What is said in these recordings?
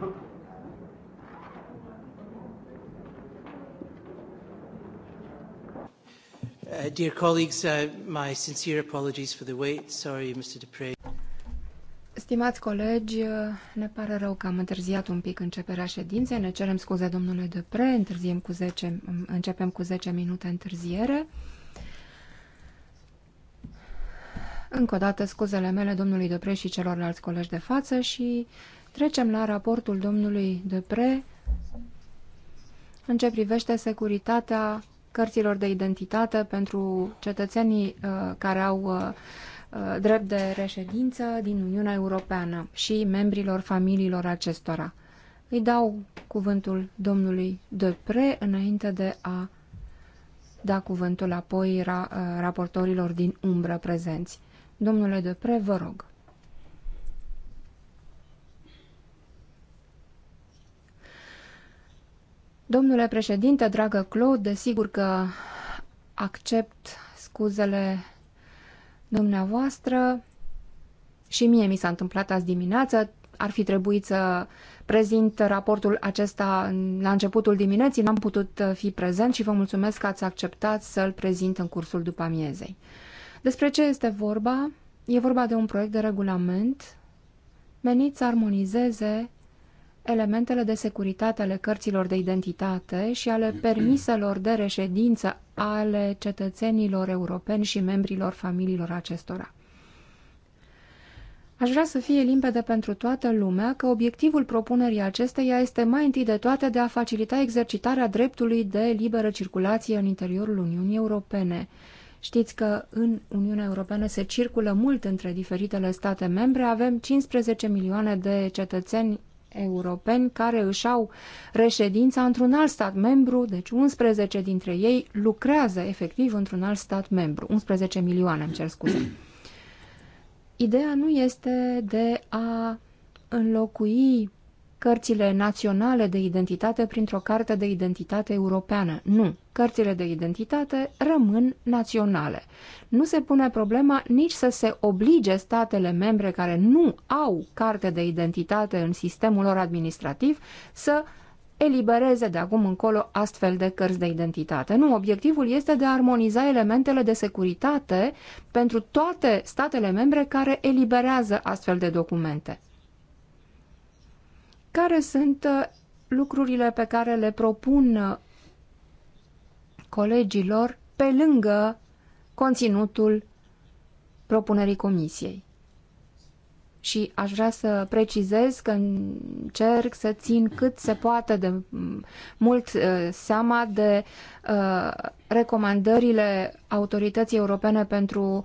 Uh, dear colleagues, uh, my sincere apologies for the wait. Sorry, Mr. Dupre. Stimați colegi, uh, ne pare rău că am întârziat un pic începerea ședinței. Ne cerem scuze domnule Dupré. întârziem cu 10, începem cu 10 minute întârziere. Încă o dată scuzele mele domnului Dupré și celorlalți colegi de față și uh, Trecem la raportul domnului Depre în ce privește securitatea cărților de identitate pentru cetățenii uh, care au uh, uh, drept de reședință din Uniunea Europeană și membrilor familiilor acestora. Îi dau cuvântul domnului Depre înainte de a da cuvântul apoi ra uh, raportorilor din umbră prezenți. Domnule Depre, vă rog. Domnule președinte, dragă Claude, desigur că accept scuzele dumneavoastră. Și mie mi s-a întâmplat azi dimineață. Ar fi trebuit să prezint raportul acesta la începutul dimineții. N-am putut uh, fi prezent și vă mulțumesc că ați acceptat să-l prezint în cursul după amiezei. Despre ce este vorba? E vorba de un proiect de regulament menit să armonizeze elementele de securitate ale cărților de identitate și ale permiselor de reședință ale cetățenilor europeni și membrilor familiilor acestora. Aș vrea să fie limpede pentru toată lumea că obiectivul propunerii acesteia este mai întâi de toate de a facilita exercitarea dreptului de liberă circulație în interiorul Uniunii Europene. Știți că în Uniunea Europeană se circulă mult între diferitele state membre, avem 15 milioane de cetățeni europeni care își au reședința într-un alt stat membru, deci 11 dintre ei lucrează efectiv într-un alt stat membru, 11 milioane, îmi cer scuze. Ideea nu este de a înlocui cărțile naționale de identitate printr-o carte de identitate europeană. Nu. Cărțile de identitate rămân naționale. Nu se pune problema nici să se oblige statele membre care nu au carte de identitate în sistemul lor administrativ să elibereze de acum încolo astfel de cărți de identitate. Nu, obiectivul este de a armoniza elementele de securitate pentru toate statele membre care eliberează astfel de documente. Care sunt uh, lucrurile pe care le propun uh, colegilor pe lângă conținutul propunerii comisiei? Și aș vrea să precizez că încerc să țin cât se poate de mm, mult uh, seama de recomandările Autorității Europene pentru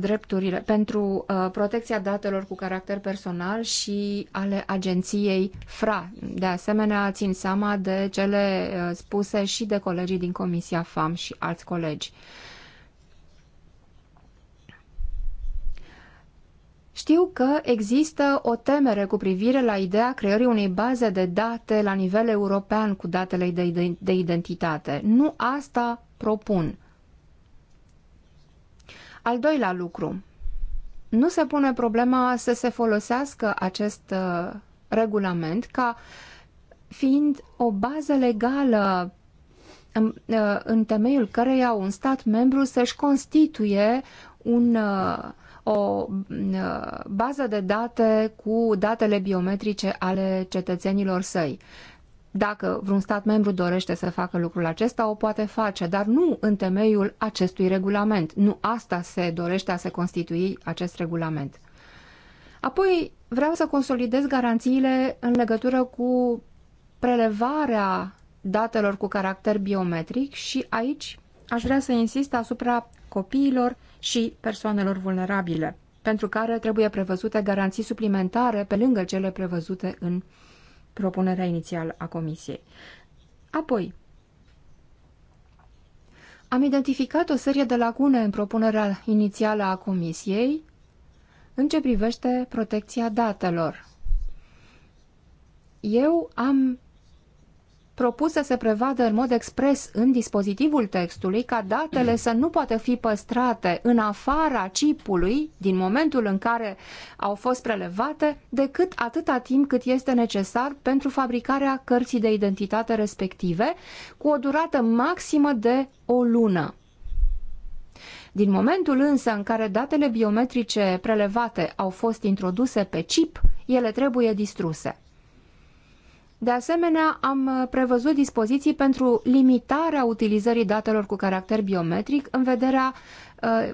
drepturile, pentru uh, protecția datelor cu caracter personal și ale agenției FRA. De asemenea, țin seama de cele uh, spuse și de colegii din Comisia FAM și alți colegi. Știu că există o temere cu privire la ideea creării unei baze de date la nivel european cu datele de identitate. Nu asta propun. Al doilea lucru, nu se pune problema să se folosească acest uh, regulament ca fiind o bază legală um, uh, în temeiul căreia un stat membru să-și constituie un, uh, o bază de date cu datele biometrice ale cetățenilor săi. Dacă vreun stat membru dorește să facă lucrul acesta, o poate face, dar nu în temeiul acestui regulament. Nu asta se dorește a se constitui acest regulament. Apoi vreau să consolidez garanțiile în legătură cu prelevarea datelor cu caracter biometric și aici aș vrea să insist asupra copiilor și persoanelor vulnerabile, pentru care trebuie prevăzute garanții suplimentare pe lângă cele prevăzute în propunerea inițială a Comisiei. Apoi, am identificat o serie de lacune în propunerea inițială a Comisiei în ce privește protecția datelor. Eu am propus să se prevadă în mod expres în dispozitivul textului ca datele să nu poată fi păstrate în afara chipului din momentul în care au fost prelevate, decât atâta timp cât este necesar pentru fabricarea cărții de identitate respective, cu o durată maximă de o lună. Din momentul însă în care datele biometrice prelevate au fost introduse pe chip, ele trebuie distruse. De asemenea, am uh, prevăzut dispoziții pentru limitarea utilizării datelor cu caracter biometric în vederea, uh,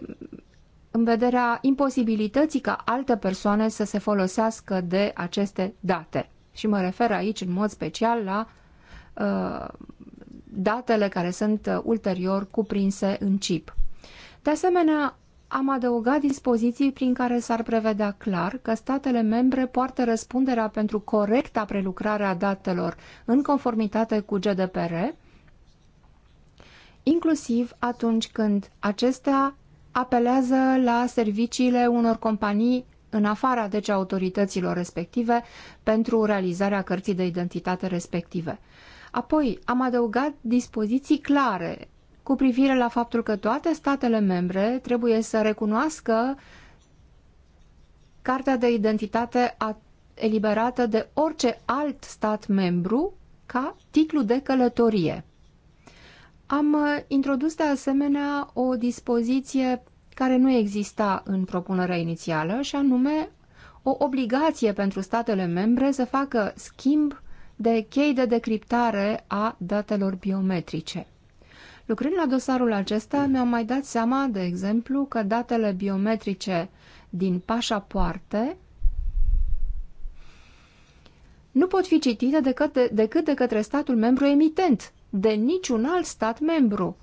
în vederea imposibilității ca alte persoane să se folosească de aceste date. Și mă refer aici în mod special la uh, datele care sunt ulterior cuprinse în chip. De asemenea, am adăugat dispoziții prin care s-ar prevedea clar că statele membre poartă răspunderea pentru corecta prelucrare a datelor în conformitate cu GDPR, inclusiv atunci când acestea apelează la serviciile unor companii în afara deci autorităților respective pentru realizarea cărții de identitate respective. Apoi am adăugat dispoziții clare cu privire la faptul că toate statele membre trebuie să recunoască cartea de identitate a eliberată de orice alt stat membru ca titlu de călătorie. Am uh, introdus de asemenea o dispoziție care nu exista în propunerea inițială și anume o obligație pentru statele membre să facă schimb de chei de decriptare a datelor biometrice. Lucrând la dosarul acesta, mi-am mai dat seama, de exemplu, că datele biometrice din pașapoarte nu pot fi citite decât de, decât de către statul membru emitent, de niciun alt stat membru.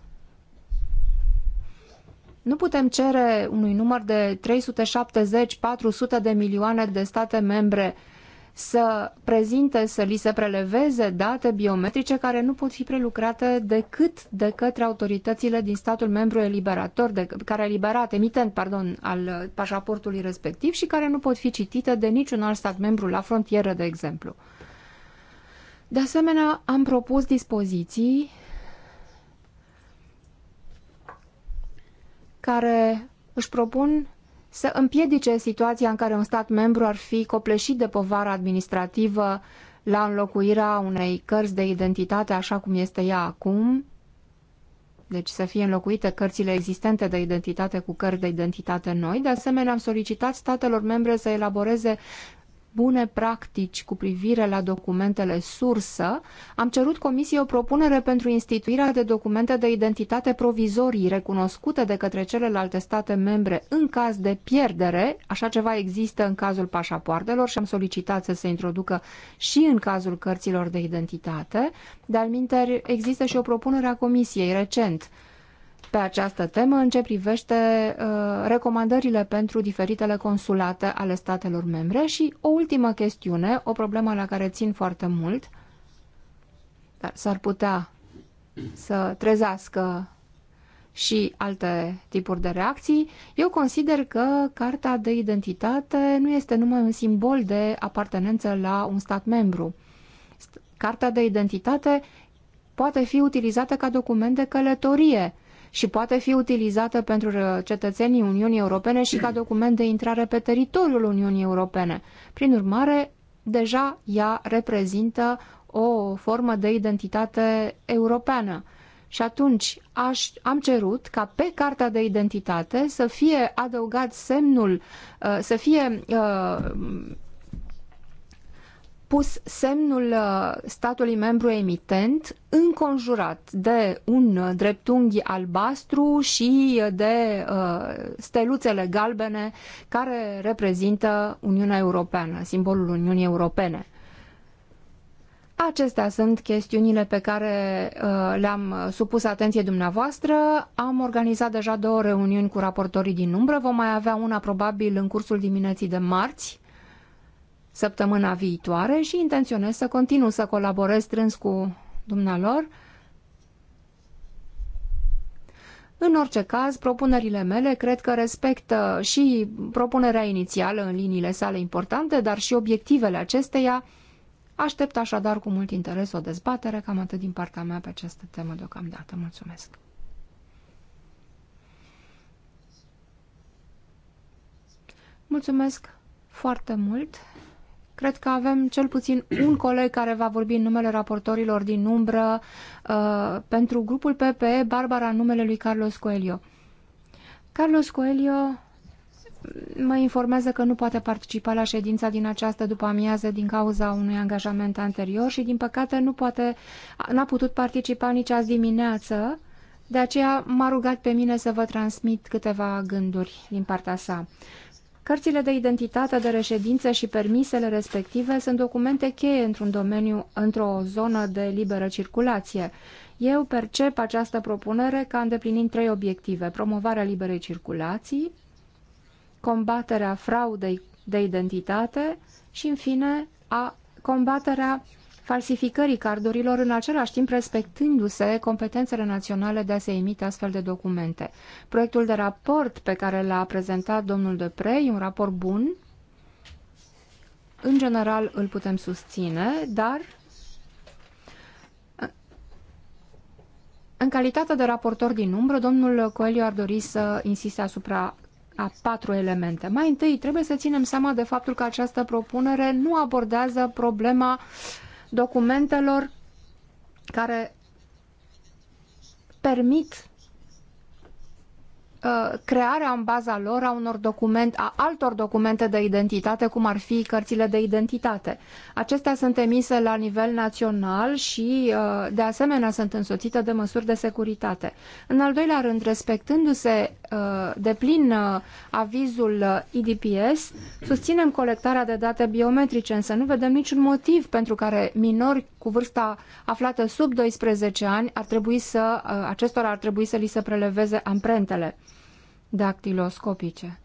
Nu putem cere unui număr de 370-400 de milioane de state membre să prezinte, să li se preleveze date biometrice care nu pot fi prelucrate decât de către autoritățile din statul membru eliberator, de, care a eliberat, emitent, pardon, al pașaportului respectiv și care nu pot fi citite de niciun alt stat membru la frontieră, de exemplu. De asemenea, am propus dispoziții care își propun să împiedice situația în care un stat membru ar fi copleșit de povara administrativă la înlocuirea unei cărți de identitate așa cum este ea acum, deci să fie înlocuite cărțile existente de identitate cu cărți de identitate noi. De asemenea, am solicitat statelor membre să elaboreze bune practici cu privire la documentele sursă, am cerut Comisiei o propunere pentru instituirea de documente de identitate provizorii recunoscute de către celelalte state membre în caz de pierdere. Așa ceva există în cazul pașapoartelor și am solicitat să se introducă și în cazul cărților de identitate. De-al există și o propunere a Comisiei recent pe această temă în ce privește uh, recomandările pentru diferitele consulate ale statelor membre și o ultimă chestiune, o problemă la care țin foarte mult, dar s-ar putea să trezească și alte tipuri de reacții, eu consider că carta de identitate nu este numai un simbol de apartenență la un stat membru. Carta de identitate poate fi utilizată ca document de călătorie și poate fi utilizată pentru cetățenii Uniunii Europene și ca document de intrare pe teritoriul Uniunii Europene. Prin urmare, deja ea reprezintă o formă de identitate europeană. Și atunci aș, am cerut ca pe cartea de identitate să fie adăugat semnul, uh, să fie uh, pus semnul uh, statului membru emitent înconjurat de un uh, dreptunghi albastru și uh, de uh, steluțele galbene care reprezintă Uniunea Europeană, simbolul Uniunii Europene. Acestea sunt chestiunile pe care le-am supus atenției dumneavoastră. Am organizat deja două reuniuni cu raportorii din umbră. Vom mai avea una probabil în cursul dimineții de marți săptămâna viitoare și intenționez să continu să colaborez strâns cu dumnealor. În orice caz, propunerile mele cred că respectă și propunerea inițială în liniile sale importante, dar și obiectivele acesteia. Aștept așadar cu mult interes o dezbatere, cam atât din partea mea pe această temă deocamdată. Mulțumesc! Mulțumesc foarte mult! Cred că avem cel puțin un coleg care va vorbi în numele raportorilor din umbră uh, pentru grupul PPE, Barbara, în numele lui Carlos Coelho. Carlos Coelho mă informează că nu poate participa la ședința din această după amiază din cauza unui angajament anterior și, din păcate, nu poate, n-a putut participa nici azi dimineață, de aceea m-a rugat pe mine să vă transmit câteva gânduri din partea sa. Cărțile de identitate, de reședință și permisele respective sunt documente cheie într-un domeniu, într-o zonă de liberă circulație. Eu percep această propunere ca îndeplinind trei obiective. Promovarea liberei circulații, combaterea fraudei de identitate și, în fine, a combaterea falsificării cardurilor, în același timp respectându-se competențele naționale de a se emite astfel de documente. Proiectul de raport pe care l-a prezentat domnul Deprei, un raport bun, în general îl putem susține, dar În calitate de raportor din umbră, domnul Coelho ar dori să insiste asupra a patru elemente. Mai întâi, trebuie să ținem seama de faptul că această propunere nu abordează problema uh, documentelor care permit Uh, crearea în baza lor a unor documente, a altor documente de identitate, cum ar fi cărțile de identitate. Acestea sunt emise la nivel național și, uh, de asemenea, sunt însoțite de măsuri de securitate. În al doilea rând, respectându-se uh, de plin avizul IDPS, susținem colectarea de date biometrice, însă nu vedem niciun motiv pentru care minori cu vârsta aflată sub 12 ani ar trebui să, acestora ar trebui să li se preleveze amprentele dactiloscopice.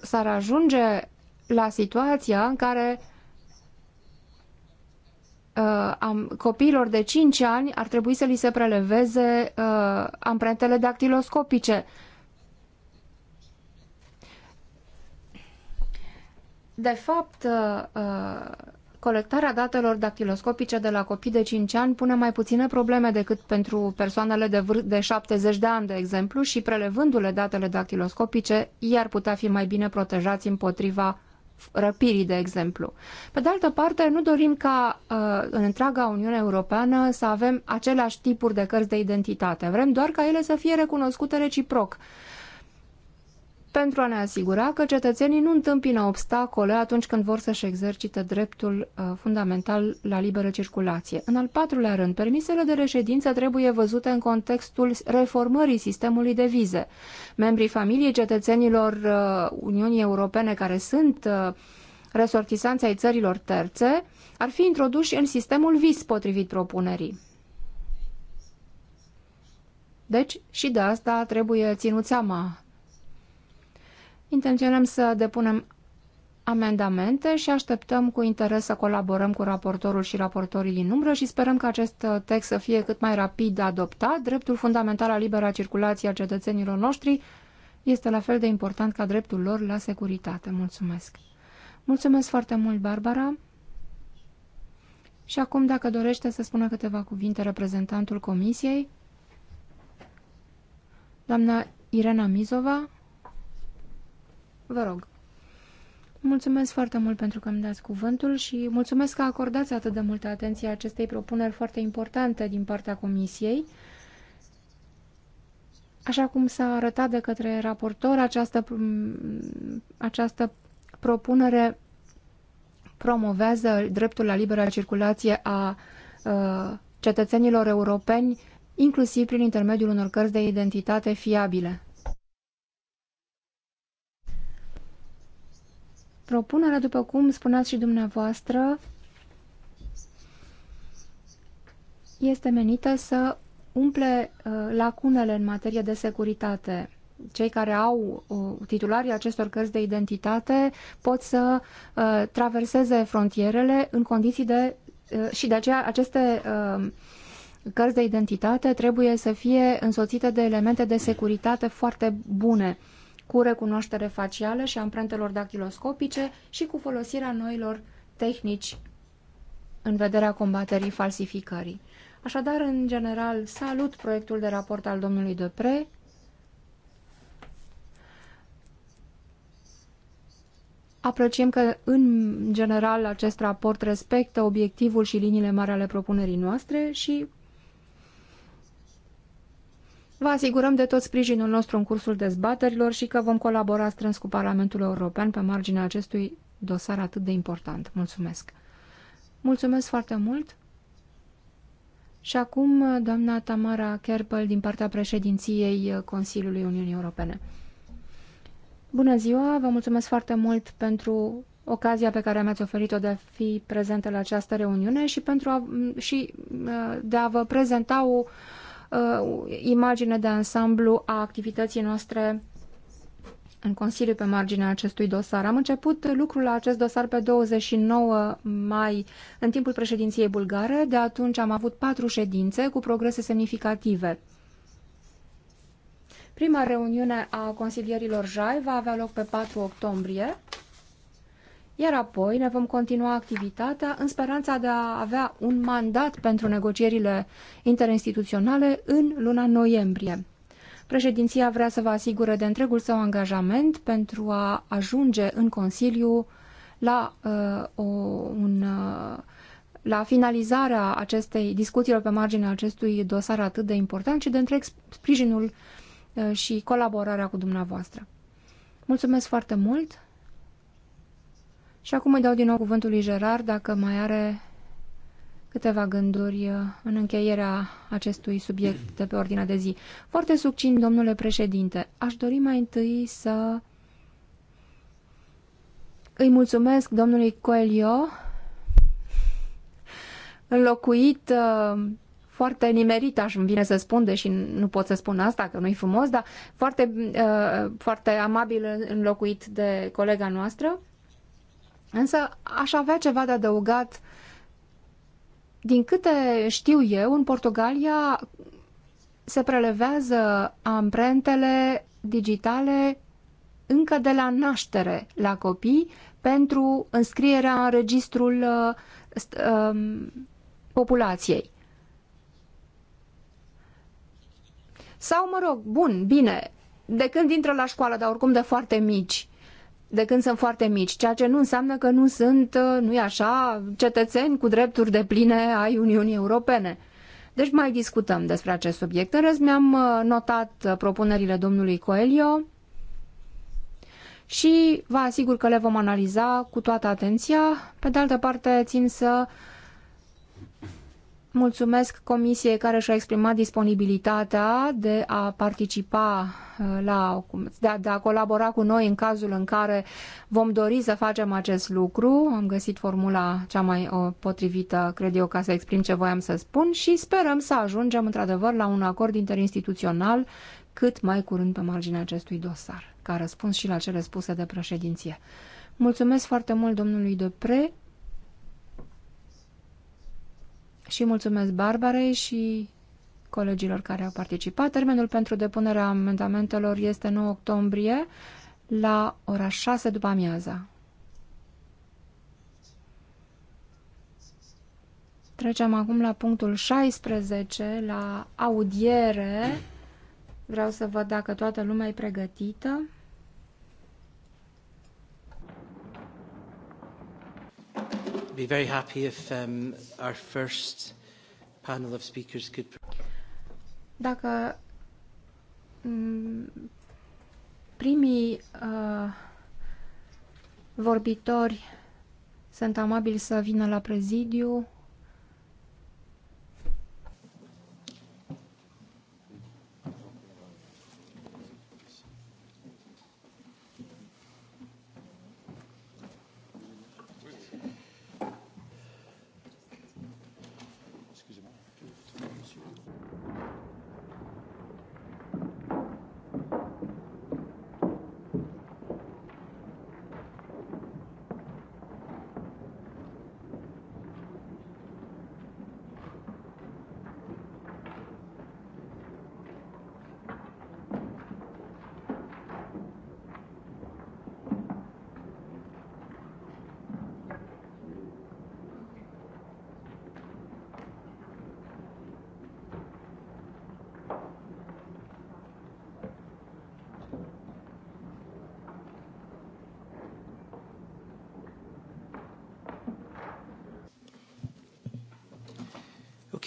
S-ar ajunge la situația în care uh, am, copiilor de 5 ani ar trebui să li se preleveze uh, amprentele dactiloscopice. De fapt, uh, uh Colectarea datelor dactiloscopice de la copii de 5 ani pune mai puține probleme decât pentru persoanele de, vâr- de 70 de ani, de exemplu, și prelevându-le datele dactiloscopice, i-ar putea fi mai bine protejați împotriva răpirii, de exemplu. Pe de altă parte, nu dorim ca uh, în întreaga Uniune Europeană să avem aceleași tipuri de cărți de identitate. Vrem doar ca ele să fie recunoscute reciproc pentru a ne asigura că cetățenii nu întâmpină obstacole atunci când vor să-și exercite dreptul uh, fundamental la liberă circulație. În al patrulea rând, permisele de reședință trebuie văzute în contextul reformării sistemului de vize. Membrii familiei cetățenilor uh, Uniunii Europene care sunt uh, resortisanți ai țărilor terțe ar fi introduși în sistemul VIS potrivit propunerii. Deci, și de asta trebuie ținut seama Intenționăm să depunem amendamente și așteptăm cu interes să colaborăm cu raportorul și raportorii din umbră și sperăm că acest uh, text să fie cât mai rapid adoptat. Dreptul fundamental la libera circulație a cetățenilor noștri este la fel de important ca dreptul lor la securitate. Mulțumesc! Mulțumesc foarte mult, Barbara! Și acum, dacă dorește să spună câteva cuvinte reprezentantul Comisiei, doamna Irena Mizova, Vă rog. Mulțumesc foarte mult pentru că îmi dați cuvântul și mulțumesc că acordați atât de multă atenție acestei propuneri foarte importante din partea Comisiei. Așa cum s-a arătat de către raportor, această, această propunere promovează dreptul la liberă circulație a uh, cetățenilor europeni, inclusiv prin intermediul unor cărți de identitate fiabile. Propunerea, după cum spuneați și dumneavoastră, este menită să umple uh, lacunele în materie de securitate. Cei care au uh, titularii acestor cărți de identitate pot să uh, traverseze frontierele în condiții de... și de aceea aceste cărți de identitate trebuie să fie însoțite de elemente de securitate foarte bune cu recunoaștere facială și amprentelor dactiloscopice și cu folosirea noilor tehnici în vederea combaterii falsificării. Așadar, în general, salut proiectul de raport al domnului Depre. Apreciem că, în general, acest raport respectă obiectivul și liniile mari ale propunerii noastre și Vă asigurăm de tot sprijinul nostru în cursul dezbaterilor și că vom colabora strâns cu Parlamentul European pe marginea acestui dosar atât de important. Mulțumesc! Mulțumesc foarte mult! Și acum, doamna Tamara Kerpel, din partea președinției Consiliului Uniunii Europene. Bună ziua, vă mulțumesc foarte mult pentru ocazia pe care mi-ați oferit-o de a fi prezentă la această reuniune și, pentru a, și uh, de a vă prezenta o, uh, imagine de ansamblu a activității noastre în Consiliu pe marginea acestui dosar. Am început lucrul la acest dosar pe 29 mai în timpul președinției bulgare. De atunci am avut patru ședințe cu progrese semnificative. Prima reuniune a consilierilor JAI va avea loc pe 4 octombrie iar apoi ne vom continua activitatea în speranța de a avea un mandat pentru negocierile interinstituționale în luna noiembrie. Președinția vrea să vă asigure de întregul său angajament pentru a ajunge în Consiliu la, uh, o, un, uh, la finalizarea acestei discuțiilor pe marginea acestui dosar atât de important și de întreg sprijinul uh, și colaborarea cu dumneavoastră. Mulțumesc foarte mult! Și acum îi dau din nou cuvântul lui Gerard dacă mai are câteva gânduri uh, în încheierea acestui subiect de pe ordinea de zi. Foarte succint, domnule președinte, aș dori mai întâi să îi mulțumesc domnului Coelio, înlocuit uh, foarte nimerit, aș îmi vine să spun, deși nu pot să spun asta, că nu-i frumos, dar foarte, uh, foarte amabil înlocuit de colega noastră. Însă aș avea ceva de adăugat. Din câte știu eu, în Portugalia se prelevează amprentele digitale încă de la naștere la copii pentru înscrierea în registrul uh, um, populației. Sau, mă rog, bun, bine, de când intră la școală, dar oricum de foarte mici de când sunt foarte mici, ceea ce nu înseamnă că nu sunt, uh, nu-i așa, cetățeni cu drepturi de pline ai Uniunii Europene. Deci mai discutăm despre acest subiect. În rest, mi-am uh, notat uh, propunerile domnului Coelio și vă asigur că le vom analiza cu toată atenția. Pe de altă parte, țin să Mulțumesc comisiei care și-a exprimat disponibilitatea de a participa uh, la, de a, de a colabora cu noi în cazul în care vom dori să facem acest lucru. Am găsit formula cea mai uh, potrivită, cred eu, ca să exprim ce voiam să spun și sperăm să ajungem într-adevăr la un acord interinstituțional cât mai curând pe marginea acestui dosar, ca răspuns și la cele spuse de președinție. Mulțumesc foarte mult domnului Depre și mulțumesc Barbarei și colegilor care au participat. Termenul pentru depunerea amendamentelor este 9 octombrie la ora 6 după amiaza. Trecem acum la punctul 16, la audiere. Vreau să văd dacă toată lumea e pregătită. be very happy if um, our first panel of speakers could... Dacă mm, primii uh, vorbitori sunt amabili să vină la prezidiu,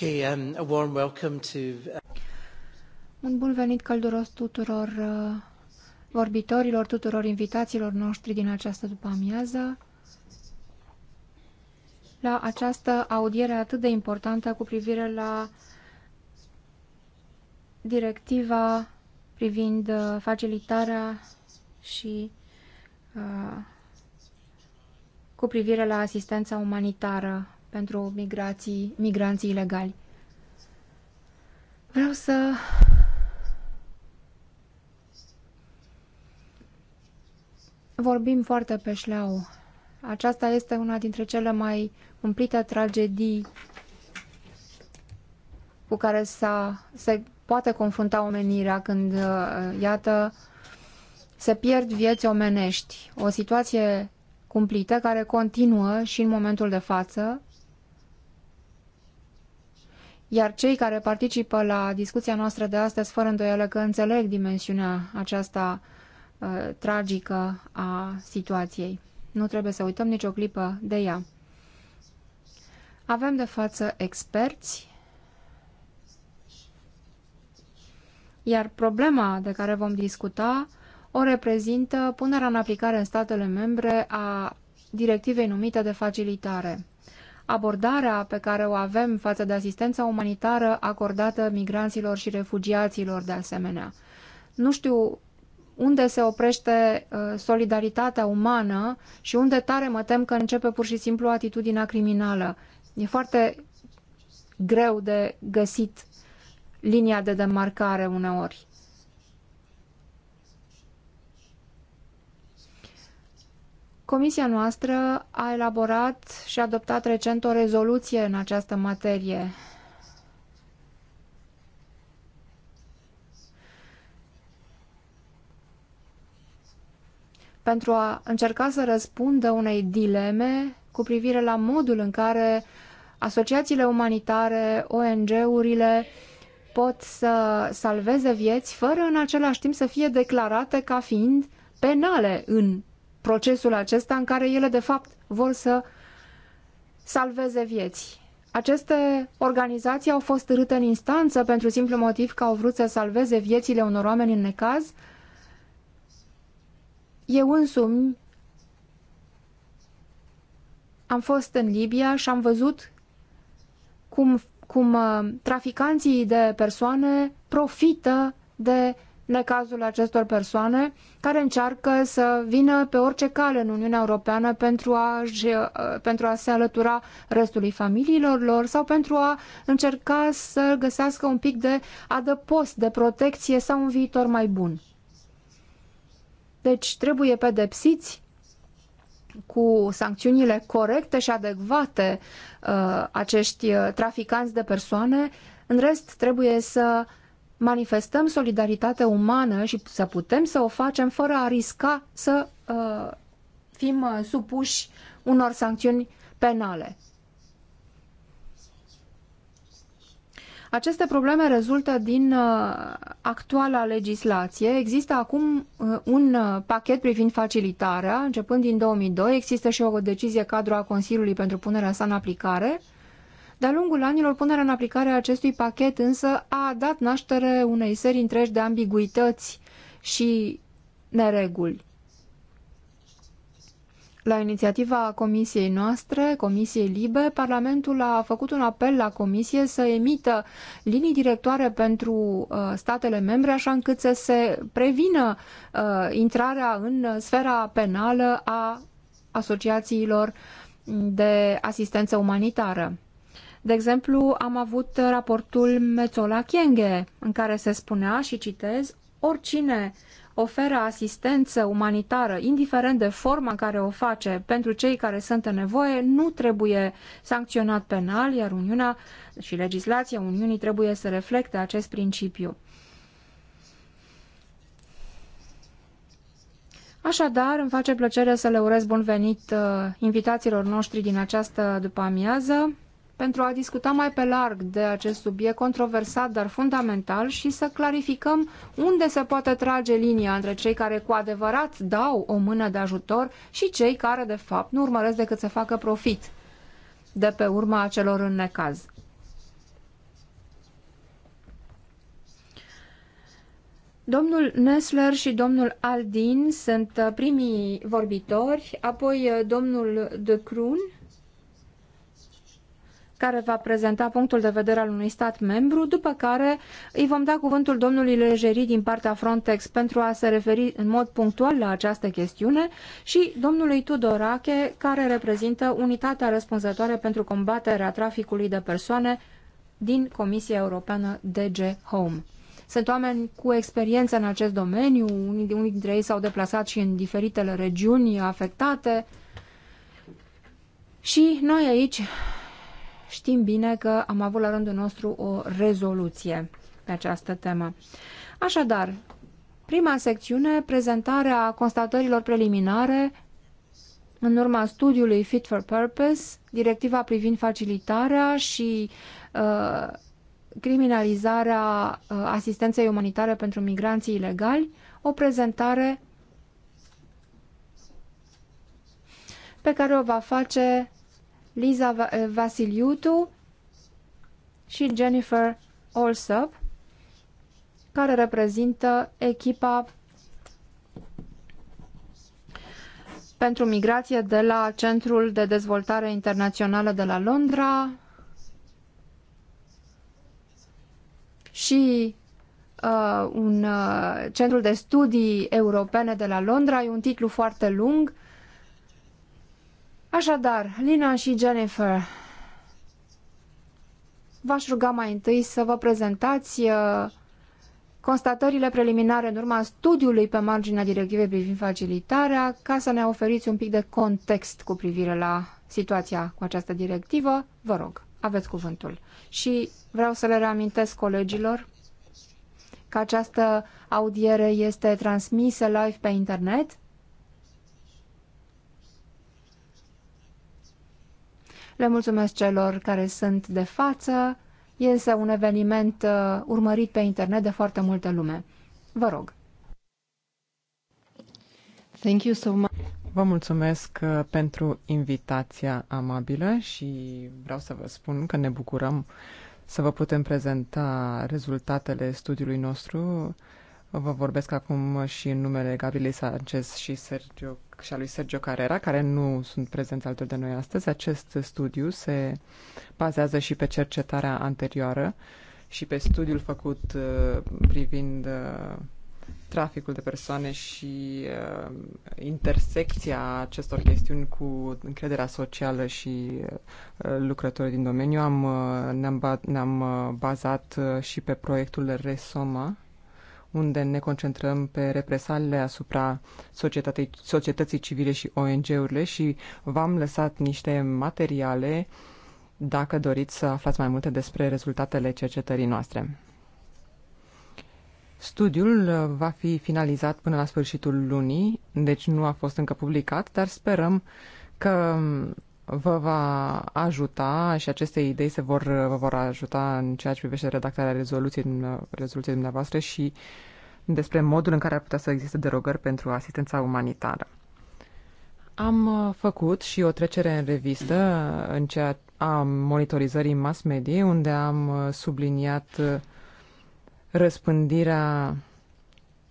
Okay, um, a warm welcome to... Uh, Un bun venit călduros tuturor uh, vorbitorilor, tuturor invitațiilor noștri din această după-amiază la această audiere atât de importantă cu privire la directiva privind uh, facilitarea și uh, cu privire la asistența umanitară pentru migrații, migranții ilegali. Vreau să vorbim foarte pe șleau. Aceasta este una dintre cele mai cumplite tragedii cu care se poate confrunta omenirea când, uh, iată, se pierd vieți omenești. O situație cumplită care continuă și în momentul de față iar cei care participă la discuția noastră de astăzi, fără îndoială că înțeleg dimensiunea aceasta uh, tragică a situației. Nu trebuie să uităm nicio clipă de ea. Avem de față experți, iar problema de care vom discuta o reprezintă punerea în aplicare în statele membre a directivei numite de facilitare abordarea pe care o avem față de asistența umanitară acordată migranților și refugiaților de asemenea. Nu știu unde se oprește uh, solidaritatea umană și unde tare mă tem că începe pur și simplu atitudinea criminală. E foarte greu de găsit linia de demarcare uneori. Comisia noastră a elaborat și adoptat recent o rezoluție în această materie. pentru a încerca să răspundă unei dileme cu privire la modul în care asociațiile umanitare, ONG-urile pot să salveze vieți fără în același timp să fie declarate ca fiind penale în procesul acesta în care ele, de fapt, vor să salveze vieți. Aceste organizații au fost râte în instanță pentru simplu motiv că au vrut să salveze viețile unor oameni în necaz. Eu însumi am fost în Libia și am văzut cum, cum uh, traficanții de persoane profită de necazul acestor persoane care încearcă să vină pe orice cale în Uniunea Europeană pentru a, uh, pentru a se alătura restului familiilor lor sau pentru a încerca să găsească un pic de adăpost, de protecție sau un viitor mai bun. Deci trebuie pedepsiți cu sancțiunile corecte și adecvate uh, acești uh, traficanți de persoane. În rest, trebuie să uh, manifestăm solidaritate umană și să putem să o facem fără a risca să uh, fim uh, supuși unor sancțiuni penale. Aceste probleme rezultă din uh, actuala legislație. Există acum uh, un uh, pachet privind facilitarea, începând din 2002. Există și o decizie cadru a Consiliului pentru punerea sa în aplicare. De-a lungul anilor, punerea în aplicare a acestui pachet însă a dat naștere unei serii întregi de ambiguități și nereguli. La inițiativa comisiei noastre, Comisiei Libe, Parlamentul a făcut un apel la comisie să emită linii directoare pentru uh, statele membre, așa încât să se prevină uh, intrarea în sfera penală a asociațiilor de asistență umanitară. De exemplu, am avut raportul Mețola-Chienghe, în care se spunea, și citez, oricine oferă asistență umanitară, indiferent de forma în care o face pentru cei care sunt în nevoie, nu trebuie sancționat penal, iar Uniunea și legislația Uniunii trebuie să reflecte acest principiu. Așadar, îmi face plăcere să le urez bun venit uh, invitațiilor noștri din această după-amiază pentru a discuta mai pe larg de acest subiect controversat, dar fundamental și să clarificăm unde se poate trage linia între cei care cu adevărat dau o mână de ajutor și cei care, de fapt, nu urmăresc decât să facă profit de pe urma acelor în necaz. Domnul Nessler și domnul Aldin sunt primii vorbitori, apoi domnul De Crun, care va prezenta punctul de vedere al unui stat membru, după care îi vom da cuvântul domnului Lejeri din partea Frontex pentru a se referi în mod punctual la această chestiune și domnului Tudorache, care reprezintă unitatea răspunzătoare pentru combaterea traficului de persoane din Comisia Europeană DG Home. Sunt oameni cu experiență în acest domeniu, unii dintre ei s-au deplasat și în diferitele regiuni afectate. Și noi aici Știm bine că am avut la rândul nostru o rezoluție pe această temă. Așadar, prima secțiune, prezentarea constatărilor preliminare în urma studiului Fit for Purpose, directiva privind facilitarea și uh, criminalizarea uh, asistenței umanitare pentru migranții ilegali, o prezentare pe care o va face Liza eh, Vasiliutu și Jennifer Olsop, care reprezintă echipa pentru migrație de la Centrul de Dezvoltare Internațională de la Londra și uh, un uh, centru de studii europene de la Londra. E un titlu foarte lung, Așadar, Lina și Jennifer, v-aș ruga mai întâi să vă prezentați uh, constatările preliminare în urma studiului pe marginea directivei privind facilitarea, ca să ne oferiți un pic de context cu privire la situația cu această directivă. Vă rog, aveți cuvântul. Și vreau să le reamintesc colegilor că această audiere este transmisă live pe internet Le mulțumesc celor care sunt de față. Este un eveniment uh, urmărit pe internet de foarte multă lume. Vă rog. Thank you so much. Vă mulțumesc uh, pentru invitația amabilă și vreau să vă spun că ne bucurăm să vă putem prezenta rezultatele studiului nostru. Vă vorbesc acum și în numele Gabriel Sanchez și Sergio și a lui Sergio Carrera, care nu sunt prezenți alături de noi astăzi. Acest studiu se bazează și pe cercetarea anterioară și pe studiul făcut uh, privind uh, traficul de persoane și uh, intersecția acestor chestiuni cu încrederea socială și uh, lucrătorii din domeniu. Am, uh, ne-am, ba- ne-am uh, bazat uh, și pe proiectul Resoma, unde ne concentrăm pe represalele asupra societății civile și ONG-urile și v-am lăsat niște materiale dacă doriți să aflați mai multe despre rezultatele cercetării noastre. Studiul uh, va fi finalizat până la sfârșitul lunii, deci nu a fost încă publicat, dar sperăm că um, vă va ajuta și aceste idei se vor, vă vor ajuta în ceea ce privește redactarea rezoluției, rezoluției dumneavoastră și despre modul în care ar putea să existe derogări pentru asistența umanitară. Am uh, făcut și o trecere în revistă uh, în ceea a monitorizării mass media, unde am uh, subliniat răspândirea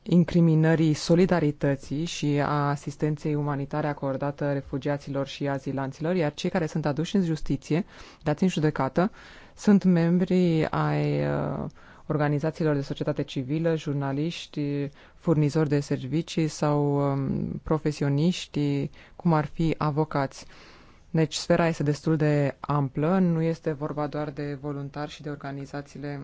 incriminării solidarității și a asistenței umanitare acordată refugiaților și azilanților, iar cei care sunt aduși în justiție, dați în judecată, sunt membri ai uh, organizațiilor de societate civilă, jurnaliști, furnizori de servicii sau um, profesioniști, cum ar fi avocați. Deci sfera este destul de amplă, nu este vorba doar de voluntari și de organizațiile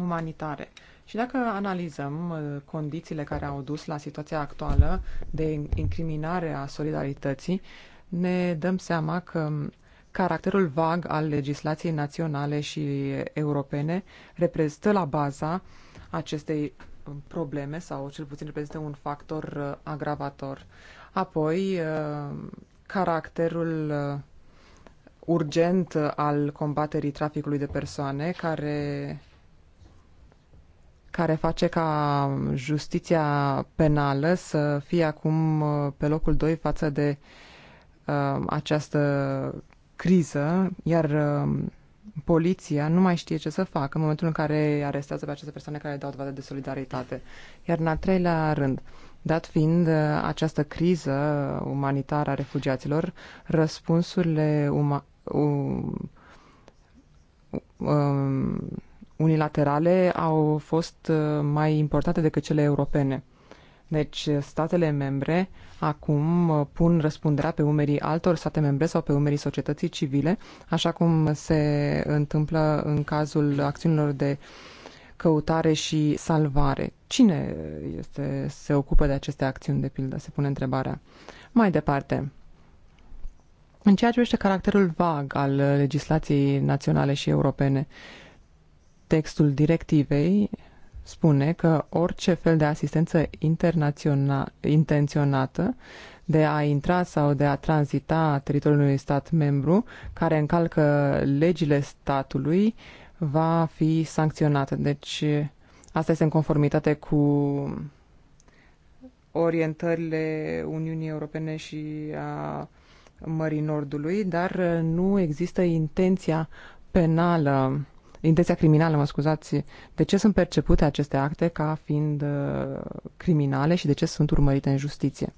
umanitare. Și dacă analizăm uh, condițiile care au dus la situația actuală de incriminare a solidarității, ne dăm seama că um, caracterul vag al legislației naționale și europene reprezintă la baza acestei um, probleme sau cel puțin reprezintă un factor uh, agravator. Apoi, uh, caracterul urgent al combaterii traficului de persoane, care care face ca justiția penală să fie acum uh, pe locul 2 față de uh, această criză, iar uh, poliția nu mai știe ce să facă în momentul în care arestează pe aceste persoane care dau dovadă de solidaritate. Iar în al treilea rând, dat fiind uh, această criză uh, umanitară a refugiaților, răspunsurile uma- um, um, unilaterale au fost uh, mai importante decât cele europene. Deci uh, statele membre acum uh, pun răspunderea pe umerii altor state membre sau pe umerii societății civile, așa cum se întâmplă în cazul acțiunilor de căutare și salvare. Cine este, se ocupă de aceste acțiuni, de pildă, se pune întrebarea. Mai departe, în ceea ce privește caracterul vag al legislației naționale și europene, Textul directivei spune că orice fel de asistență intenționată de a intra sau de a tranzita teritoriul unui stat membru care încalcă legile statului va fi sancționată. Deci asta este în conformitate cu orientările Uniunii Europene și a Mării Nordului, dar nu există intenția penală intenția criminală, mă scuzați, de ce sunt percepute aceste acte ca fiind uh, criminale și de ce sunt urmărite în justiție.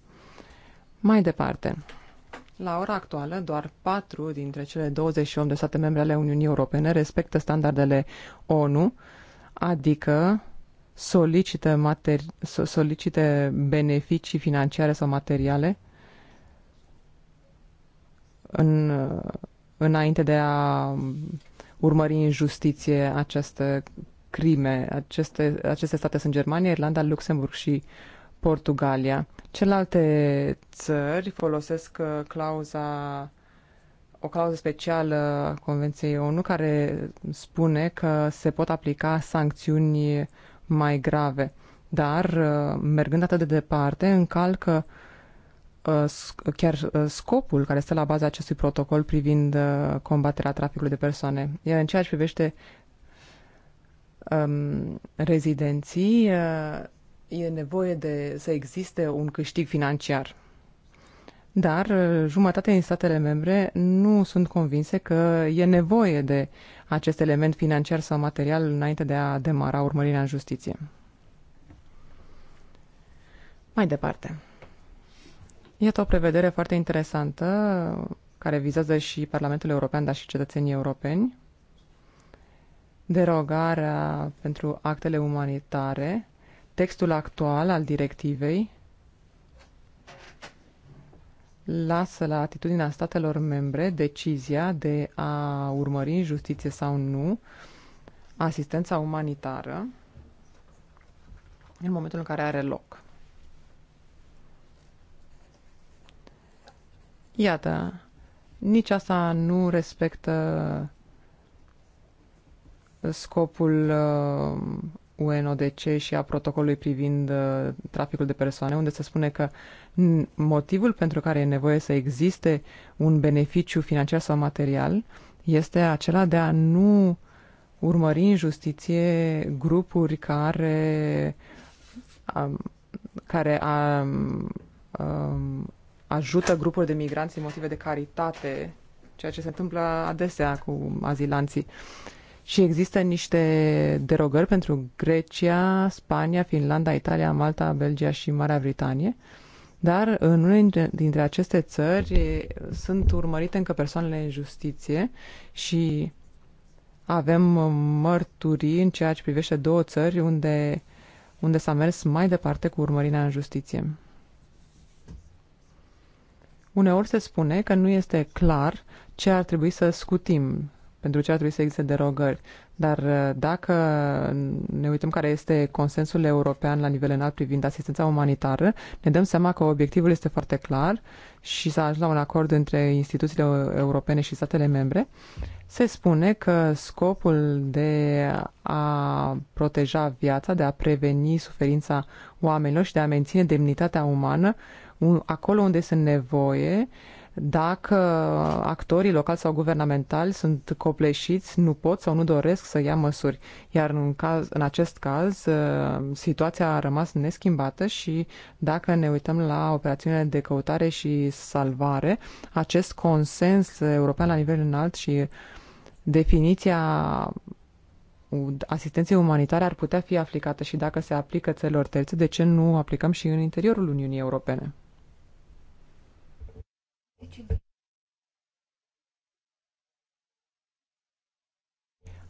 Mai departe, la ora actuală, doar 4 dintre cele 28 de state membre ale Uniunii Europene respectă standardele ONU, adică solicită, materi- solicită beneficii financiare sau materiale în, înainte de a urmări în justiție aceste crime. Aceste, aceste state sunt Germania, Irlanda, Luxemburg și Portugalia. Celelalte țări folosesc uh, clauza o clauză specială a Convenției ONU care spune că se pot aplica sancțiuni mai grave, dar uh, mergând atât de departe încalcă Uh, chiar uh, scopul care stă la baza acestui protocol privind uh, combaterea traficului de persoane. Iar în ceea ce privește um, rezidenții, e nevoie de să existe un câștig financiar. Dar jumătate din statele membre nu sunt convinse că e nevoie de acest element financiar sau material înainte de a demara urmărirea în justiție. Mai departe. Iată o prevedere foarte interesantă care vizează și Parlamentul European, dar și cetățenii europeni. Derogarea pentru actele umanitare, textul actual al directivei lasă la atitudinea statelor membre decizia de a urmări în justiție sau nu asistența umanitară în momentul în care are loc. Iată, nici asta nu respectă uh, scopul UNODC uh, și a protocolului privind uh, traficul de persoane, unde se spune că motivul pentru care e nevoie să existe un beneficiu financiar sau material este acela de a nu urmări în justiție grupuri care, care a, a, ajută grupuri de migranți în motive de caritate, ceea ce se întâmplă adesea cu azilanții. Și există niște derogări pentru Grecia, Spania, Finlanda, Italia, Malta, Belgia și Marea Britanie. Dar în unele dintre aceste țări sunt urmărite încă persoanele în justiție și avem mărturii în ceea ce privește două țări unde, unde s-a mers mai departe cu urmărirea în justiție. Uneori se spune că nu este clar ce ar trebui să scutim, pentru ce ar trebui să existe derogări. Dar uh, dacă ne uităm care este consensul european la nivel înalt privind asistența umanitară, ne dăm seama că obiectivul este foarte clar și s-a ajuns la un acord între instituțiile europene și statele membre. Se spune că scopul de a proteja viața, de a preveni suferința oamenilor și de a menține demnitatea umană acolo unde sunt nevoie, dacă actorii locali sau guvernamentali sunt copleșiți, nu pot sau nu doresc să ia măsuri. Iar în, caz, în acest caz, uh, situația a rămas neschimbată și dacă ne uităm la operațiunile de căutare și salvare, acest consens european la nivel înalt și definiția asistenței umanitare ar putea fi aplicată și dacă se aplică țărilor terțe, de ce nu aplicăm și în interiorul Uniunii Europene?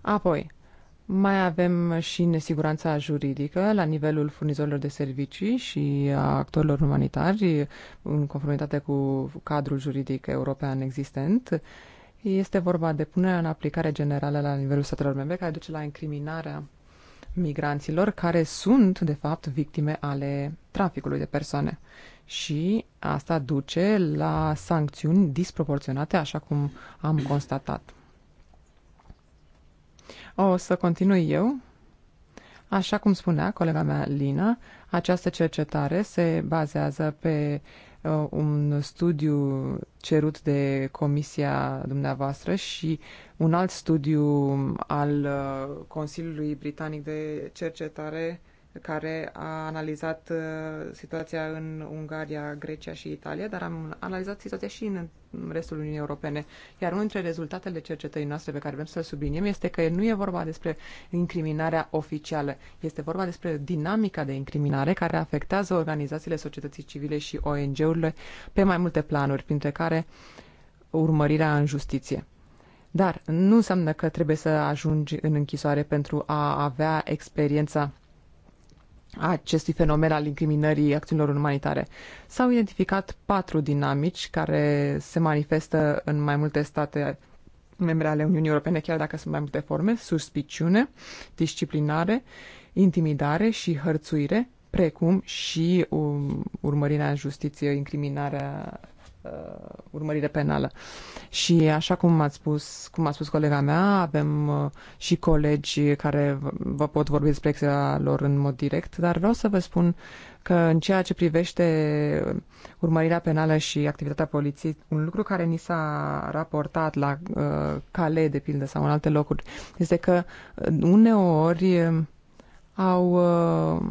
Apoi, mai avem și nesiguranța juridică la nivelul furnizorilor de servicii și a actorilor umanitari, în conformitate cu cadrul juridic european existent. Este vorba de punerea în aplicare generală la nivelul statelor membre, care duce la incriminarea migranților care sunt, de fapt, victime ale traficului de persoane și asta duce la sancțiuni disproporționate, așa cum am constatat. O să continui eu. Așa cum spunea colega mea Lina, această cercetare se bazează pe uh, un studiu cerut de comisia dumneavoastră și un alt studiu al uh, Consiliului Britanic de Cercetare care a analizat uh, situația în Ungaria, Grecia și Italia, dar am analizat situația și în restul Uniunii Europene. Iar unul dintre rezultatele cercetării noastre pe care vrem să-l subliniem este că nu e vorba despre incriminarea oficială, este vorba despre dinamica de incriminare care afectează organizațiile societății civile și ONG-urile pe mai multe planuri, printre care urmărirea în justiție. Dar nu înseamnă că trebuie să ajungi în închisoare pentru a avea experiența acestui fenomen al incriminării acțiunilor umanitare. S-au identificat patru dinamici care se manifestă în mai multe state membre ale Uniunii Europene, chiar dacă sunt mai multe forme, suspiciune, disciplinare, intimidare și hărțuire, precum și um, urmărirea în justiție, incriminarea uh, urmărire penală. Și așa cum a spus, cum a spus colega mea, avem uh, și colegi care vă pot vorbi despre experiența lor în mod direct, dar vreau să vă spun că în ceea ce privește uh, urmărirea penală și activitatea poliției, un lucru care ni s-a raportat la uh, Cale, de pildă, sau în alte locuri, este că uh, uneori uh, au uh,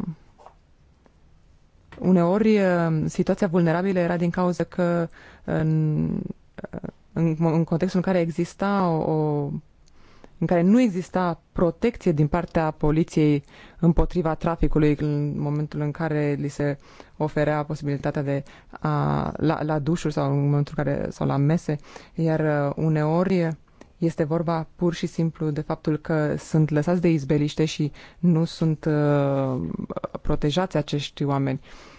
Uneori, uh, situația vulnerabilă era din cauza că în, în, în contextul în care exista o în care nu exista protecție din partea poliției împotriva traficului în momentul în care li se oferea posibilitatea de a, la, la dușuri sau în momentul în care sau la mese, iar uh, uneori este vorba pur și simplu de faptul că sunt lăsați de izbeliște și nu sunt uh, protejați acești oameni. Uh,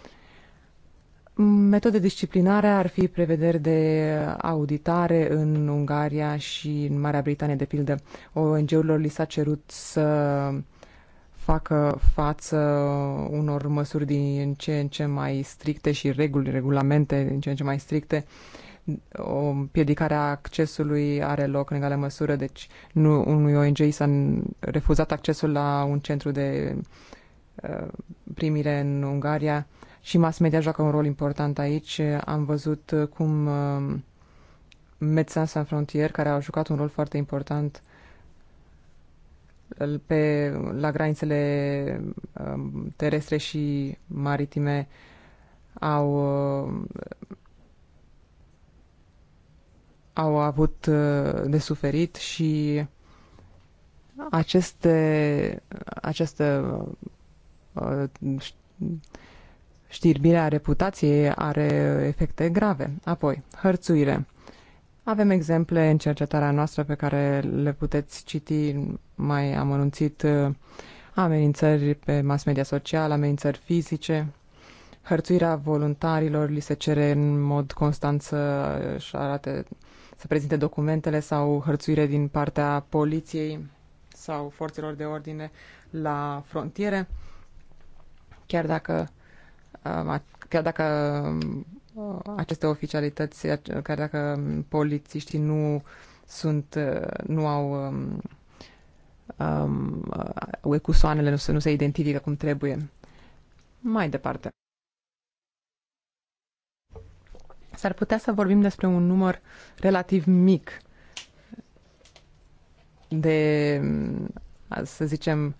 Metode disciplinare ar fi prevederi de auditare în Ungaria și în Marea Britanie, de pildă. ONG-urilor li s-a cerut să facă față unor măsuri din ce în ce mai stricte și reguli, regulamente din ce în ce mai stricte. O piedicare a accesului are loc în egală măsură, deci nu, unui ONG s-a refuzat accesul la un centru de uh, primire în Ungaria și mass media joacă un rol important aici. Am văzut cum uh, Médecins Sans Frontières, care au jucat un rol foarte important pe, la granițele uh, terestre și maritime, au, uh, au avut de suferit și aceste, aceste știrbirea reputației are efecte grave. Apoi, hărțuire. Avem exemple în cercetarea noastră pe care le puteți citi mai amănunțit uh, amenințări pe mass media socială, amenințări fizice, hărțuirea voluntarilor, li se cere în mod constant să -și arate, să prezinte documentele sau hărțuire din partea poliției sau forțelor de ordine la frontiere, chiar dacă chiar dacă uh, aceste oficialități, chiar dacă polițiștii nu sunt, uh, nu au um, um uh, ecusoanele, nu se, nu se identifică cum trebuie. Mai departe. S-ar putea să vorbim despre un număr relativ mic de, să zicem,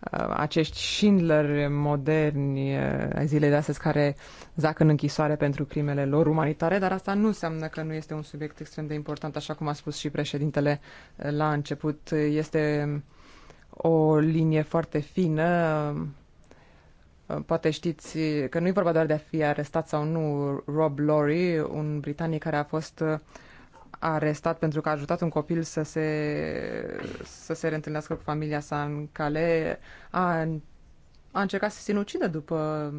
Uh, acești Schindler moderni uh, ai zilei de astăzi care zac în închisoare pentru crimele lor umanitare, dar asta nu înseamnă că nu este un subiect extrem de important, așa cum a spus și președintele uh, la început. Este o linie foarte fină. Poate știți că nu e vorba doar de a fi arestat sau nu Rob Lorry, un britanic care a fost uh, arestat pentru că a ajutat un copil să se, să se reîntâlnească cu familia sa în cale, a, a încercat să se sinucidă după,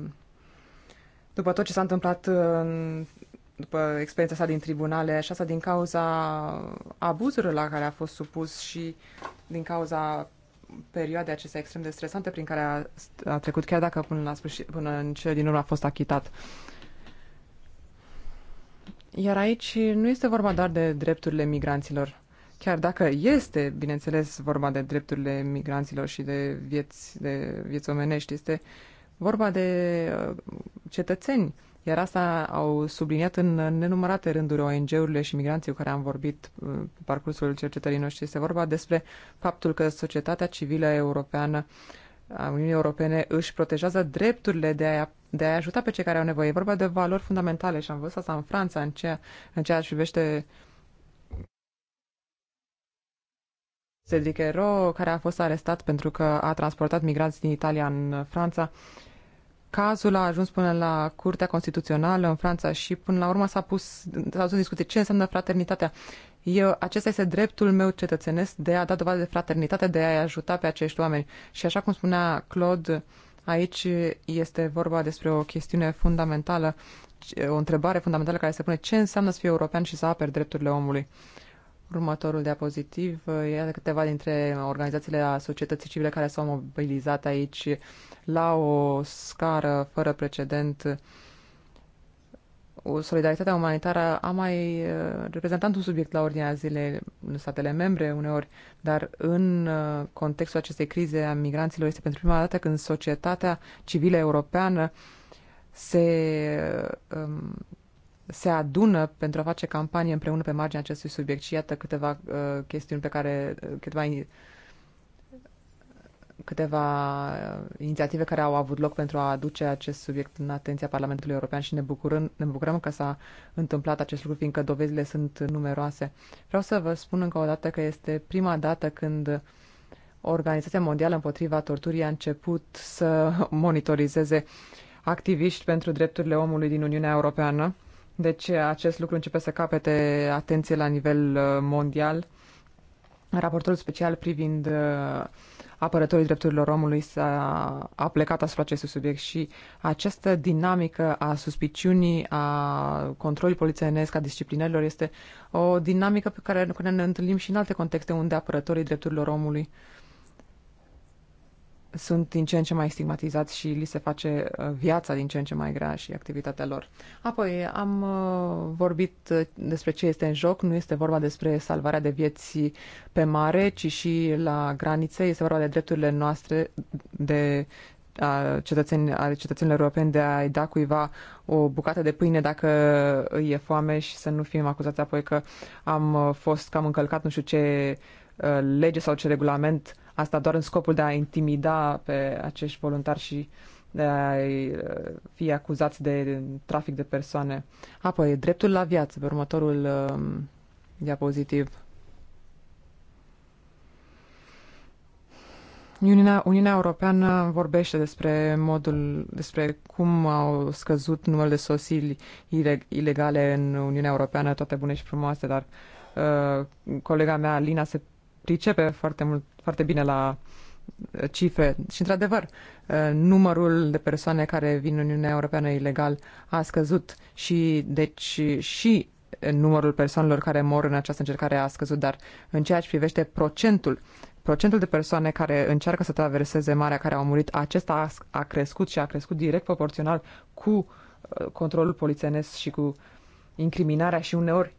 după tot ce s-a întâmplat în, după experiența sa din tribunale și asta din cauza abuzurilor la care a fost supus și din cauza perioade acestea extrem de stresante prin care a, a trecut, chiar dacă până, la sfârșit, până în cele din urmă a fost achitat. Iar aici nu este vorba doar de drepturile migranților, chiar dacă este, bineînțeles, vorba de drepturile migranților și de vieți, de vieți omenești, este vorba de uh, cetățeni. Iar asta au subliniat în nenumărate rânduri ONG-urile și migranții cu care am vorbit uh, pe parcursul cercetării noștri. Este vorba despre faptul că societatea civilă europeană a Uniunii Europene își protejează drepturile de a de a ajuta pe cei care au nevoie. E vorba de valori fundamentale și am văzut asta în Franța, în ceea, în ceea ce privește Cedric Ero, care a fost arestat pentru că a transportat migranți din Italia în Franța. Cazul a ajuns până la Curtea Constituțională în Franța și până la urmă s-a pus, s-a dus în discuție ce înseamnă fraternitatea. Eu, acesta este dreptul meu cetățenesc de a da dovadă de fraternitate, de a-i ajuta pe acești oameni. Și așa cum spunea Claude, uh, Aici este vorba despre o chestiune fundamentală, o întrebare fundamentală care se pune ce înseamnă să fii european și să aperi drepturile omului. Următorul diapozitiv, uh, iată câteva dintre organizațiile a societății civile care s-au mobilizat aici la o scară fără precedent solidaritatea umanitară a mai uh, reprezentat un subiect la ordinea zilei în statele membre uneori, dar în uh, contextul acestei crize a migranților este pentru prima dată când societatea civilă europeană se, uh, um, se adună pentru a face campanie împreună pe marginea acestui subiect. Și iată câteva chestiuni pe care, câteva câteva uh, inițiative care au avut loc pentru a aduce acest subiect în atenția Parlamentului European și ne bucurăm, ne bucurăm că s-a întâmplat acest lucru, fiindcă dovezile sunt numeroase. Vreau să vă spun încă o dată că este prima dată când Organizația Mondială împotriva Torturii a început să monitorizeze activiști pentru drepturile omului din Uniunea Europeană. Deci acest lucru începe să capete atenție la nivel uh, mondial. Raportorul special privind uh, apărătorii drepturilor omului s-a a plecat asupra acestui subiect și această dinamică a suspiciunii, a controlului polițienesc, a disciplinărilor este o dinamică pe care ne întâlnim și în alte contexte unde apărătorii drepturilor omului sunt din ce în ce mai stigmatizați și li se face uh, viața din ce în ce mai grea și activitatea lor. Apoi am uh, vorbit uh, despre ce este în joc, nu este vorba despre salvarea de vieți pe mare, ci și la granițe, este vorba de drepturile noastre de a cetățeni, ale cetățenilor europeni de a-i da cuiva o bucată de pâine dacă îi e foame și să nu fim acuzați apoi că am fost, că am încălcat nu știu ce Uh, lege sau ce regulament, asta doar în scopul de a intimida pe acești voluntari și de a uh, fi acuzați de trafic de persoane. Apoi, dreptul la viață, pe următorul um, diapozitiv. Uniunea, Uniunea Europeană vorbește despre modul, despre cum au scăzut numărul de sosili ilegale în Uniunea Europeană, toate bune și frumoase, dar uh, colega mea, Lina, se pricepe foarte, mult, foarte bine la uh, cifre și, într-adevăr, uh, numărul de persoane care vin în Uniunea Europeană ilegal a scăzut și, deci, și numărul persoanelor care mor în această încercare a scăzut, dar în ceea ce privește procentul, procentul de persoane care încearcă să traverseze marea, care au murit, acesta a, a crescut și a crescut direct proporțional cu uh, controlul polițienesc și cu incriminarea și uneori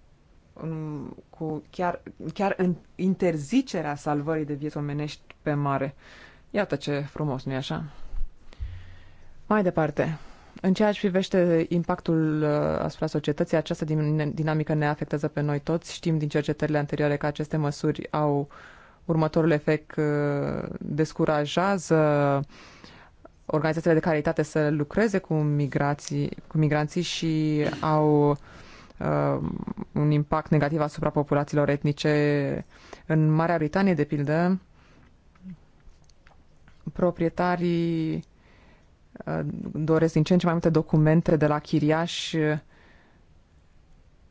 cu chiar, chiar în interzicerea salvării de vieți omenești pe mare. Iată ce frumos, nu-i așa? Mai departe, în ceea ce privește impactul uh, asupra societății, această dinamică ne afectează pe noi toți. Știm din cercetările anterioare că aceste măsuri au următorul efect, uh, descurajează organizațiile de caritate să lucreze cu, migrații, cu migranții și au Uh, un impact negativ asupra populațiilor etnice. În Marea Britanie, de pildă, proprietarii uh, doresc din ce în ce mai multe documente de la chiriași,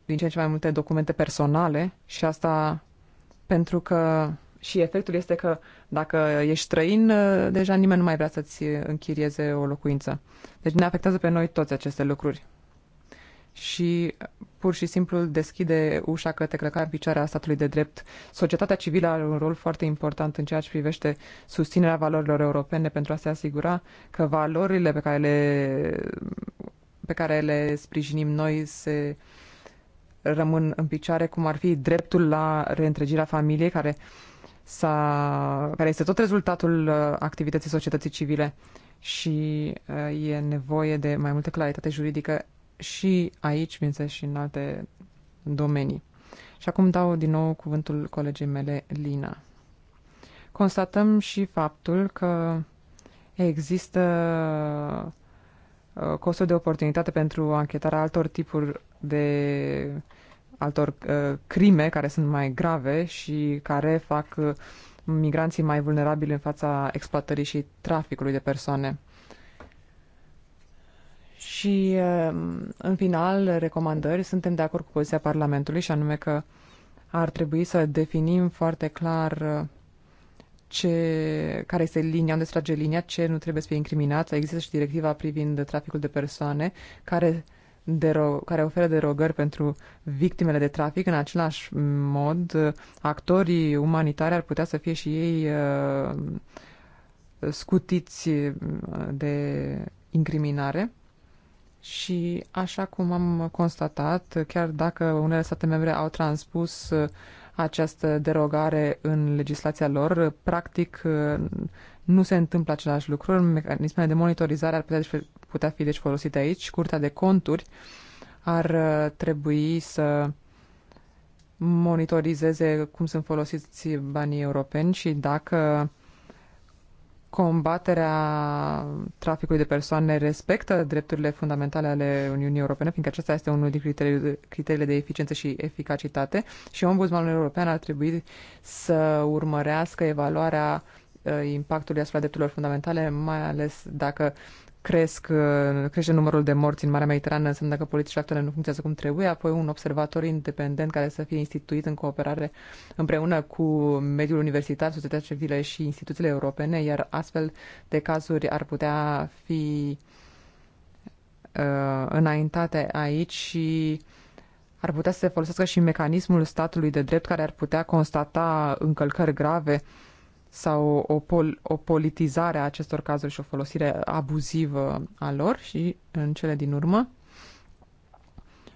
din ce în ce mai multe documente personale și asta pentru că și efectul este că dacă ești străin, uh, deja nimeni nu mai vrea să-ți închirieze o locuință. Deci ne afectează pe noi toți aceste lucruri și uh, pur și simplu deschide ușa către călcarea în picioare a statului de drept. Societatea civilă are un rol foarte important în ceea ce privește susținerea valorilor europene pentru a se asigura că valorile pe care le, pe care le sprijinim noi se rămân în picioare, cum ar fi dreptul la reîntregirea familiei, care, s-a, care este tot rezultatul uh, activității societății civile și uh, e nevoie de mai multă claritate juridică și aici, bineînțeles, și în alte domenii. Și acum dau din nou cuvântul colegii mele, Lina. Constatăm și faptul că există uh, costul de oportunitate pentru anchetarea altor tipuri de altor uh, crime care sunt mai grave și care fac uh, migranții mai vulnerabili în fața exploatării și traficului de persoane. Și, um, în final, recomandări. Suntem de acord cu poziția Parlamentului și anume că ar trebui să definim foarte clar uh, ce, care este linia, unde se trage linia, ce nu trebuie să fie incriminat. Există și directiva privind traficul de persoane care, dero, care oferă derogări pentru victimele de trafic. În același mod, actorii umanitari ar putea să fie și ei uh, scutiți uh, de incriminare. Și așa cum am constatat, chiar dacă unele state membre au transpus uh, această derogare în legislația lor, uh, practic uh, nu se întâmplă același lucru. Mecanismele de monitorizare ar putea, putea fi deci folosite aici. Curtea de conturi ar trebui să monitorizeze cum sunt folosiți banii europeni și dacă combaterea traficului de persoane respectă drepturile fundamentale ale Uniunii Europene, fiindcă acesta este unul din criteriile, de eficiență și eficacitate și Ombudsmanul European ar trebui să urmărească evaluarea uh, impactului asupra drepturilor fundamentale, mai ales dacă uh, cresc, uh, crește numărul de morți în Marea Mediterană, înseamnă că politicile actuale nu funcționează cum trebuie, apoi un observator independent care să fie instituit în cooperare împreună cu mediul universitar, societatea civilă și instituțiile europene, iar astfel de cazuri ar putea fi uh, înaintate aici și ar putea să se folosească și mecanismul statului de drept care ar putea constata încălcări grave uh, sau o, pol- o politizare a acestor cazuri și o folosire abuzivă a lor și, în cele din urmă,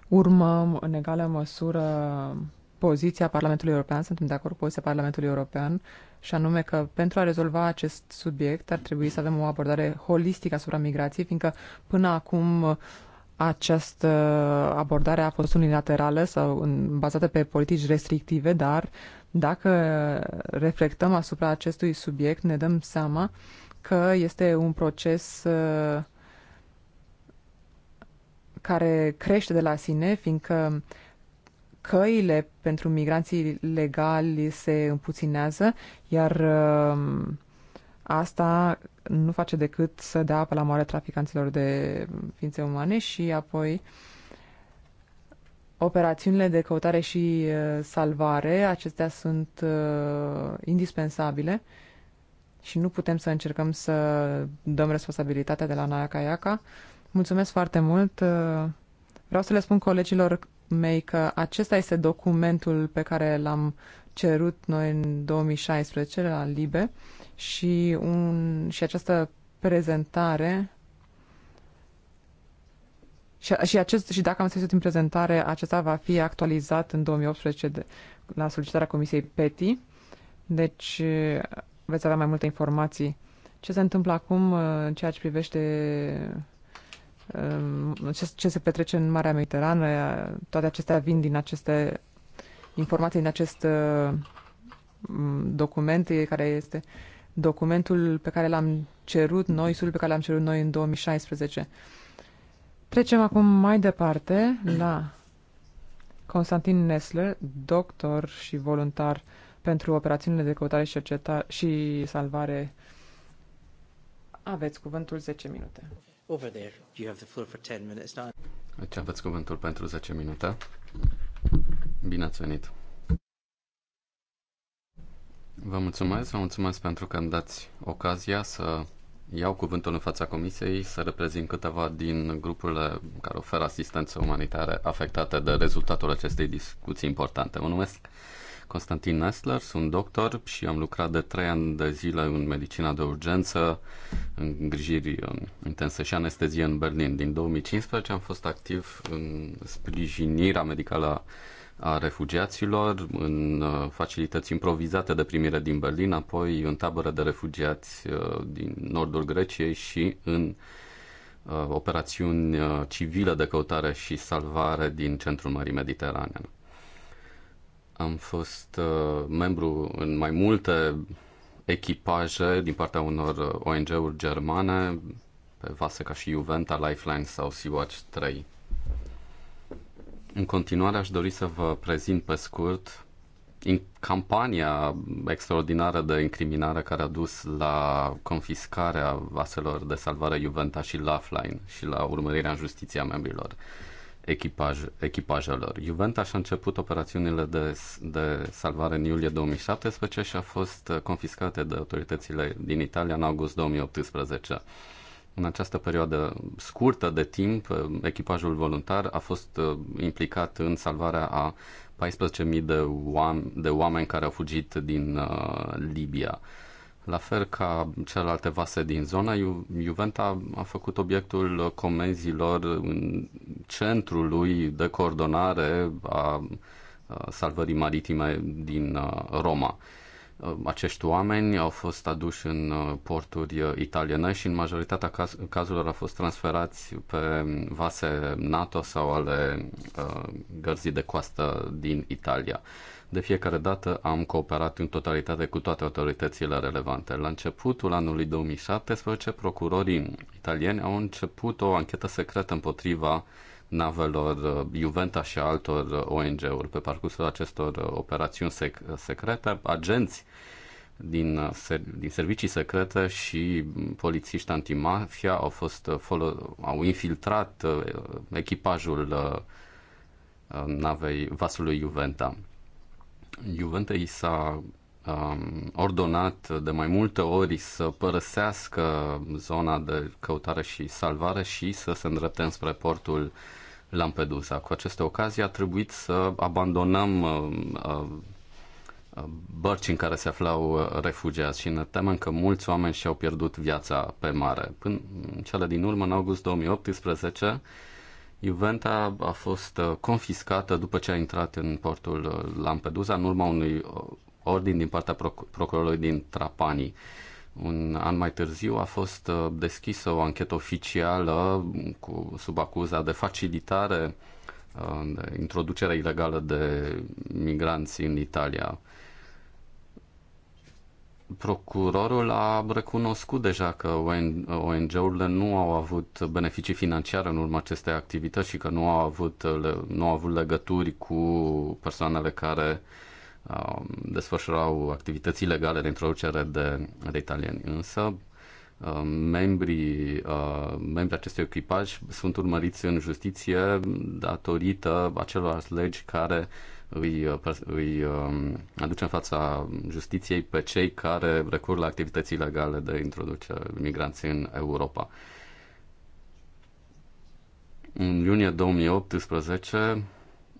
urmăm în egală măsură poziția Parlamentului European, suntem de acord cu poziția Parlamentului European, și anume că pentru a rezolva acest subiect ar trebui să avem o abordare holistică asupra migrației, fiindcă până acum această abordare a fost unilaterală sau în, bazată pe politici restrictive, dar dacă reflectăm asupra acestui subiect, ne dăm seama că este un proces uh, care crește de la sine, fiindcă căile pentru migranții legali se împuținează, iar uh, asta nu face decât să dea apă la moare traficanților de ființe umane și apoi uh, operațiunile de căutare și uh, salvare, acestea sunt uh, indispensabile și nu putem să încercăm să dăm responsabilitatea de la Nayaka Yaka. Mulțumesc foarte mult. Uh, vreau să le spun colegilor mei că acesta este documentul pe care l-am cerut noi în 2016 la LIBE și, un, și această prezentare și, și, acest, și dacă am înțeles din prezentare, acesta va fi actualizat în 2018 de, la solicitarea Comisiei PETI. Deci eh, veți avea mai multe informații. Ce se întâmplă acum eh, în ceea ce privește eh, ce, ce se petrece în Marea Mediterană, toate acestea vin din aceste informații, din acest document care este documentul pe care l-am cerut noi, sul pe care l-am cerut noi în 2016. Trecem acum mai departe la Constantin Nesle, doctor și voluntar pentru operațiunile de căutare și, și salvare. Aveți cuvântul 10 minute. Over there, you have the floor for 10 minutes now. Aici aveți cuvântul pentru 10 minute. Bine ați venit! Vă mulțumesc, vă mulțumesc pentru că îmi dați ocazia să iau cuvântul în fața Comisiei să reprezint câteva din grupurile care oferă asistență umanitară afectate de rezultatul acestei discuții importante. Mă numesc Constantin Nestler, sunt doctor și am lucrat de trei ani de zile în medicina de urgență, în îngrijiri um, intense și anestezie în Berlin. Din 2015 am fost activ în sprijinirea medicală a a refugiaților, în uh, facilități improvizate de primire din Berlin, apoi în tabără de refugiați uh, din nordul Greciei și în uh, operațiuni civile de căutare și salvare din centrul Mării Mediterane. Am fost membru în mai multe echipaje din partea unor ONG-uri germane, pe vase ca și Juventa, Lifeline sau Sea-Watch 3. În continuare aș dori să vă prezint pe scurt în campania extraordinară de incriminare care a dus la confiscarea vaselor de salvare Juventa și Lifeline și la urmărirea în justiția membrilor echipaj, echipajelor. Juventa și-a început operațiunile de, de salvare în iulie 2017 și a fost confiscate de autoritățile din Italia în august 2018. În această perioadă scurtă de timp, echipajul voluntar a fost uh, implicat în salvarea a 14.000 de, oam- de oameni care au fugit din uh, Libia. La fel ca celelalte vase din zona, Ju- Juventa a făcut obiectul comenzilor în lui de coordonare a uh, salvării maritime din uh, Roma. Uh, acești oameni au fost aduși în uh, porturi uh, italiene și în majoritatea caz- cazurilor au fost transferați pe vase NATO sau ale uh, gărzii de coastă din Italia. De fiecare dată am cooperat în totalitate cu toate autoritățile relevante. La începutul anului 2017, procurorii italieni au început o anchetă secretă împotriva navelor uh, Juventa și altor uh, ONG-uri. Pe parcursul acestor uh, operațiuni sec- secrete, agenți din, din servicii secrete și mm, polițiști antimafia au fost folo- au infiltrat echipajul navei vasului Juventa. Juventa i s-a um, ordonat de mai multe ori să părăsească zona de căutare și salvare și să se îndrepte spre portul Lampedusa. Cu aceste ocazii a trebuit să abandonăm uh, uh, uh, bărci în care se aflau refugiați și ne temem că mulți oameni și-au pierdut viața pe mare. Până în cele din urmă, în august 2018, Juventa a fost confiscată după ce a intrat în portul Lampedusa în urma unui ordin din partea procurorului din Trapani un an mai târziu a fost uh, deschisă o anchetă oficială cu, sub acuza de facilitare uh, de introducere ilegală de migranți în Italia. Procurorul a recunoscut deja că ONG-urile nu au avut beneficii financiare în urma acestei activități și că nu au avut, nu au avut legături cu persoanele care uh, desfășurau activități ilegale de introducere de, de italieni. Însă, uh, membrii, uh, membrii acestui echipaj sunt urmăriți în justiție datorită acelor legi care îi, uh, îi um, aduce în fața justiției pe cei care recur la activități ilegale de introducere migranți în Europa. În iunie 2018,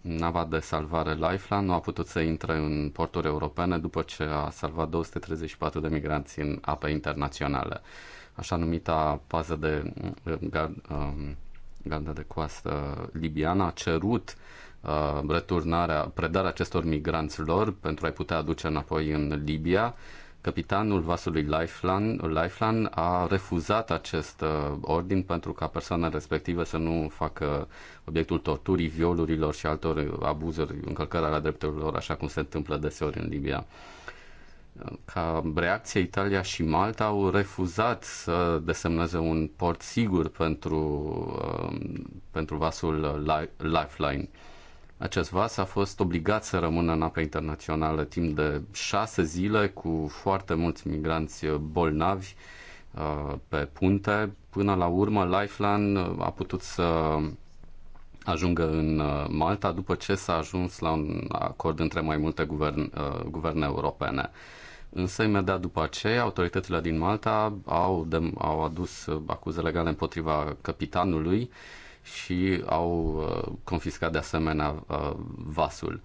nava de salvare Lifeline nu a putut să intre în porturi europene după ce a salvat 234 de migranți în ape internaționale. Așa numita pază de eh, eh, gardă de coastă libiană a cerut eh, returnarea, predarea acestor migranți lor pentru a-i putea aduce înapoi în Libia Capitanul vasului Lifeline, Lifeline a refuzat acest uh, ordin pentru ca persoana respectivă să nu facă obiectul torturii, violurilor și altor abuzuri, încălcări ale drepturilor, așa cum se întâmplă deseori în Libia. Ca reacție, Italia și Malta au refuzat să desemneze un port sigur pentru, uh, pentru vasul Lifeline. Acest vas a fost obligat să rămână în apă internațională timp de șase zile cu foarte mulți migranți bolnavi uh, pe punte. Până la urmă, Lifeline uh, a putut să ajungă în uh, Malta după ce s-a ajuns la un acord între mai multe guvern, guverne europene. Însă, imediat după aceea, autoritățile din Malta au, de, au adus acuze legale împotriva capitanului uh, și au uh, confiscat de asemenea uh, vasul.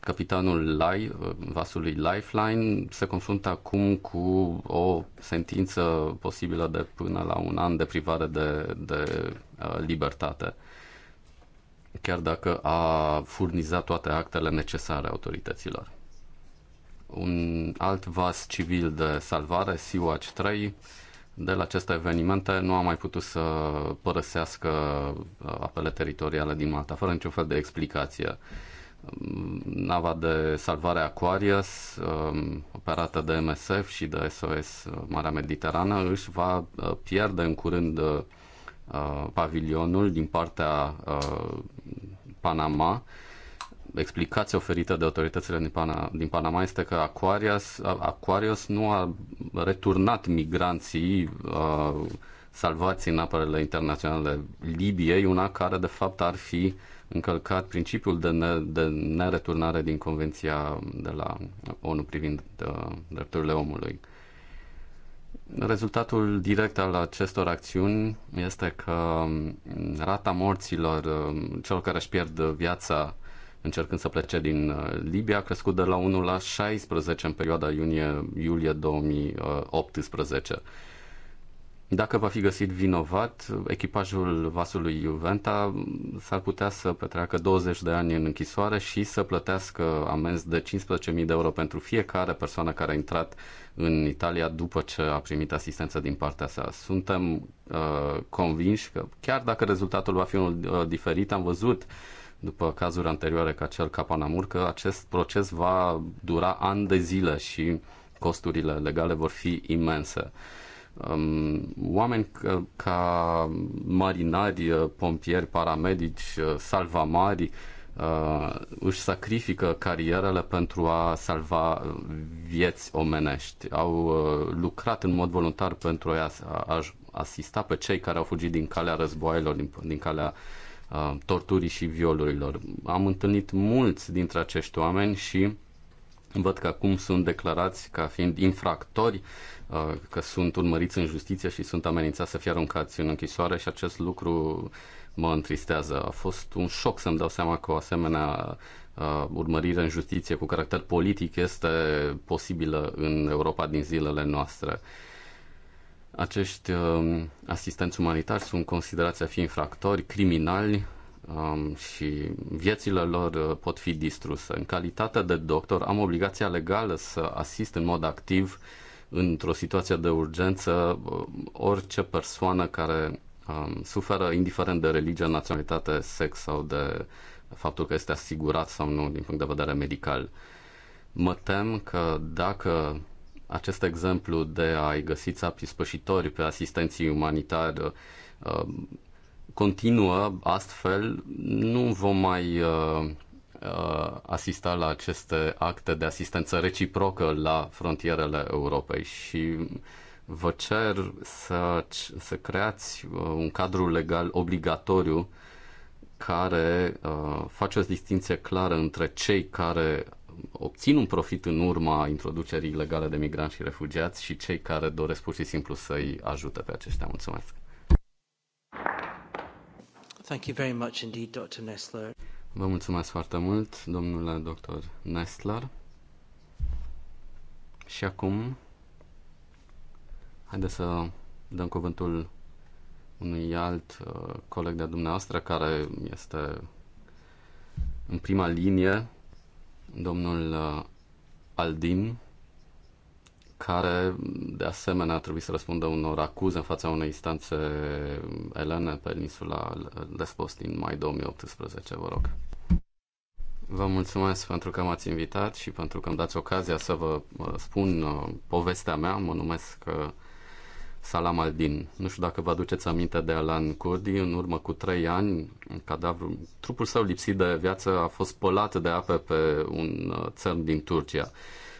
Capitanul Lai, uh, vasului Lifeline se confruntă acum cu o sentință posibilă de până la un an de privare de, de libertate chiar dacă a furnizat toate actele necesare autorităților. Un alt vas civil de salvare, Sea-Watch 3, de la aceste evenimente nu a mai putut să părăsească uh, apele teritoriale din Malta, fără niciun fel de explicație. Mm, nava de salvare Aquarius, um, operată de MSF și de SOS uh, Marea Mediterană, își va uh, pierde în curând pavilionul din partea Panama explicația oferită de autoritățile din, Pana, din Panama este că Aquarius, Aquarius nu a returnat migranții uh, salvați în apărele internaționale Libiei, una care de fapt ar fi încălcat principiul de, ne, de nereturnare din Convenția de la ONU privind uh, drepturile omului. Rezultatul direct al acestor acțiuni este că rata morților, uh, celor care își pierd viața încercând să plece din uh, Libia, a crescut de la 1 la 16 în perioada iunie-iulie 2018. Dacă va fi găsit vinovat, echipajul vasului Juventa s-ar putea să petreacă 20 de ani în închisoare și să plătească amenzi de 15.000 de euro pentru fiecare persoană care a intrat în Italia după ce a primit asistență din partea sa. Suntem uh, convinși că chiar dacă rezultatul va fi unul uh, diferit, am văzut uh, după cazuri anterioare ca cel Capanamur, că acest proces va dura ani de zile și costurile legale vor fi imense. Um, oameni ca marinari, pompieri, paramedici, salvamari uh, își sacrifică carierele pentru a salva vieți omenești. Au uh, lucrat în mod voluntar pentru a asista pe cei care au fugit din calea războaielor, din, calea torturii și violurilor. Am întâlnit mulți dintre acești oameni și văd că acum sunt declarați ca fiind infractori, că sunt urmăriți în justiție și sunt amenințați să fie aruncați în închisoare și acest lucru mă întristează. A fost un șoc să-mi dau seama că o asemenea urmărire în justiție cu caracter politic este posibilă în Europa din zilele noastre. Acești um, asistenți umanitari sunt considerați a fi infractori, criminali um, și viețile lor uh, pot fi distruse. În calitate de doctor am obligația legală să asist în mod activ într-o situație de urgență uh, orice persoană care um, suferă indiferent de religie, naționalitate, sex sau de faptul că este asigurat sau nu din punct de vedere medical. Mă tem că dacă acest exemplu de a-i găsi țapii spășitori pe asistenții umanitari uh, continuă, astfel nu vom mai uh, uh, asista la aceste acte de asistență reciprocă la frontierele Europei și vă cer să, să creați un cadru legal obligatoriu care uh, face o distinție clară între cei care obțin un profit în urma introducerii ilegale de migranți și refugiați și cei care doresc pur și simplu să-i ajute pe aceștia. Mulțumesc! Thank you very much indeed, Dr. Nestler. Vă mulțumesc foarte mult, domnule doctor Nestler. Și acum, haideți să dăm cuvântul unui alt uh, coleg de-a dumneavoastră care este în prima linie domnul uh, Aldin, care de asemenea a trebuit să răspundă unor acuze în fața unei instanțe um, elene pe insula Lesbos din mai 2018, vă rog. Vă mulțumesc pentru că m-ați invitat și pentru că îmi dați ocazia să vă uh, spun uh, povestea mea. Mă numesc Salam al-Din. Nu știu dacă vă aduceți aminte de Alan Kurdi, în urmă cu trei ani, cadavru, trupul său lipsit de viață a fost spălat de apă pe un uh, țărm din Turcia.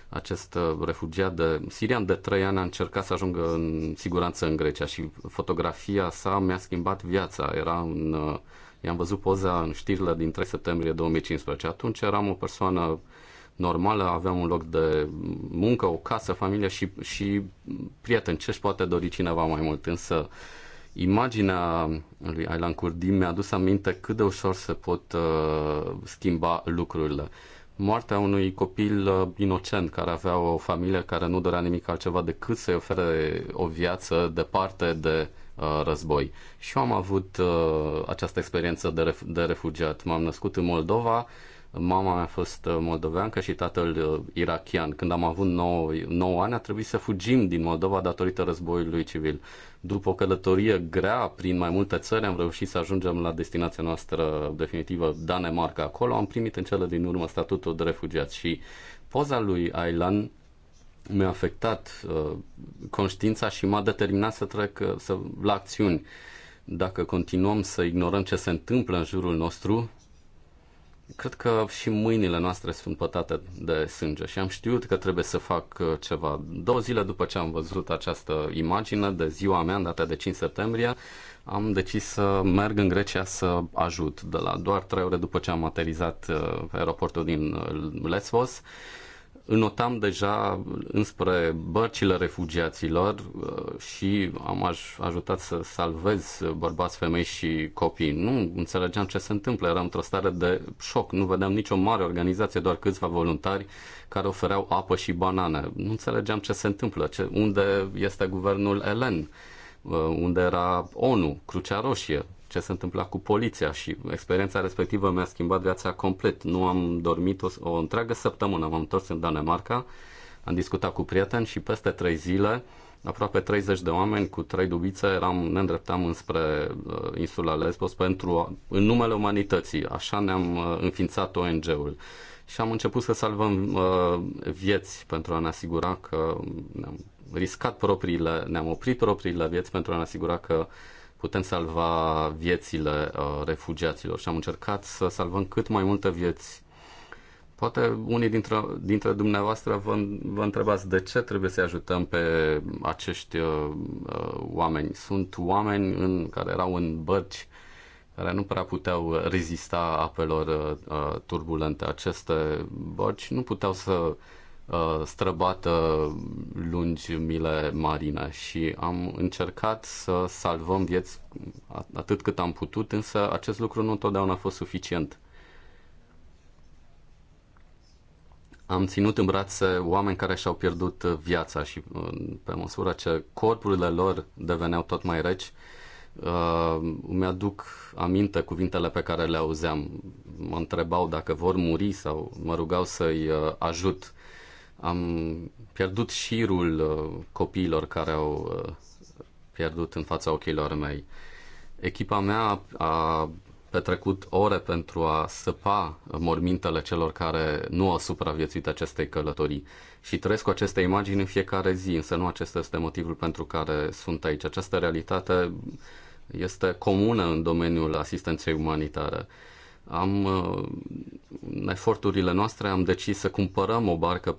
Acest uh, refugiat de sirian de trei ani a încercat să ajungă în siguranță în Grecia și fotografia sa mi-a schimbat viața. Era un, uh, i-am văzut poza în știrile din 3 septembrie 2015. Atunci eram o persoană normală, aveam un loc de muncă, o casă, familie și, și prieteni. Ce-și poate dori cineva mai mult? Însă imaginea lui Aylan Kurdi mi-a adus aminte cât de ușor se pot uh, schimba lucrurile. Moartea unui copil uh, inocent care avea o familie care nu dorea nimic altceva decât să-i ofere o viață departe de uh, război. Și eu am avut uh, această experiență de, ref- de refugiat. M-am născut în Moldova, uh, Mama a fost uh, moldoveancă și tatăl uh, irachian. Când am avut 9, 9 ani, a trebuit să fugim din Moldova datorită războiului civil. După o călătorie grea prin mai multe țări, am reușit să ajungem la destinația noastră definitivă, Danemarca. Acolo am primit în cele din urmă statutul de refugiat și poza lui Aylan mi-a afectat uh, conștiința și m-a determinat să trec uh, să, la acțiuni. Dacă continuăm să ignorăm ce se întâmplă în jurul nostru, Cred că și mâinile noastre sunt pătate de sânge și am știut că trebuie să fac uh, ceva. Două zile după ce am văzut această imagine de ziua mea, în data de 5 septembrie, am decis să merg în Grecia să ajut. De la doar trei ore după ce am aterizat uh, aeroportul din uh, Lesbos, înotam deja înspre bărcile refugiaților uh, și am ajutat să salvez bărbați, femei și copii. Nu înțelegeam ce se întâmplă, eram într-o stare de șoc, nu vedeam nicio mare organizație, doar câțiva voluntari care ofereau apă și banane. Nu înțelegeam ce se întâmplă, ce, unde este guvernul elen, uh, unde era ONU, Crucea Roșie, ce se întâmpla cu poliția și experiența respectivă mi-a schimbat viața complet. Nu am dormit o, o întreagă săptămână, m-am întors în Danemarca, am discutat cu prieteni și peste trei zile, aproape 30 de oameni cu trei dubițe, eram, ne îndreptam înspre uh, insula Lesbos pentru, în numele umanității. Așa ne-am uh, înființat ONG-ul și am început să salvăm uh, vieți pentru a ne asigura că ne-am riscat propriile, ne-am oprit propriile vieți pentru a ne asigura că uh, putem salva viețile uh, refugiaților și am încercat să salvăm cât mai multe vieți. Poate unii dintre, dintre dumneavoastră vă, vă întrebați de ce trebuie să ajutăm pe acești uh, uh, oameni. Sunt oameni în, care erau în bărci care nu prea puteau rezista apelor uh, uh turbulente. Aceste bărci nu puteau să Uh, străbată lungi mile marine și am încercat să salvăm vieți atât cât am putut, însă acest lucru nu întotdeauna a fost suficient. Am ținut în brațe oameni care și-au pierdut viața și uh, pe măsură ce corpurile lor deveneau tot mai reci, Uh, îmi aduc aminte cuvintele pe care le auzeam. Mă întrebau dacă vor muri sau mă rugau să-i uh, ajut. Am pierdut șirul uh, copiilor care au uh, pierdut în fața ochilor mei. Echipa mea a petrecut ore pentru a săpa mormintele celor care nu au supraviețuit acestei călătorii și trăiesc cu aceste imagini în fiecare zi, însă nu acesta este motivul pentru care sunt aici. Această realitate este comună în domeniul asistenței umanitare am, uh, în eforturile noastre am decis să cumpărăm o barcă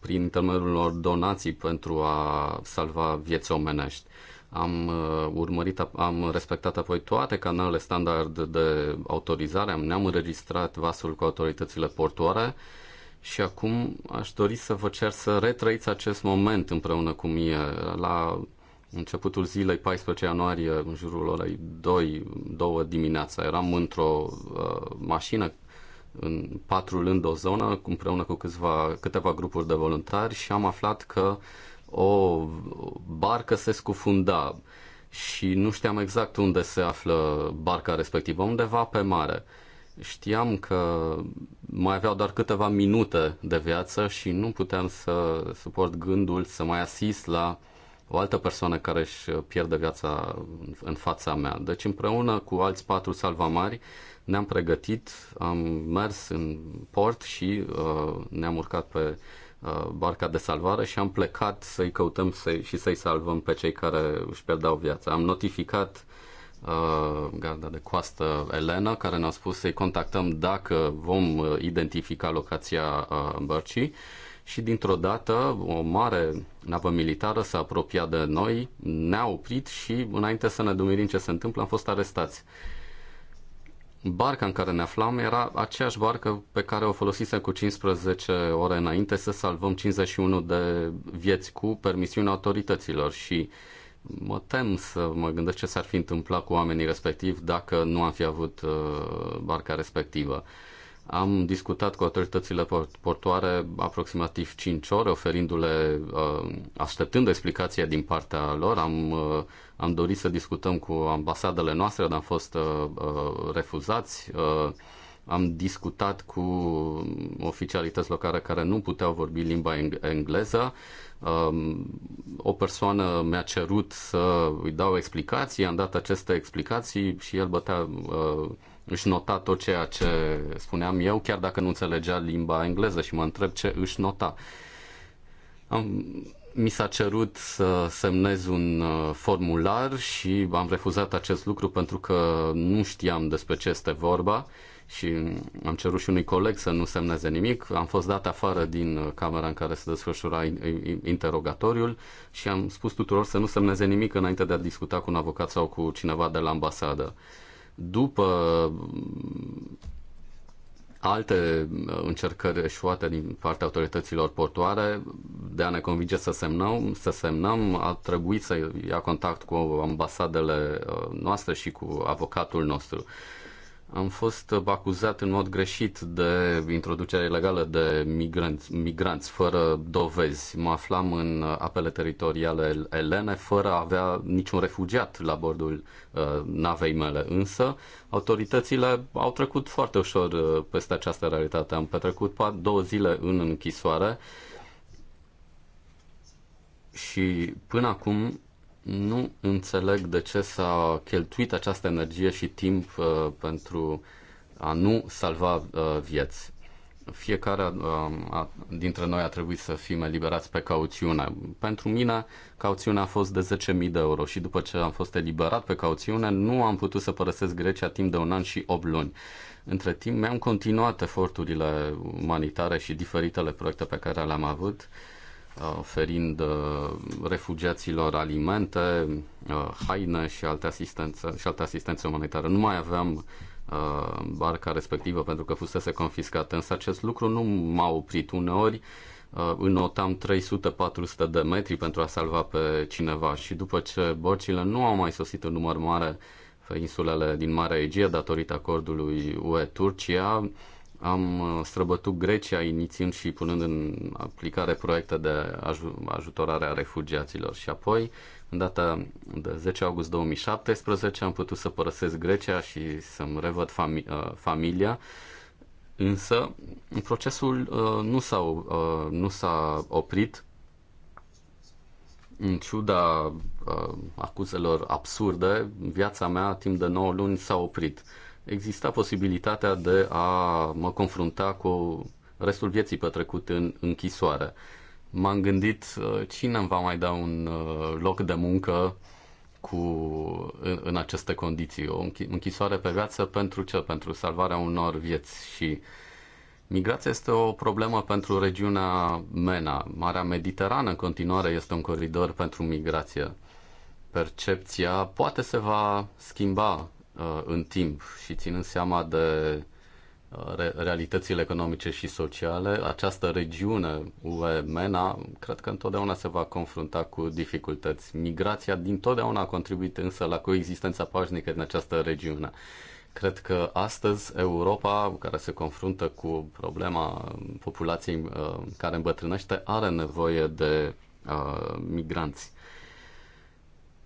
prin intermediul unor donații pentru a salva vieți omenești. Am uh, urmărit, am respectat apoi toate canalele standard de autorizare, ne-am înregistrat vasul cu autoritățile portoare și acum aș dori să vă cer să retrăiți acest moment împreună cu mine la începutul zilei 14 ianuarie, în jurul orei 2, 2 dimineața, eram într-o uh, mașină în patrulând o zonă împreună cu câțiva, câteva grupuri de voluntari și am aflat că o barcă se scufunda și nu știam exact unde se află barca respectivă, undeva pe mare. Știam că mai aveau doar câteva minute de viață și nu puteam să suport gândul să mai asist la uh, o altă persoană care își pierde viața în fața mea. Deci împreună cu alți patru salvamari ne-am pregătit, am mers în port și uh, ne-am urcat pe uh, barca de salvare și am plecat să-i căutăm să și să-i salvăm pe cei care își pierdeau viața. Am notificat uh, garda de coastă Elena, care ne-a spus să-i contactăm dacă vom uh, identifica locația uh, bărcii și dintr-o dată o mare navă militară s-a apropiat de noi, ne-a oprit și înainte să ne dumirim ce se întâmplă am fost arestați. Barca în care ne aflam era aceeași barcă pe care o folosise cu 15 ore înainte să salvăm 51 de vieți cu permisiunea autorităților și mă tem să mă gândesc ce s-ar fi întâmplat cu oamenii respectiv dacă nu am fi avut uh, barca respectivă. Am discutat cu autoritățile portoare aproximativ 5 ore, oferindu-le, uh, așteptând explicația din partea lor. Am, uh, am dorit să discutăm cu ambasadele noastre, dar am fost uh, refuzați. Am discutat cu oficialități locale care nu puteau vorbi limba engleză. Um, o persoană mi-a cerut să îi dau explicații, am dat aceste explicații și el bătea își nota tot ceea ce spuneam eu, chiar dacă nu înțelegea limba engleză și mă întreb ce își nota. Am, mi s-a cerut să semnez un uh, formular și am refuzat acest lucru pentru că nu știam despre ce este vorba și am cerut și unui coleg să nu semneze nimic. Am fost dat afară din uh, camera în care se desfășura interogatoriul și am spus tuturor să nu semneze nimic înainte de a discuta cu un avocat sau cu cineva de la ambasadă după mm, alte uh, încercări eșuate din partea autorităților portoare de a ne convinge să semnăm, să semnăm a trebuit să ia contact cu ambasadele uh, noastre și cu avocatul nostru. Am fost acuzat în mod greșit de introducerea ilegală de migranți, migranți fără dovezi. Mă aflam în apele teritoriale elene fără a avea niciun refugiat la bordul uh, navei mele. Însă autoritățile au trecut foarte ușor uh, peste această realitate. Am petrecut două zile în închisoare și până acum nu înțeleg de ce s-a cheltuit această energie și timp uh, pentru a nu salva uh, vieți. Fiecare uh, a, dintre noi a trebuit să fim eliberați pe cauțiune. Pentru mine, cauțiunea a fost de 10.000 de euro și după ce am fost eliberat pe cauțiune, nu am putut să părăsesc Grecia timp de un an și 8 luni. Între timp, mi-am continuat eforturile umanitare și diferitele proiecte pe care le-am avut. Uh, Uh, oferind uh, refugiaților alimente, uh, haine și alte asistențe, și alte asistențe umanitare. Nu mai aveam barca respectivă pentru că fusese confiscată, însă acest lucru nu m-a oprit uneori înotam 300-400 de metri pentru a salva pe cineva și după ce borcile nu au mai sosit în număr mare pe insulele din Marea Egea, datorită acordului UE-Turcia, am uh, străbătut Grecia inițiind și punând în aplicare proiecte de aj- ajutorare a refugiaților și apoi, în data de 10 august 2017, am putut să părăsesc Grecia și să-mi revăd fami- uh, familia, însă procesul uh, nu, s-a, uh, nu s-a oprit în ciuda uh, acuzelor absurde, viața mea timp de 9 luni s-a oprit. Uh, exista posibilitatea de a mă confrunta cu restul vieții petrecut în închisoare. M-am gândit uh, cine îmi va mai da un uh, loc de muncă cu, în, în aceste condiții. O închisoare pe viață pentru ce? Pentru salvarea unor vieți și Migrația este o problemă pentru regiunea MENA. Marea Mediterană în continuare este un coridor pentru migrație. Percepția poate se va schimba Uh, în timp și ținând seama de uh, realitățile economice și sociale, această regiune UE-MENA cred că întotdeauna se va confrunta cu dificultăți. Migrația din totdeauna a contribuit însă la coexistența pașnică în această regiune. Cred că astăzi Europa, care se confruntă cu problema populației uh, care îmbătrânește, are nevoie de uh, migranți.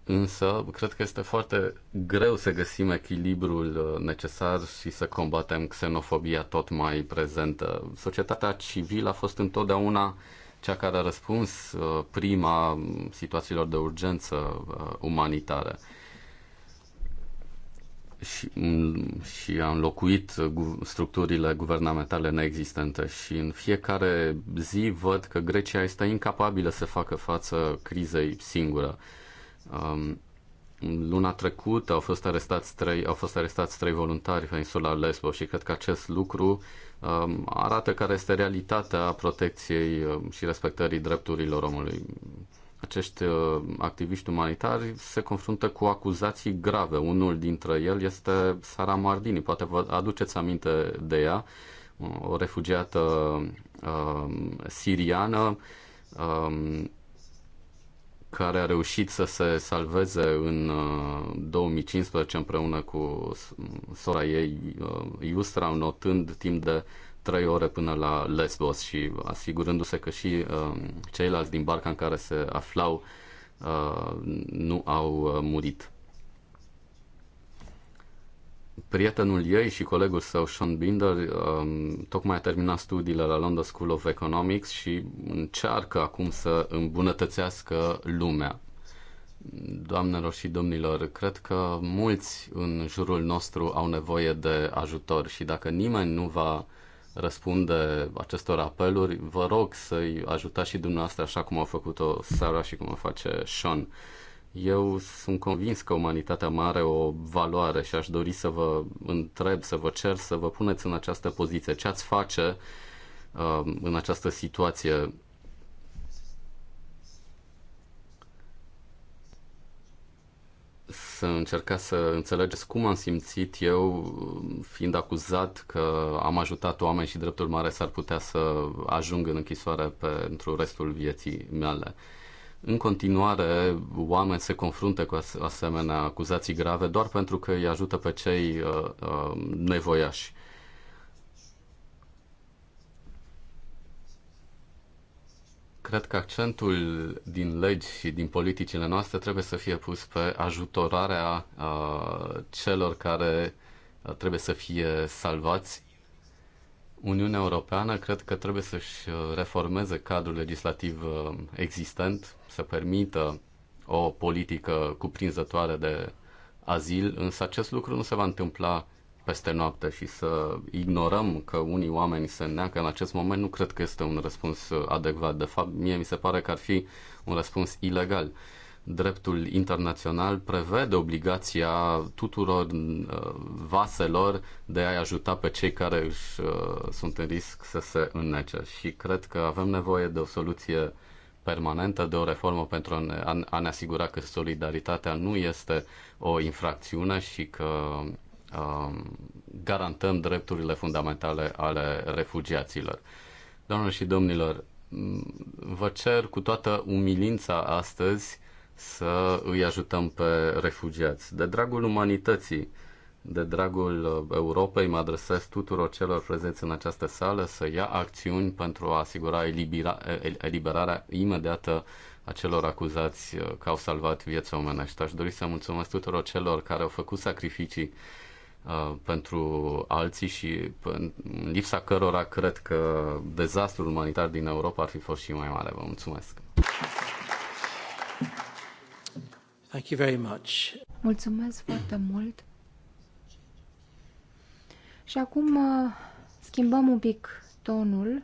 Însă, cred că este foarte greu să găsim echilibrul uh, necesar și să combatem xenofobia tot mai prezentă. Societatea civilă a fost întotdeauna cea care a răspuns uh, prima situațiilor de urgență uh, umanitare și, și a înlocuit structurile guvernamentale neexistente și în fiecare zi văd că Grecia este incapabilă să facă față crizei singură. Um, luna trecută au fost arestați trei, au fost arestați trei voluntari pe insula Lesbos și cred că acest lucru um, arată care este realitatea protecției um, și respectării drepturilor omului. Acești uh, activiști umanitari se confruntă cu acuzații grave. Unul dintre el este Sara Mardini, poate vă aduceți aminte de ea, o refugiată uh, siriană um, care a reușit să se salveze în 2015 uh, împreună cu sora ei, uh, Iustra, notând timp de 3 ore până la Lesbos și asigurându-se că și uh, ceilalți din barca în care se aflau nu au murit prietenul ei și colegul său, Sean Binder, um, tocmai a terminat studiile la London School of Economics și încearcă acum să îmbunătățească lumea. Doamnelor și domnilor, cred că mulți în jurul nostru au nevoie de ajutor și dacă nimeni nu va răspunde acestor apeluri, vă rog să-i ajutați și dumneavoastră așa cum au făcut-o Sara și cum o face Sean eu sunt convins că umanitatea mare o valoare și aș dori să vă întreb, să vă cer, să vă puneți în această poziție. Ce ați face uh, în această situație? Să încercați să înțelegeți cum am simțit eu fiind acuzat că am ajutat oameni și dreptul mare s-ar putea să ajung în închisoare pentru restul vieții mele. Uh, în continuare, oameni se confruntă cu asemenea acuzații grave doar pentru că îi ajută pe cei uh, uh, nevoiași. Cred că accentul din legi și din politicile noastre trebuie să fie pus pe ajutorarea uh, celor care uh, trebuie să fie salvați Uniunea Europeană cred că trebuie să-și uh, reformeze cadrul legislativ uh, existent, să permită o politică cuprinzătoare de azil, însă acest lucru nu se va întâmpla peste noapte și să ignorăm că unii oameni se neacă în acest moment nu cred că este un răspuns uh, adecvat. De fapt, mie mi se pare că ar fi un răspuns ilegal dreptul internațional prevede obligația tuturor uh, vaselor de a-i ajuta pe cei care își, uh, sunt în risc să se înnece. Și cred că avem nevoie de o soluție permanentă, de o reformă pentru a ne, a ne asigura că solidaritatea nu este o infracțiune și că um, garantăm drepturile fundamentale ale refugiaților. Doamnelor și domnilor, vă cer cu toată umilința astăzi să îi ajutăm pe refugiați. De dragul umanității, de dragul uh, Europei, mă adresez tuturor celor prezenți în această sală să ia acțiuni pentru a asigura elibera, eliberarea imediată a celor acuzați uh, că au salvat vieți omenești. Aș dori să mulțumesc tuturor celor care au făcut sacrificii uh, pentru alții și în lipsa cărora cred că dezastrul umanitar din Europa ar fi fost și mai mare. Vă mulțumesc! Thank you very much. Mulțumesc foarte mult. Și acum uh, schimbăm un pic tonul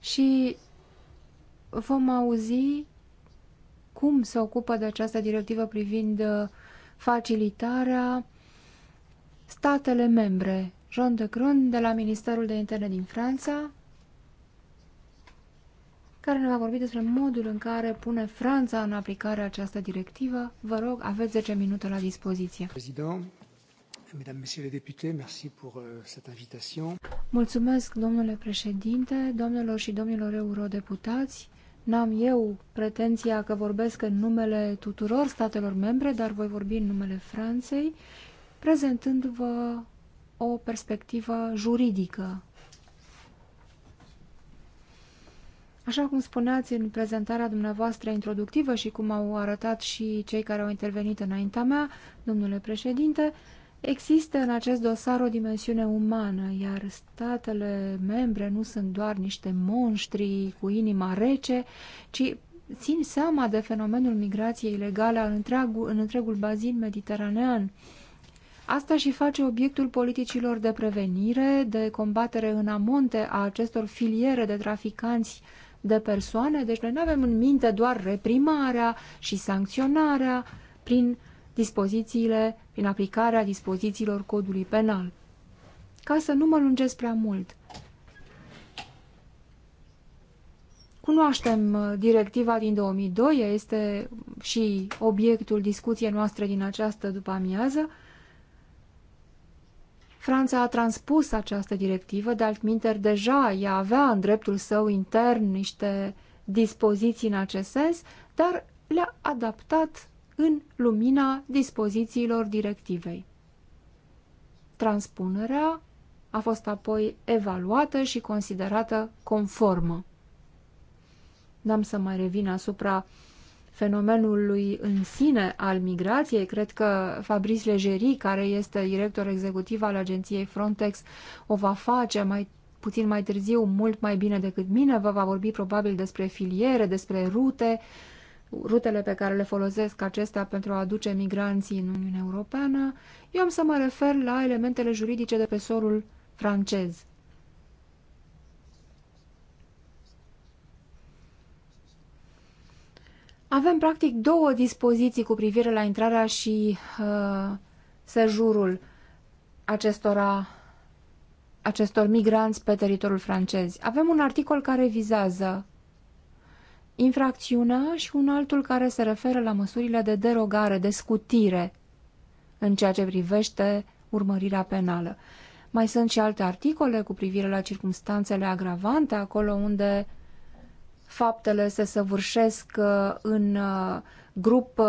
și vom auzi cum se ocupă de această directivă privind uh, facilitarea statele membre. Jean de Grun de la Ministerul de Interne din Franța care ne va vorbi despre modul în care pune Franța în aplicare această directivă. Vă rog, aveți 10 minute la dispoziție. President, Mesdames, Messieurs les députés, merci pour euh, cette invitation. Mulțumesc, domnule președinte, domnilor și domnilor eurodeputați. N-am eu pretenția că vorbesc în numele tuturor statelor membre, dar voi vorbi în numele Franței, prezentându-vă o perspectivă juridică Așa cum spuneați în prezentarea dumneavoastră introductivă și cum au arătat și cei care au intervenit înaintea mea, domnule președinte, există în acest dosar o dimensiune umană, iar statele membre nu sunt doar niște monștri cu inima rece, ci țin seama de fenomenul migrației ilegale în întregul, în întregul bazin mediteranean. Asta și face obiectul politicilor de prevenire, de combatere în amonte a acestor filiere de traficanți de persoane, deci noi nu avem în minte doar reprimarea și sancționarea prin dispozițiile, prin aplicarea dispozițiilor codului penal. Ca să nu mă lungesc prea mult, Cunoaștem uh, directiva din 2002, este și obiectul discuției noastre din această după amiază, Franța a transpus această directivă, de altminteri deja ea avea în dreptul său intern niște dispoziții în acest sens, dar le-a adaptat în lumina dispozițiilor directivei. Transpunerea a fost apoi evaluată și considerată conformă. N-am să mai revin asupra fenomenului în sine al migrației. Cred că Fabrice Legeri, care este director executiv al agenției Frontex, o va face mai puțin mai târziu, mult mai bine decât mine. Vă va vorbi probabil despre filiere, despre rute, rutele pe care le folosesc acestea pentru a aduce migranții în Uniunea Europeană. Eu am să mă refer la elementele juridice de pe sorul francez. Avem practic două dispoziții cu privire la intrarea și uh, sejurul acestora, acestor migranți pe teritoriul francez. Avem un articol care vizează infracțiunea și un altul care se referă la măsurile de derogare, de scutire în ceea ce privește urmărirea penală. Mai sunt și alte articole cu privire la circumstanțele agravante, acolo unde faptele se săvârșesc uh, în uh, grup uh,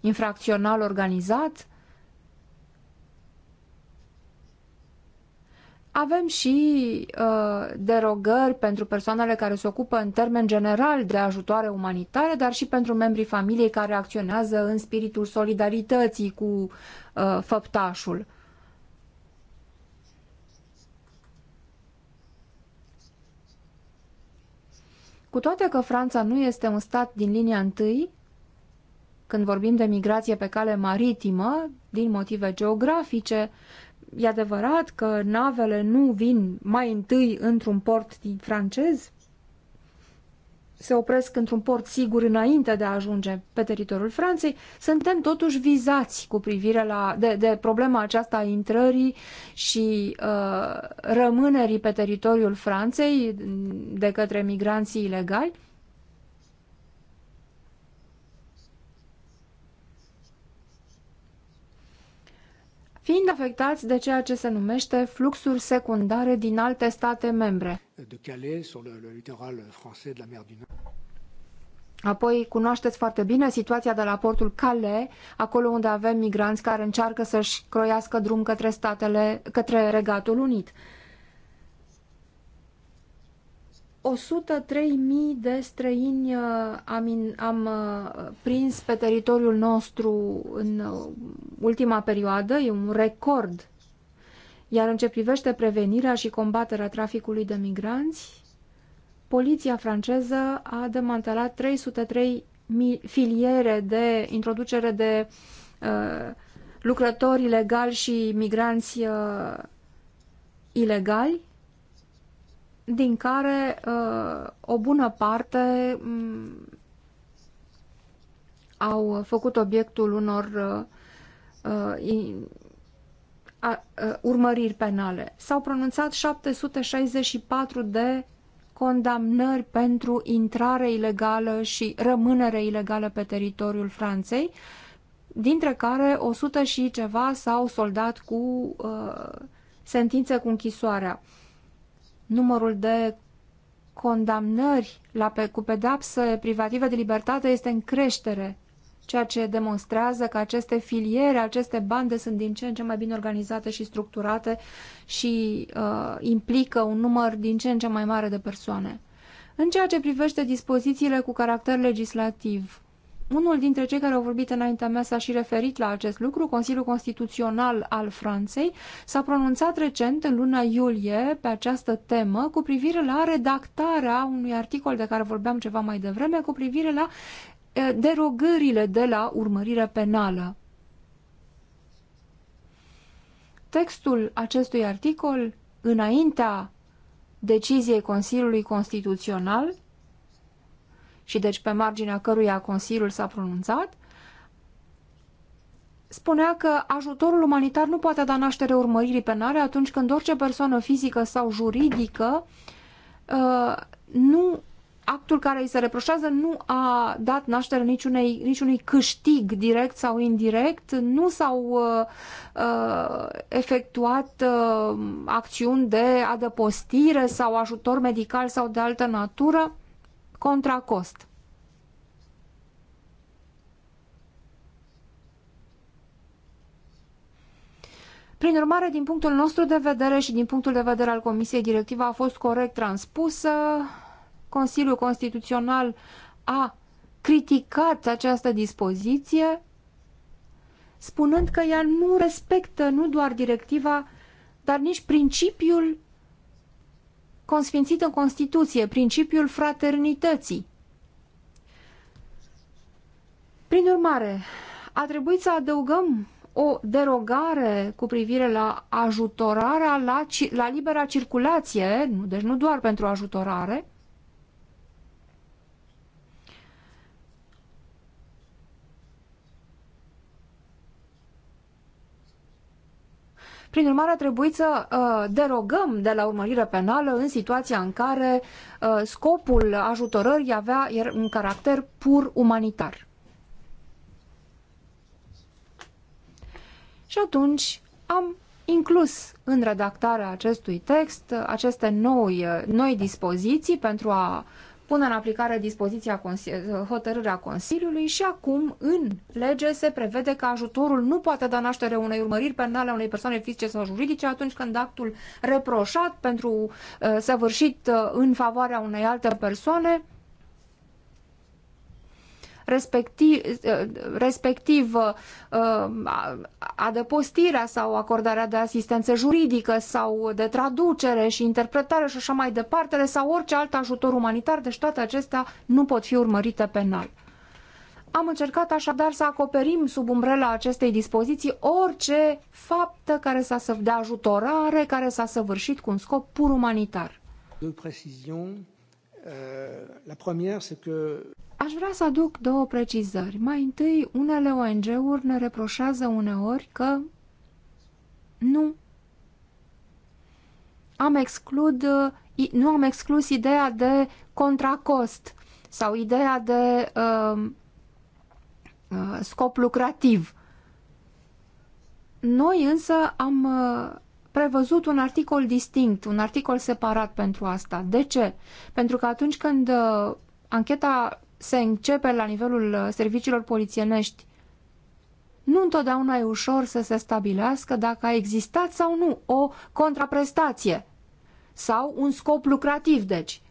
infracțional organizat. Avem și derogări pentru persoanele care se ocupă în termen general de ajutoare umanitare, dar și pentru membrii familiei care acționează în spiritul solidarității cu făptașul. Cu toate că Franța nu este un stat din linia întâi, când vorbim de migrație pe cale maritimă, din motive geografice, e adevărat că navele nu vin mai întâi într-un port francez, se opresc într-un port sigur înainte de a ajunge pe teritoriul Franței, suntem totuși vizați cu privire la, de, de problema aceasta a intrării și uh, rămânerii pe teritoriul Franței de către migranții ilegali fiind afectați de ceea ce se numește fluxuri secundare din alte state membre. Apoi cunoașteți foarte bine situația de la portul Calais, acolo unde avem migranți care încearcă să-și croiască drum către statele, către Regatul Unit. 103.000 de străini uh, am, am uh, prins pe teritoriul nostru în uh, ultima perioadă, e un record. Iar în ce privește prevenirea și combaterea traficului de migranți, poliția franceză a demantelat 303 filiere de introducere de uh, lucrători ilegali și migranți uh, ilegali, din care uh, o bună parte um, au făcut obiectul unor uh, uh in, a, uh, urmăriri penale. S-au pronunțat 764 de condamnări pentru intrare ilegală și rămânere ilegală pe teritoriul Franței, dintre care 100 și ceva s-au soldat cu uh, sentințe cu închisoarea. Uh, numărul de condamnări la pe, cu pedapsă privativă de libertate este în creștere, ceea ce demonstrează că aceste filiere, aceste bande sunt din ce în ce mai bine organizate și structurate și uh, implică un număr din ce în ce mai mare de persoane. În ceea ce privește dispozițiile cu caracter legislativ, unul dintre cei care au vorbit înaintea mea s-a și referit la acest lucru. Consiliul Constituțional al Franței s-a pronunțat recent, în luna iulie, pe această temă cu privire la redactarea unui articol de care vorbeam ceva mai devreme, cu privire la derogările de la urmărire penală. Textul acestui articol, înaintea deciziei Consiliului Constituțional, și deci pe marginea căruia Consiliul s-a pronunțat, spunea că ajutorul umanitar nu poate da naștere urmăririi penale atunci când orice persoană fizică sau juridică uh, nu actul care îi se reproșează nu a dat naștere niciunei, niciunui câștig direct sau indirect, nu s-au uh, uh, efectuat acțiuni de adăpostire sau ajutor medical sau de altă natură contra cost. Prin urmare, din punctul nostru de vedere și din punctul de vedere al Comisiei, directiva a fost corect transpusă. Consiliul Constituțional a criticat această dispoziție, spunând că ea nu respectă nu doar directiva, dar nici principiul consfințit în Constituție principiul fraternității. Prin urmare, a trebuit să adăugăm o derogare cu privire la ajutorarea la, la libera circulație, deci nu doar pentru ajutorare, Prin urmare, a trebuit să uh, derogăm de la urmărire penală în situația în care uh, scopul ajutorării avea un caracter pur umanitar. Și atunci am inclus în redactarea acestui text uh, aceste noi, noi dispoziții pentru a pună în aplicare dispoziția hotărârea Consiliului și acum în lege se prevede că ajutorul nu poate da naștere unei urmăriri penale a unei persoane fizice sau juridice atunci când actul reproșat pentru uh, săvârșit uh, în favoarea unei alte persoane respectiv, respectiv uh, adăpostirea sau acordarea de asistență juridică sau de traducere și interpretare și așa mai departe, sau orice alt ajutor umanitar, deci toate acestea nu pot fi urmărite penal. Am încercat așadar să acoperim sub umbrela acestei dispoziții orice faptă care s-a de ajutorare, care s-a săvârșit cu un scop pur umanitar. De precision. Euh, la première, c'est que Aș vrea să aduc două precizări. Mai întâi, unele ONG-uri ne reproșează uneori că nu am exclud, nu am exclus ideea de contracost sau ideea de uh, uh, scop lucrativ. Noi însă am uh, prevăzut un articol distinct, un articol separat pentru asta. De ce? Pentru că atunci când uh, ancheta se începe la nivelul uh, serviciilor polițienești, nu întotdeauna e ușor să se stabilească dacă a existat sau nu o contraprestație sau un scop lucrativ, deci.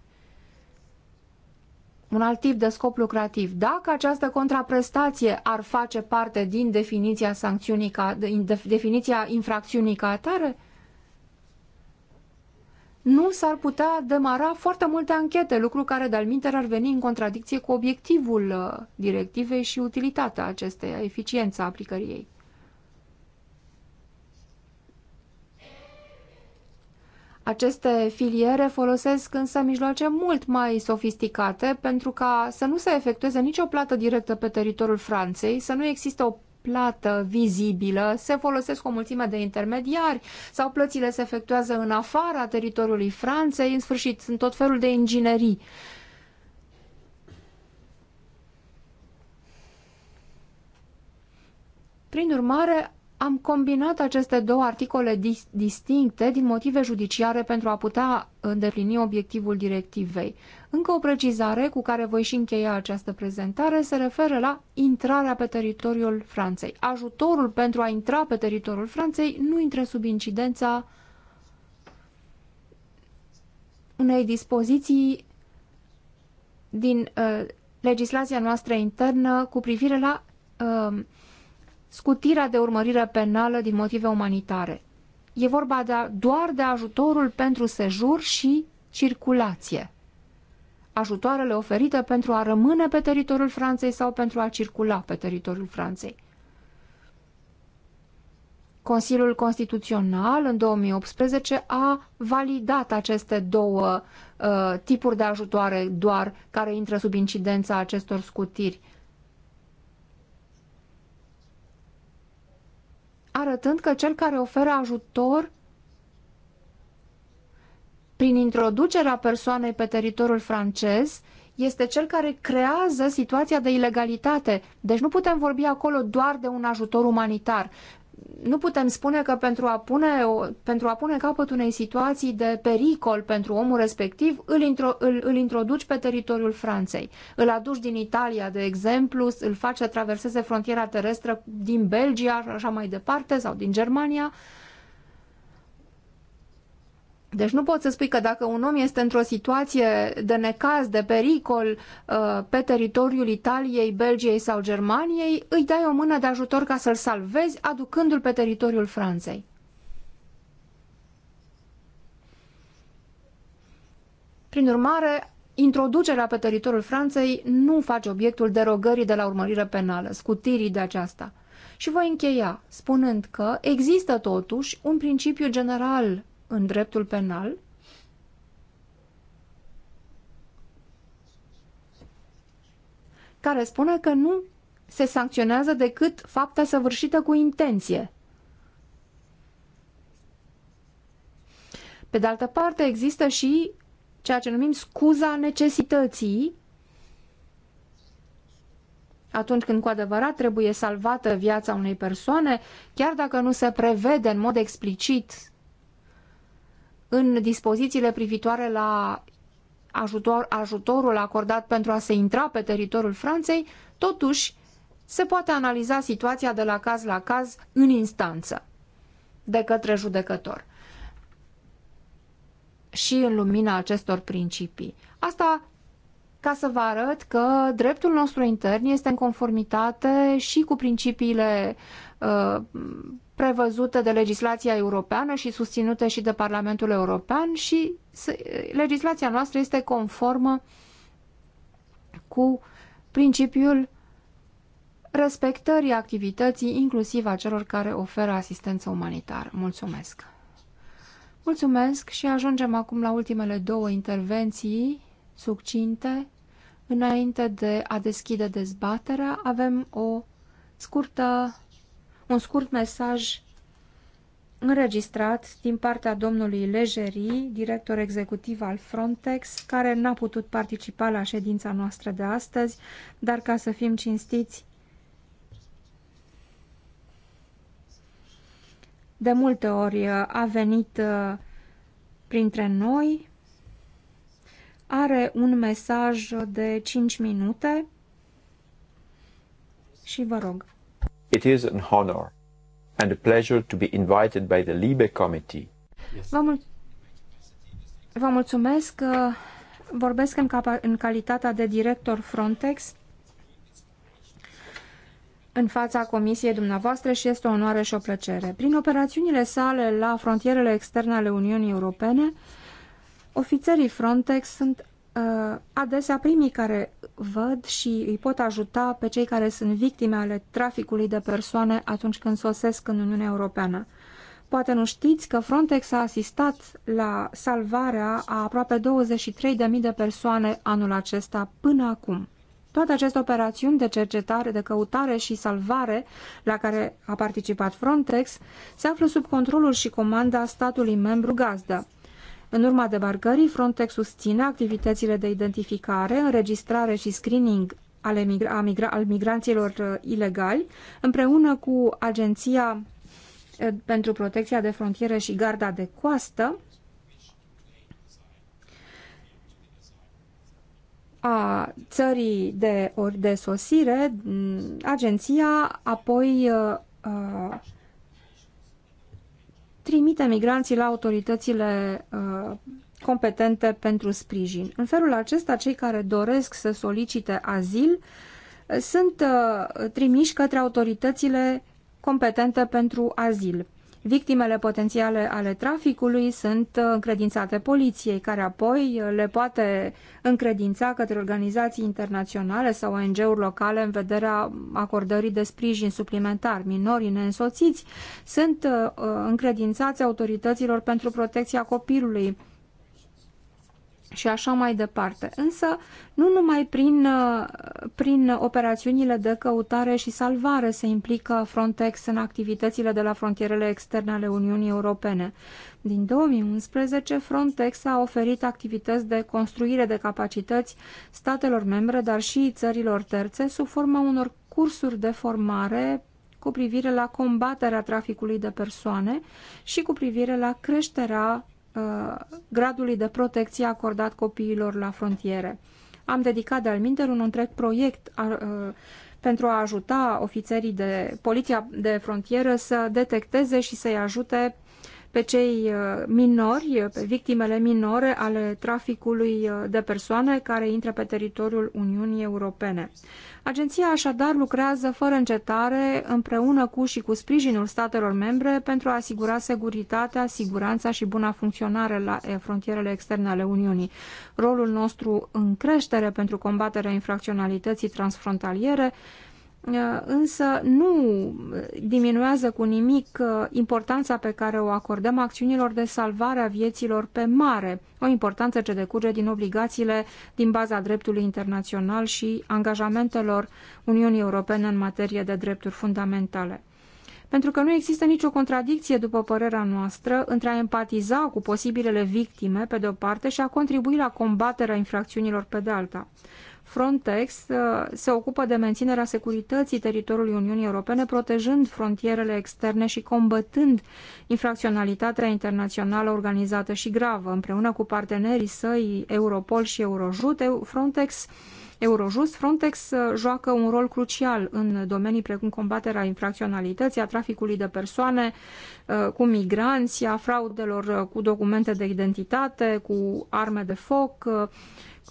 Un alt tip de scop lucrativ. Dacă această contraprestație ar face parte din definiția sancțiunii ca, din definiția infracțiunii ca atare, nu s-ar putea demara foarte multe anchete, lucru care de-al ar veni în contradicție cu obiectivul uh, directivei și utilitatea acesteia, eficiența aplicării ei. Aceste filiere folosesc însă mijloace mult mai sofisticate pentru ca să nu se efectueze nicio plată directă pe teritoriul Franței, să nu existe o plată vizibilă, se folosesc o mulțime de intermediari sau plățile se efectuează în afara teritoriului Franței, în sfârșit sunt tot felul de inginerii. Prin urmare, am combinat aceste două articole dis distincte din motive judiciare pentru a putea îndeplini obiectivul directivei. Încă o precizare cu care voi și încheia această prezentare se referă la intrarea pe teritoriul Franței. Ajutorul pentru a intra pe teritoriul Franței nu intră sub incidența unei dispoziții din uh, legislația noastră internă cu privire la uh, scutirea de urmărire penală din motive umanitare. E vorba de, doar de ajutorul pentru sejur și circulație ajutoarele oferite pentru a rămâne pe teritoriul Franței sau pentru a circula pe teritoriul Franței. Consiliul Constituțional în 2018 a validat aceste două uh, tipuri de ajutoare doar care intră sub incidența acestor scutiri. Arătând că cel care oferă ajutor prin introducerea persoanei pe teritoriul francez, este cel care creează situația de ilegalitate. Deci nu putem vorbi acolo doar de un ajutor umanitar. Nu putem spune că pentru a pune, pentru a pune capăt unei situații de pericol pentru omul respectiv, îl, intro, îl, îl introduci pe teritoriul Franței. Îl aduci din Italia, de exemplu, îl faci să traverseze frontiera terestră din Belgia și așa mai departe, sau din Germania. Uh, deci nu poți să spui că dacă un om este într-o situație de necaz, de pericol uh, pe teritoriul Italiei, Belgiei sau Germaniei, îi dai o mână de ajutor ca să-l salvezi, aducându-l pe teritoriul Franței. Prin urmare, introducerea pe teritoriul Franței nu face obiectul derogării de la urmărire penală, scutirii de aceasta. Și voi încheia spunând că există totuși un principiu general în dreptul penal care spune că nu se sancționează decât fapta săvârșită cu intenție. Pe de altă parte, există și ceea ce numim scuza necesității, atunci când cu adevărat trebuie salvată viața unei persoane, chiar dacă nu se prevede în mod explicit în dispozițiile privitoare la ajutor, ajutorul acordat pentru a se intra pe teritoriul Franței, totuși se poate analiza situația de la caz la caz în instanță de către judecător și în lumina acestor principii. Asta ca să vă arăt că dreptul nostru intern este în conformitate și cu principiile uh, prevăzute de legislația europeană și susținute și de Parlamentul European și legislația noastră este conformă cu principiul respectării activității, inclusiv a celor care oferă asistență umanitară. Mulțumesc! Mulțumesc și ajungem acum la ultimele două intervenții succinte. Înainte de a deschide dezbaterea, avem o scurtă un scurt mesaj înregistrat din partea domnului Lejerii, director executiv al Frontex, care n-a putut participa la ședința noastră de astăzi, dar ca să fim cinstiți, de multe ori uh, a venit uh, printre noi, are un mesaj de 5 minute și vă rog. It is an honor and a pleasure to be invited by the Libe Committee. Vă, mul vă mulțumesc. Uh, vorbesc în, în calitatea de director Frontex în fața comisiei dumneavoastră și este o onoare și o plăcere. Prin operațiunile sale la frontierele externe ale Uniunii Europene, ofițerii Frontex sunt Uh, adesea primii care văd și îi pot ajuta pe cei care sunt victime ale traficului de persoane atunci când sosesc în Uniunea Europeană. Poate nu știți că Frontex a asistat la salvarea a aproape 23.000 de persoane anul acesta până acum. Toate aceste operațiuni de cercetare, de căutare și salvare la care a participat Frontex se află sub controlul și comanda statului membru gazdă. În urma debarcării, Frontex susține activitățile de identificare, înregistrare și screening ale migra migra al migranților uh, ilegali, împreună cu Agenția uh, pentru Protecția de frontieră și Garda de Coastă, a țării de, ori de sosire, agenția apoi uh, uh trimite migranții la autoritățile uh, competente pentru sprijin. În felul acesta, cei care doresc să solicite azil sunt uh, trimiși către autoritățile competente pentru azil. Victimele potențiale ale traficului sunt uh, încredințate poliției, care apoi uh, le poate încredința către organizații internaționale sau ONG-uri locale în vederea acordării de sprijin suplimentar. Minorii neînsoțiți sunt uh, încredințați autorităților pentru protecția copilului, și așa mai departe. Însă, nu numai prin, uh, prin operațiunile de căutare și salvare se implică Frontex în activitățile de la frontierele externe ale Uniunii Europene. Din 2011, Frontex a oferit activități de construire de capacități statelor membre, dar și țărilor terțe, sub forma unor cursuri de formare cu privire la combaterea traficului de persoane și cu privire la creșterea Uh, gradului de protecție acordat copiilor la frontiere. Am dedicat de-al un întreg proiect a, uh, pentru a ajuta ofițerii de poliția de frontieră să detecteze și să-i ajute pe cei uh, minori, uh, pe victimele minore ale traficului uh, de persoane care intră pe teritoriul Uniunii Europene. Agenția așadar lucrează fără încetare împreună cu și cu sprijinul statelor membre pentru a asigura securitatea, siguranța și buna funcționare la eh, frontierele externe ale Uniunii. Rolul nostru în creștere pentru combaterea infracționalității transfrontaliere Uh, însă nu diminuează cu nimic uh, importanța pe care o acordăm acțiunilor de salvare a vieților pe mare, o importanță ce decurge din obligațiile din baza dreptului internațional și angajamentelor Uniunii Europene în materie de drepturi fundamentale pentru că nu există nicio contradicție, după părerea noastră, între a empatiza cu posibilele victime, pe de-o parte, și a contribui la combaterea infracțiunilor, pe de alta. Frontex uh, se ocupă de menținerea securității teritoriului Uniunii Europene, protejând frontierele externe și combătând infracționalitatea internațională organizată și gravă. Împreună cu partenerii săi Europol și Eurojust, Frontex Eurojust, Frontex uh, joacă un rol crucial în domenii precum combaterea infracționalității, a traficului de persoane uh, cu migranți, a fraudelor cu documente de identitate, cu arme de foc,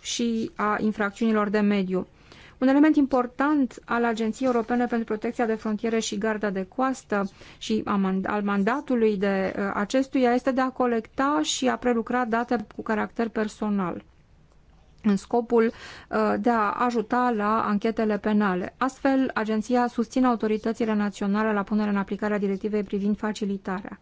și a infracțiunilor de mediu. Un element important al Agenției Europene pentru Protecția de Frontiere și Garda de Coastă și al mandatului de uh, acestuia este de a colecta și a prelucra date cu caracter personal în scopul uh, de a ajuta la anchetele penale. Astfel, agenția susține autoritățile naționale la punerea în aplicare a directivei privind facilitarea.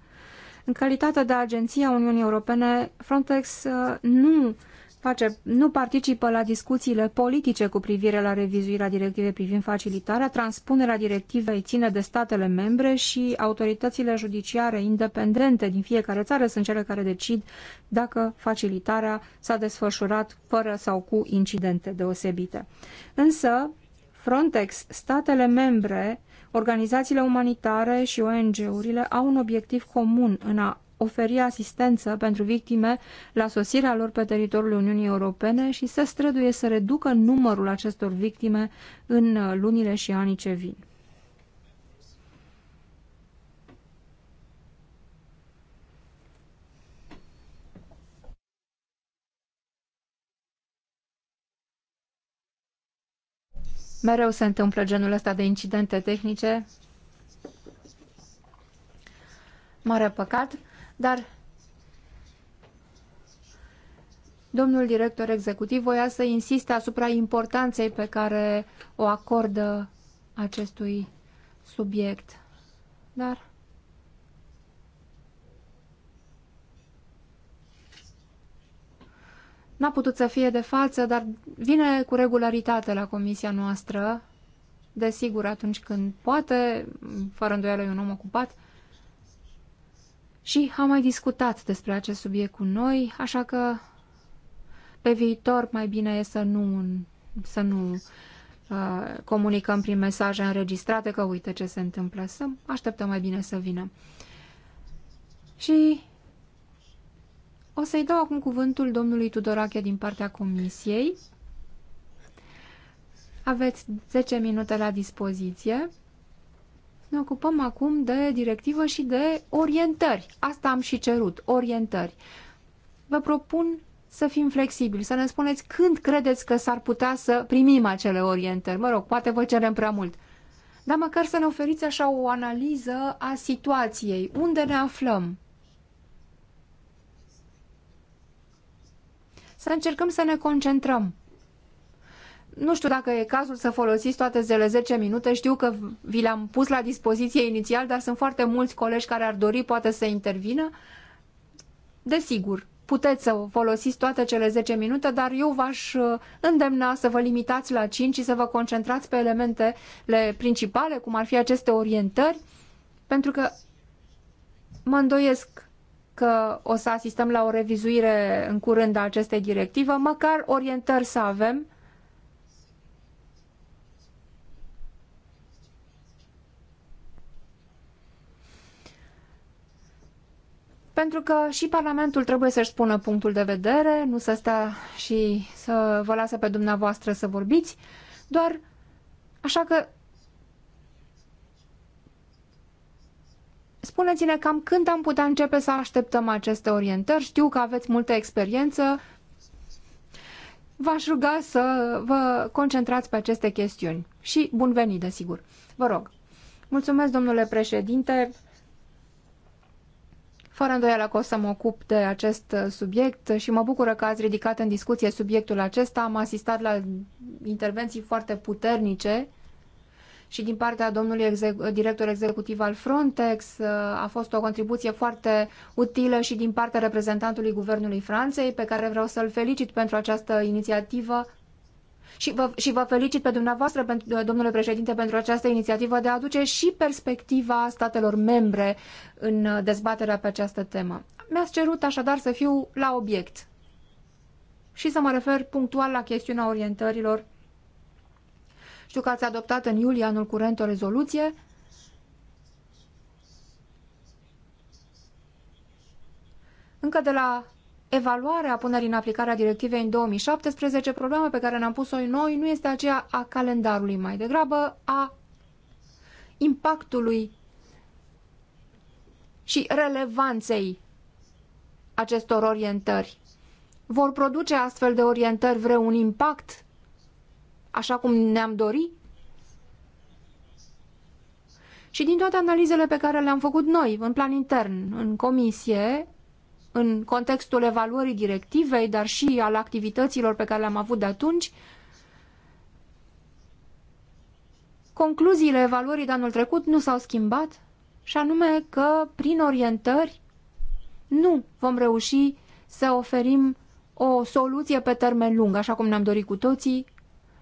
În calitate de agenție a Uniunii Europene, Frontex uh, nu face, nu participă la discuțiile politice cu privire la revizuirea directivei privind facilitarea, transpunerea directivei ține de statele membre și autoritățile judiciare independente din fiecare țară sunt cele care decid dacă facilitarea s-a desfășurat fără sau cu incidente deosebite. Însă, Frontex, statele membre, organizațiile umanitare și ONG-urile au un obiectiv comun în a oferi asistență pentru victime la sosirea lor pe teritoriul Uniunii Europene și se străduie să reducă numărul acestor victime în uh, lunile și anii ce vin. Mereu se întâmplă genul ăsta de incidente tehnice. Mare păcat. Dar domnul director executiv voia să insiste asupra importanței pe care o acordă acestui subiect. Dar... N-a putut să fie de față, dar vine cu regularitate la comisia noastră, desigur atunci când poate, fără îndoială e un om ocupat, și au mai discutat despre acest subiect cu noi, așa că pe viitor mai bine e să nu, să nu uh, comunicăm prin mesaje înregistrate, că uite ce se întâmplă, să așteptăm mai bine să vină. Și o să-i dau acum cuvântul domnului Tudorache din partea comisiei. Aveți 10 minute la dispoziție ne ocupăm acum de directivă și de orientări. Asta am și cerut, orientări. Vă propun să fim flexibili, să ne spuneți când credeți că s-ar putea să primim acele orientări. Mă rog, poate vă cerem prea mult. Dar măcar să ne oferiți așa o analiză a situației, unde ne aflăm. Să încercăm să ne concentrăm nu știu dacă e cazul să folosiți toate cele 10 minute. Știu că vi le-am pus la dispoziție inițial, dar sunt foarte mulți colegi care ar dori poate să intervină. Desigur, puteți să folosiți toate cele 10 minute, dar eu v-aș uh, îndemna să vă limitați la 5 și să vă concentrați pe elementele principale, cum ar fi aceste orientări, pentru că mă îndoiesc că o să asistăm la o revizuire în curând a acestei directive, măcar orientări să avem, pentru că și Parlamentul trebuie să-și spună punctul de vedere, nu să stea și să vă lasă pe dumneavoastră să vorbiți, doar așa că Spuneți-ne cam când am putea începe să așteptăm aceste orientări. Știu că aveți multă experiență. V-aș ruga să vă concentrați pe aceste chestiuni. Și bun venit, desigur. Vă rog. Mulțumesc, domnule președinte. Fără îndoială că o să mă ocup de acest uh, subiect și mă bucură că ați ridicat în discuție subiectul acesta. Am asistat la intervenții foarte puternice și din partea domnului uh, director executiv al Frontex uh, a fost o contribuție foarte utilă și din partea reprezentantului Guvernului Franței, pe care vreau să-l felicit pentru această inițiativă și vă, și vă felicit pe dumneavoastră, domnule președinte, pentru această inițiativă de a aduce și perspectiva statelor membre în dezbaterea pe această temă. Mi-ați cerut așadar să fiu la obiect și să mă refer punctual la chestiunea orientărilor. Știu că ați adoptat în iulie anul curent o rezoluție Încă de la evaluarea punerii în aplicare a directivei în 2017, problema pe care ne-am pus-o noi nu este aceea a calendarului, mai degrabă a impactului și relevanței acestor orientări. Vor produce astfel de orientări vreun impact, așa cum ne-am dorit? Și din toate analizele pe care le-am făcut noi, în plan intern, în comisie, în contextul evaluării directivei, dar și al activităților pe care le-am avut de atunci, concluziile evaluării de anul trecut nu s-au schimbat și anume că prin orientări nu vom reuși să oferim o soluție pe termen lung, așa cum ne-am dorit cu toții,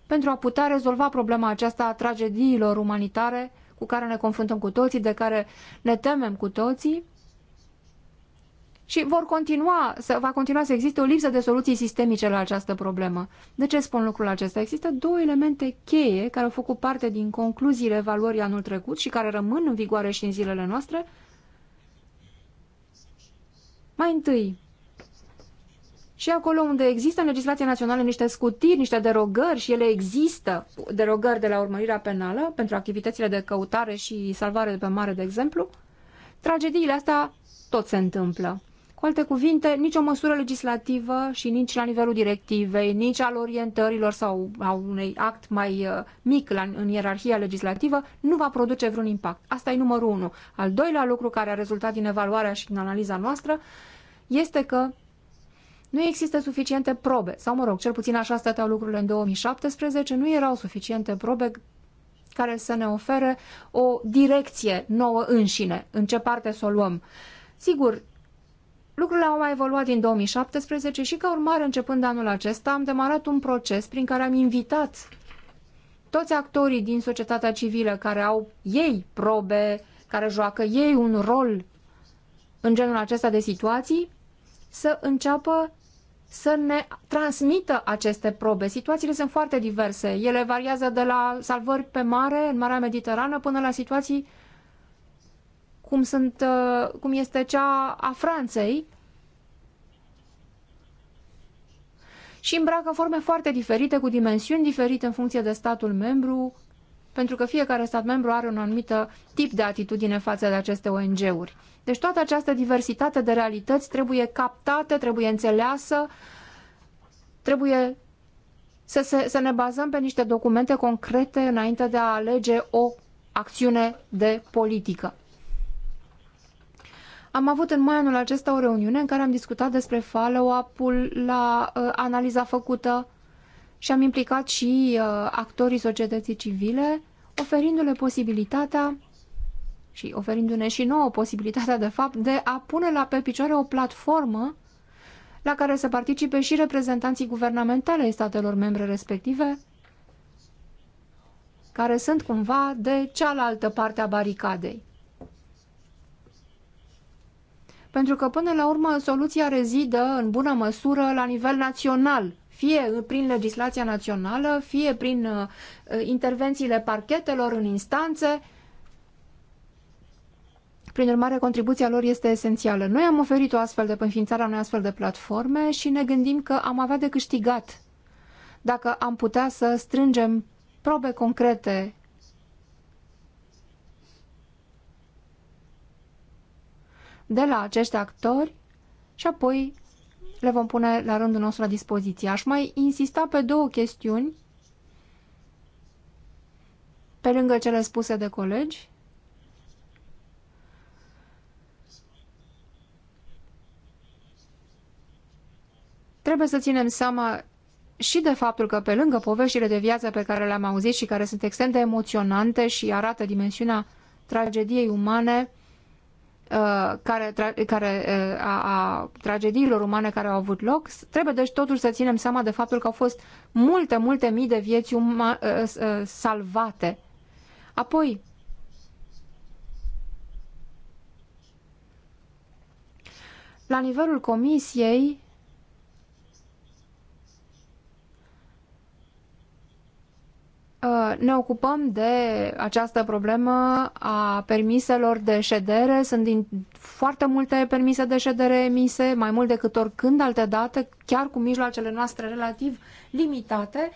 pentru a putea rezolva problema aceasta a tragediilor umanitare cu care ne confruntăm cu toții, de care ne temem cu toții și vor continua, să, va continua să existe o lipsă de soluții sistemice la această problemă. De ce spun lucrul acesta? Există două elemente cheie care au făcut parte din concluziile evaluării anul trecut și care rămân în vigoare și în zilele noastre. Mai întâi, și acolo unde există în legislația națională niște scutiri, niște derogări și ele există, derogări de la urmărirea penală pentru activitățile de căutare și salvare de pe mare, de exemplu, tragediile astea tot se întâmplă. Cu alte cuvinte, nicio măsură legislativă și nici la nivelul directivei, nici al orientărilor sau a unui act mai uh, mic la, în ierarhia legislativă nu va produce vreun impact. Asta e numărul unu. Al doilea lucru care a rezultat din evaluarea și din analiza noastră este că nu există suficiente probe, sau mă rog, cel puțin așa stăteau lucrurile în 2017, nu erau suficiente probe care să ne ofere o direcție nouă înșine, în ce parte să o luăm. Sigur, Lucrurile au mai evoluat din 2017 și, ca urmare, începând de anul acesta, am demarat un proces prin care am invitat toți actorii din societatea civilă care au ei probe, care joacă ei un rol în genul acesta de situații, să înceapă să ne transmită aceste probe. Situațiile sunt foarte diverse. Ele variază de la salvări pe mare, în Marea Mediterană, până la situații cum, sunt, uh, cum este cea a Franței, și îmbracă forme foarte diferite, cu dimensiuni diferite în funcție de statul membru, pentru că fiecare stat membru are un anumit tip de atitudine față de aceste ONG-uri. Deci toată această diversitate de realități trebuie captată, trebuie înțeleasă, trebuie să, se, să ne bazăm pe niște documente concrete înainte de a alege o acțiune de politică. Am avut în mai anul acesta o reuniune în care am discutat despre follow-up-ul la uh, analiza făcută și am implicat și uh, actorii societății civile, oferindu-le posibilitatea și oferindu-ne și nouă posibilitatea, de fapt, de a pune la pe picioare o platformă la care să participe și reprezentanții guvernamentale ai statelor membre respective, care sunt cumva de cealaltă parte a baricadei. Pentru că, până la urmă, soluția rezidă în bună măsură la nivel național, fie prin legislația națională, fie prin uh, intervențiile parchetelor în instanțe. Prin urmare, contribuția lor este esențială. Noi am oferit o astfel de înființarea unei astfel de platforme și ne gândim că am avea de câștigat dacă am putea să strângem probe concrete de la acești actori și apoi le vom pune la rândul nostru la dispoziție. Aș mai insista pe două chestiuni, pe lângă cele spuse de colegi. Trebuie să ținem seama și de faptul că pe lângă poveștile de viață pe care le-am auzit și care sunt extrem de emoționante și arată dimensiunea tragediei umane, Uh, care, care uh, a, a tragediilor umane care au avut loc. Trebuie deci totuși să ținem seama de faptul că au fost multe, multe mii de vieți uma, uh, salvate. Apoi, la nivelul comisiei, Uh, ne ocupăm de această problemă a permiselor de ședere. Sunt din foarte multe permise de ședere emise, mai mult decât oricând alte date, chiar cu mijloacele noastre relativ limitate.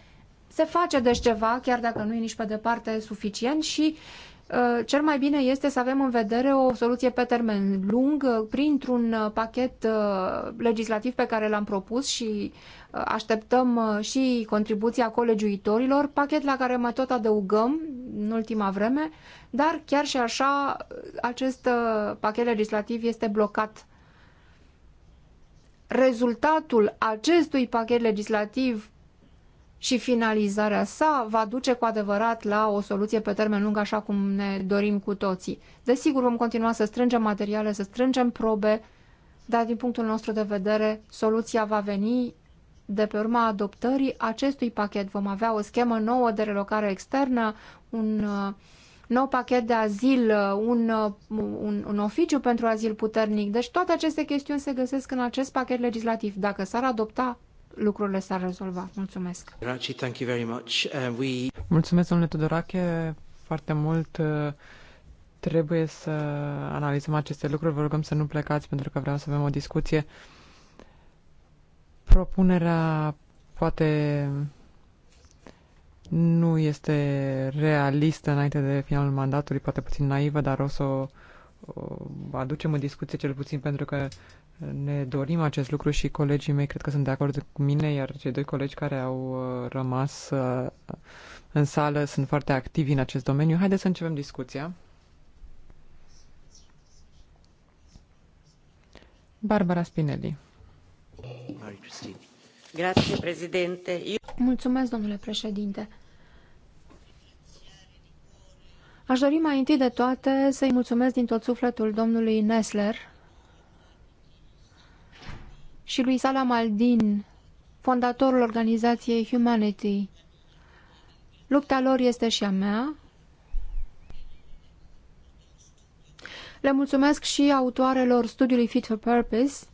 Se face deci ceva, chiar dacă nu e nici pe departe suficient și Uh, cel mai bine este să avem în vedere o soluție pe termen lung uh, printr-un uh, pachet legislativ pe care l-am propus și așteptăm și contribuția colegiuitorilor, pachet la care mai tot adăugăm în ultima vreme, dar chiar și așa acest pachet legislativ este blocat. Rezultatul acestui pachet legislativ și finalizarea sa va duce cu adevărat la o soluție pe termen lung, așa cum ne dorim cu toții. Desigur, vom continua să strângem materiale, să strângem probe, dar din punctul nostru de vedere, soluția va veni de pe urma adoptării acestui pachet. Vom avea o schemă nouă de relocare externă, un uh, nou pachet de azil, uh, un, uh, un, un oficiu pentru azil puternic. Deci toate aceste chestiuni se găsesc în acest pachet legislativ. Dacă s-ar adopta lucrurile s-ar rezolva. Mulțumesc. thank you very much. Uh, we... Mulțumesc, domnule Tudorache, foarte mult. Uh, trebuie să analizăm aceste lucruri. Vă rugăm să nu plecați pentru că vreau să avem o discuție. Propunerea poate nu este realistă înainte de finalul mandatului, poate puțin naivă, dar o să o aducem în discuție cel puțin pentru că ne dorim acest lucru și colegii mei cred că sunt de acord cu mine, iar cei doi colegi care au uh, rămas uh, în sală sunt foarte activi în acest domeniu. Haideți să începem discuția. Barbara Spinelli. Grazie, președinte. Mulțumesc, domnule președinte. Aș dori mai întâi de toate să-i mulțumesc din tot sufletul domnului Nesler și lui Salam Aldin, fondatorul organizației Humanity. Lupta lor este și a mea. Le mulțumesc și autoarelor studiului Fit for Purpose,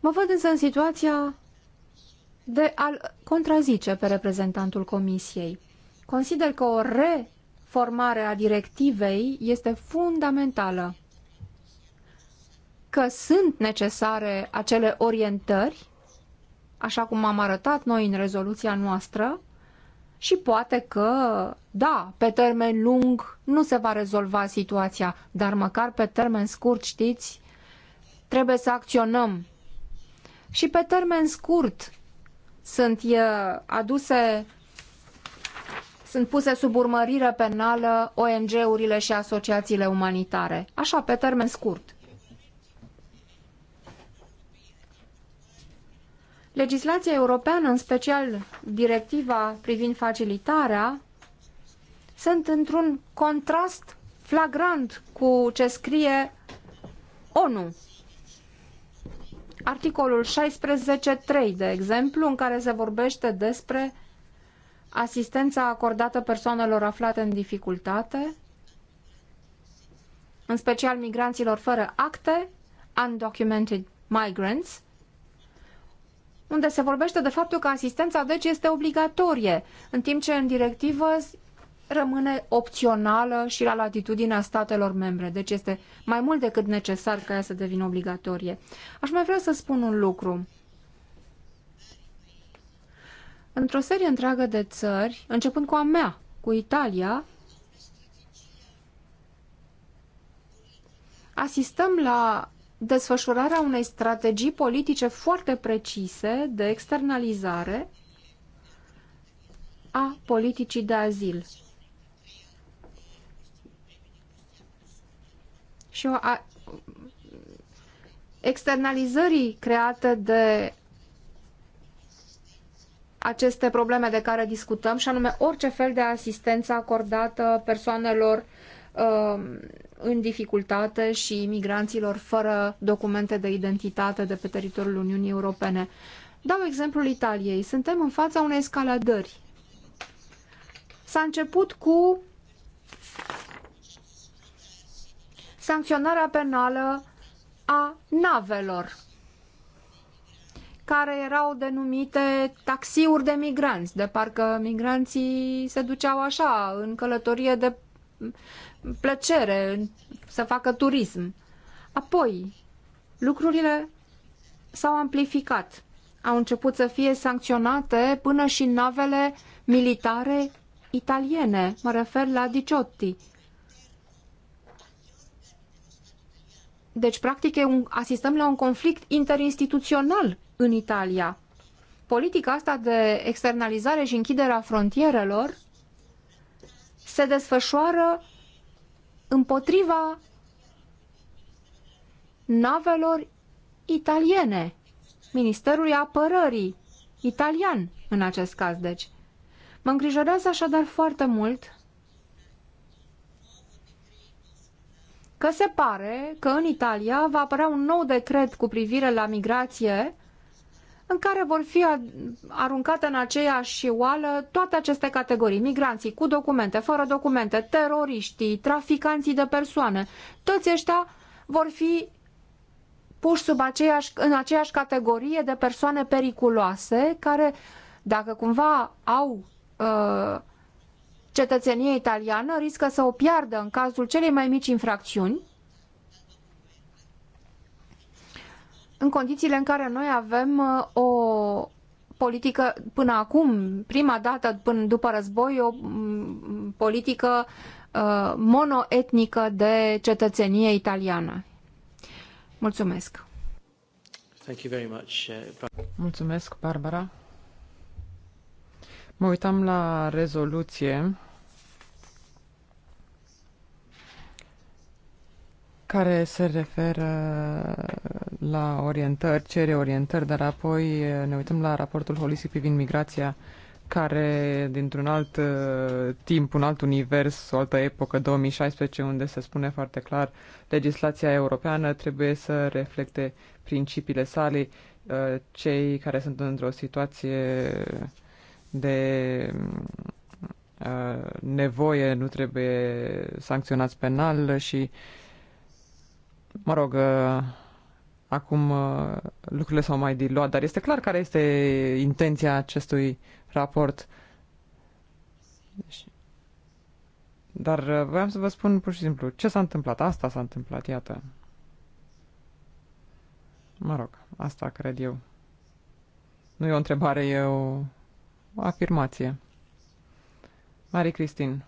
Mă văd însă în situația de a-l contrazice pe reprezentantul comisiei. Consider că o re formare a directivei este fundamentală. Că sunt necesare acele orientări, așa cum am arătat noi în rezoluția noastră, și poate că, da, pe termen lung nu se va rezolva situația, dar măcar pe termen scurt, știți, trebuie să acționăm. Și pe termen scurt sunt aduse sunt puse sub urmărire penală ONG-urile și asociațiile umanitare, așa pe termen scurt. Legislația europeană, în special directiva privind facilitarea, sunt într-un contrast flagrant cu ce scrie ONU. Articolul 16.3, de exemplu, în care se vorbește despre asistența acordată persoanelor aflate în dificultate, în special migranților fără acte, undocumented migrants, unde se vorbește de faptul că asistența deci este obligatorie, în timp ce în directivă rămâne opțională și la latitudinea statelor membre. Deci este mai mult decât necesar ca ea să devină obligatorie. Aș mai vrea să spun un lucru într-o serie întreagă de țări, începând cu a mea, cu Italia, asistăm la desfășurarea unei strategii politice foarte precise de externalizare a politicii de azil. Și o a externalizării create de aceste probleme de care discutăm și anume orice fel de asistență acordată persoanelor uh, în dificultate și migranților fără documente de identitate de pe teritoriul Uniunii Europene. Dau exemplul Italiei. Suntem în fața unei escaladări. S-a început cu sancționarea penală a navelor care erau denumite taxiuri de migranți, de parcă migranții se duceau așa, în călătorie de plăcere, să facă turism. Apoi, lucrurile s-au amplificat. Au început să fie sancționate până și navele militare italiene, mă refer la Diciotti. Deci, practic, un, asistăm la un conflict interinstituțional în Italia. Politica asta de externalizare și închiderea frontierelor se desfășoară împotriva navelor italiene, Ministerului Apărării, italian în acest caz, deci. Mă îngrijorează așadar foarte mult că se pare că în Italia va apărea un nou decret cu privire la migrație în care vor fi aruncate în aceeași oală toate aceste categorii. Migranții cu documente, fără documente, teroriștii, traficanții de persoane, toți ăștia vor fi puși sub aceeași, în aceeași categorie de persoane periculoase care, dacă cumva au uh, cetățenie italiană, riscă să o piardă în cazul celei mai mici infracțiuni în condițiile în care noi avem uh, o politică, până acum, prima dată până după război, o mm, politică uh, monoetnică de cetățenie italiană. Mulțumesc! Thank you very much, uh, Mulțumesc, Barbara! Mă uitam la rezoluție care se referă la orientări, cere orientări, dar apoi eh, ne uităm la raportul holistic privind migrația, care dintr-un alt uh, timp, un alt univers, o altă epocă, 2016, unde se spune foarte clar, legislația europeană trebuie să reflecte principiile sale, uh, cei care sunt într-o situație de uh, nevoie nu trebuie sancționați penal și, mă rog, Acum uh, lucrurile s-au mai diluat, dar este clar care este intenția acestui raport. Dar uh, voiam să vă spun pur și simplu ce s-a întâmplat. Asta s-a întâmplat, iată. Mă rog, asta cred eu. Nu e o întrebare, e o, o afirmație. Mari Cristin,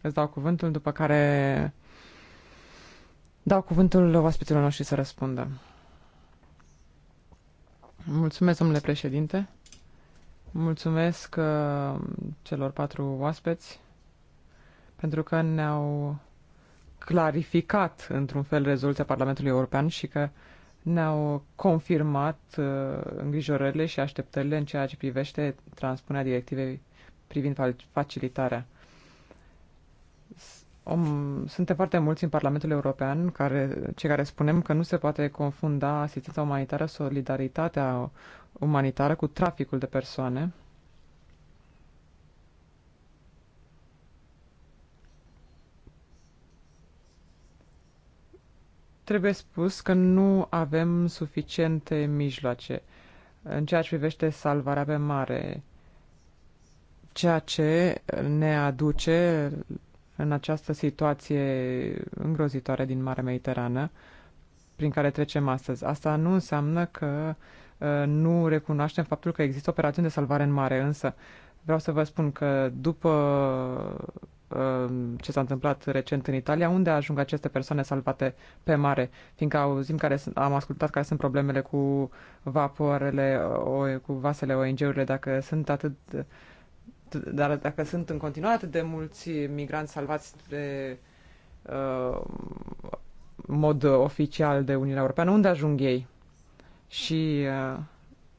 îți dau cuvântul, după care dau cuvântul oaspeților noștri să răspundă. Mulțumesc, domnule președinte. Mulțumesc uh, celor patru oaspeți pentru că ne-au clarificat într-un fel rezoluția Parlamentului European și că ne-au confirmat uh, îngrijorările și așteptările în ceea ce privește transpunerea directivei privind facilitarea om, suntem foarte mulți în Parlamentul European care, cei care spunem că nu se poate confunda asistența umanitară, solidaritatea umanitară cu traficul de persoane. Trebuie spus că nu avem suficiente mijloace în ceea ce privește salvarea pe mare, ceea ce ne aduce în această situație îngrozitoare din Marea Mediterană prin care trecem astăzi. Asta nu înseamnă că uh, nu recunoaștem faptul că există operațiuni de salvare în mare, însă vreau să vă spun că după uh, ce s-a întâmplat recent în Italia, unde ajung aceste persoane salvate pe mare, fiindcă auzim care sunt, am ascultat care sunt problemele cu vapoarele, uh, cu vasele ONG-urile, dacă sunt atât dar dacă sunt în continuare atât de mulți migranți salvați de uh, mod oficial de Uniunea Europeană, unde ajung ei? Și uh,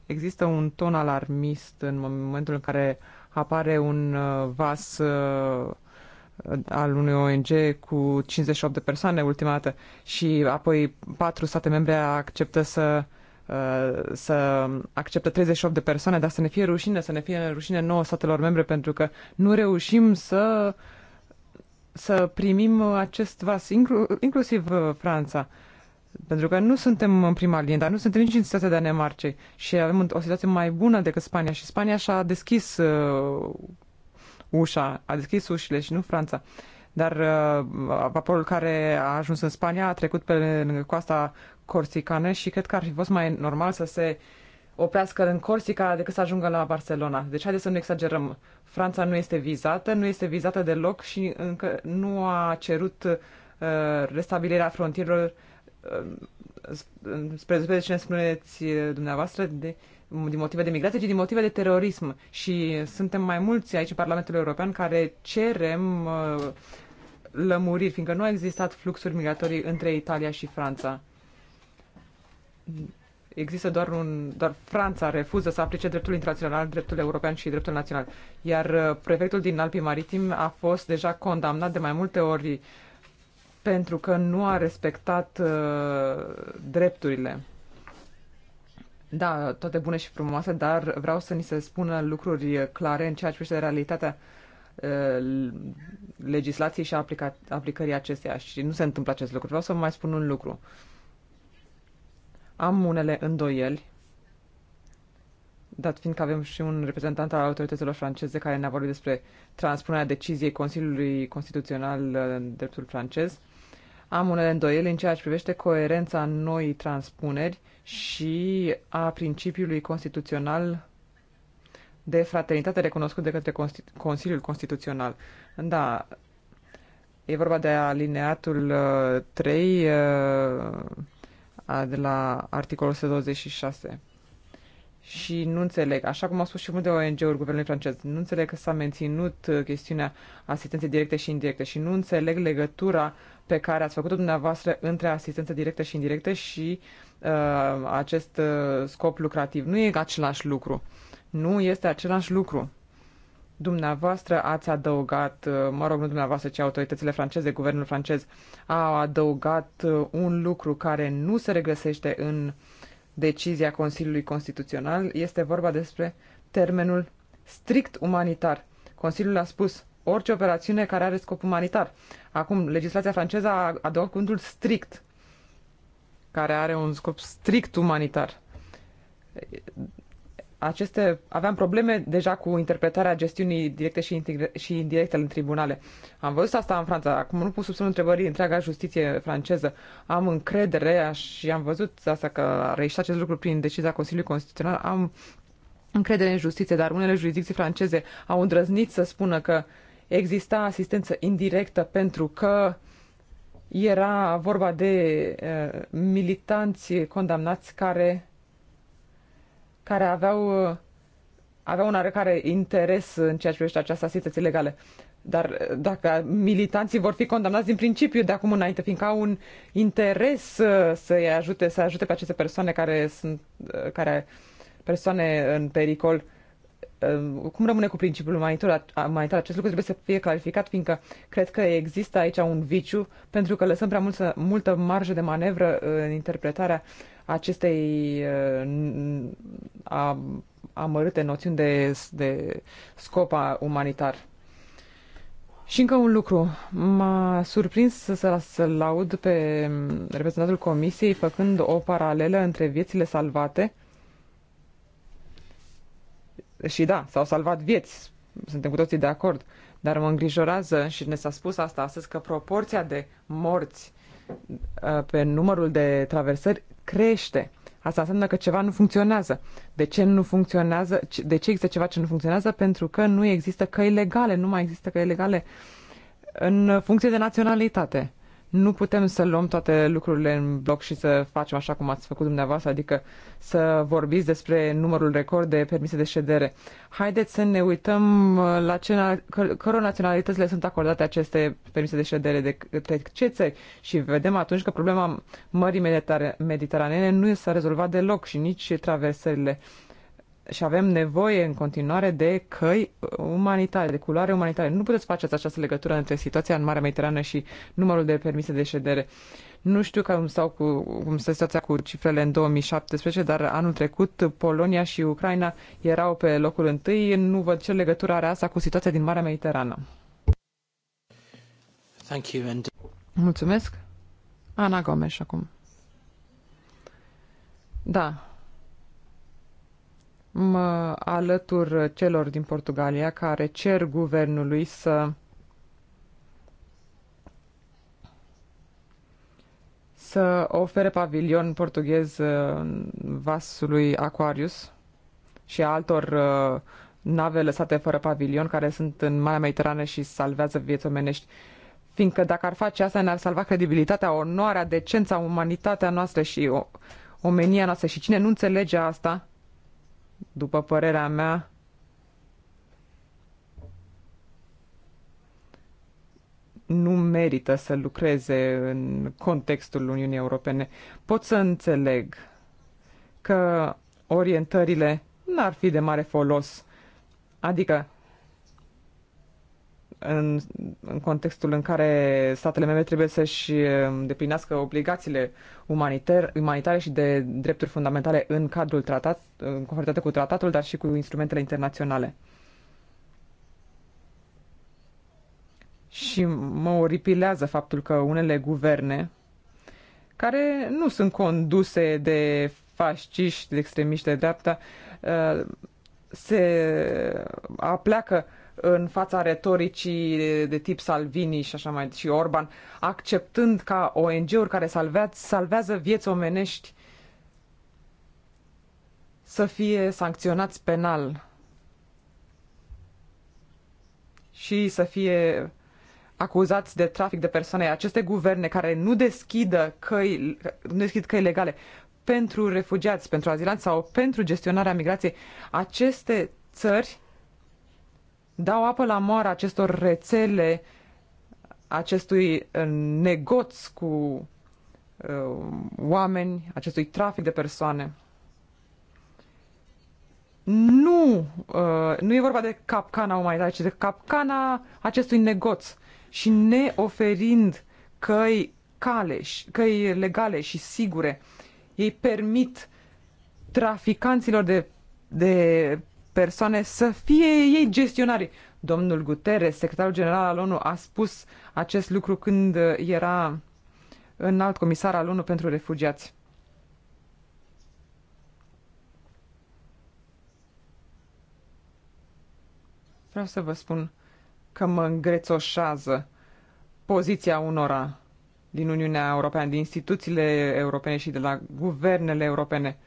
există un ton alarmist în momentul în care apare un uh, vas uh, al unui ONG cu 58 de persoane ultima dată și apoi patru state membre acceptă să uh, Uh, să accepte 38 de persoane, dar să ne fie rușine, să ne fie rușine nouă statelor membre pentru că nu reușim să să primim acest vas, inclu, inclusiv uh, Franța. Pentru că nu suntem în prima linie, dar nu suntem nici în situația Danemarcei și avem o situație mai bună decât Spania și Spania și-a deschis uh, ușa, a deschis ușile și nu Franța. Dar uh, vaporul care a ajuns în Spania a trecut pe coasta corsicane și cred că ar fi fost mai normal să se oprească în Corsica decât să ajungă la Barcelona. Deci haideți să nu exagerăm. Franța nu este vizată, nu este vizată deloc și încă nu a cerut uh, restabilirea frontierelor uh, spre de ce ne spuneți uh, dumneavoastră, de, din motive de migrație, ci din motive de terorism. Și suntem mai mulți aici în Parlamentul European care cerem uh, lămuriri, fiindcă nu au existat fluxuri migratorii între Italia și Franța există doar un. doar Franța refuză să aplice dreptul internațional, dreptul european și dreptul național. Iar uh, prefectul din Alpii Maritim a fost deja condamnat de mai multe ori pentru că nu a respectat uh, drepturile. Da, toate bune și frumoase, dar vreau să ni se spună lucruri clare în ceea ce privește realitatea uh, legislației și aplica- aplicării acesteia și nu se întâmplă acest lucru. Vreau să vă mai spun un lucru. Uh, am unele îndoieli, dat fiindcă avem și un reprezentant al autorităților franceze care ne-a vorbit despre transpunerea deciziei Consiliului Constituțional în dreptul francez. Am unele îndoieli în ceea ce privește coerența noii transpuneri și a principiului constituțional de fraternitate recunoscut de către Constitu- Consiliul Constituțional. Da, e vorba de alineatul 3 uh, de la articolul 126. Și nu înțeleg, așa cum au spus și multe ONG-uri guvernului francez, nu înțeleg că s-a menținut uh, chestiunea asistenței directe și indirecte și nu înțeleg legătura pe care ați făcut-o dumneavoastră între asistență directă și indirectă și uh, acest uh, scop lucrativ. Nu e același lucru. Nu este același lucru. Dumneavoastră ați adăugat, uh, mă rog, nu dumneavoastră, ci autoritățile franceze, guvernul francez a adăugat uh, un lucru care nu se regăsește în decizia Consiliului Constituțional. Este vorba despre termenul strict umanitar. Consiliul a spus orice operațiune care are scop umanitar. Acum, legislația franceză a adăugat cuvântul strict, care are un scop strict umanitar aceste, aveam probleme deja cu interpretarea gestiunii directe și, integre, și indirecte în tribunale. Am văzut asta în Franța. Acum nu pun sub semnul întrebării întreaga justiție franceză. Am încredere și am văzut asta că a reușit acest lucru prin decizia Consiliului Constituțional. Am încredere în justiție, dar unele jurisdicții franceze au îndrăznit să spună că exista asistență indirectă pentru că era vorba de uh, militanți condamnați care care aveau, aveau un oarecare interes în ceea ce privește această asistență ilegală, Dar dacă militanții vor fi condamnați din principiu de acum înainte, fiindcă au un interes uh, să-i ajute, să ajute pe aceste persoane care sunt uh, care persoane în pericol, uh, cum rămâne cu principiul mai umanitar? Acest lucru trebuie să fie clarificat, fiindcă cred că există aici un viciu, pentru că lăsăm prea multă, multă marjă de manevră în interpretarea acestei uh, a, amărâte noțiuni de, de scop umanitar. Și încă un lucru. M-a surprins să, să laud pe reprezentantul comisiei făcând o paralelă între viețile salvate și da, s-au salvat vieți, suntem cu toții de acord, dar mă îngrijorează și ne s-a spus asta astăzi că proporția de morți uh, pe numărul de traversări crește. Asta înseamnă că ceva nu funcționează. De ce nu funcționează? De ce există ceva ce nu funcționează? Pentru că nu există căi legale, nu mai există căi legale în funcție de naționalitate nu putem să luăm toate lucrurile în bloc și să facem așa cum ați făcut dumneavoastră, adică să vorbiți despre numărul record de permise de ședere. Haideți să ne uităm uh, la ce, căror naționalitățile sunt acordate aceste permise de ședere de către ce țări și vedem atunci că problema Mării Mediteranene nu s-a rezolvat deloc și nici traversările uh, și avem nevoie în continuare de căi umanitare, de culoare umanitare. Nu puteți face această legătură între situația în Marea Mediterană și numărul de permise de ședere. Nu știu cum, stau cu, cum stă situația cu cifrele în 2017, dar anul trecut Polonia și Ucraina erau pe locul întâi. Nu văd ce legătură are asta cu situația din Marea Mediterană. Thank you and... Mulțumesc. Ana Gomes acum. Da, mă alătur celor din Portugalia care cer guvernului să să ofere pavilion portughez uh, vasului Aquarius și altor uh, nave lăsate fără pavilion care sunt în Marea Mediterană și salvează vieți omenești. Fiindcă dacă ar face asta, ne-ar salva credibilitatea, onoarea, decența, umanitatea noastră și omenia noastră. Și cine nu înțelege asta, după părerea mea, nu merită să lucreze în contextul Uniunii Europene. Pot să înțeleg că orientările n-ar fi de mare folos. Adică în, în contextul în care statele membre trebuie să-și um, deplinească obligațiile umanitar, umanitare și de drepturi fundamentale în cadrul tratat, în conformitate cu tratatul, dar și cu instrumentele internaționale. Și mă oripilează faptul că unele guverne care nu sunt conduse de fasciști, de extremiști de dreapta, uh, se uh, apleacă în fața retoricii de tip Salvini și așa mai și Orban, acceptând ca ONG-uri care salvează, salvează vieți omenești să fie sancționați penal și să fie acuzați de trafic de persoane. Aceste guverne care nu deschidă căi, nu deschid căi legale pentru refugiați, pentru azilanți sau pentru gestionarea migrației, aceste țări dau apă la moară acestor rețele, acestui uh, negoț cu uh, oameni, acestui trafic de persoane. Nu, uh, nu e vorba de capcana umanitară, ci de capcana acestui negoț. Și ne oferind căi, cale, căi legale și sigure, ei permit traficanților de, de persoane să fie ei gestionari. Domnul Guterres, secretarul general al ONU, a spus acest lucru când uh, era înalt comisar al ONU pentru refugiați. Vreau să vă spun că mă îngrețoșează poziția unora din Uniunea Europeană, din instituțiile europene și de la guvernele europene,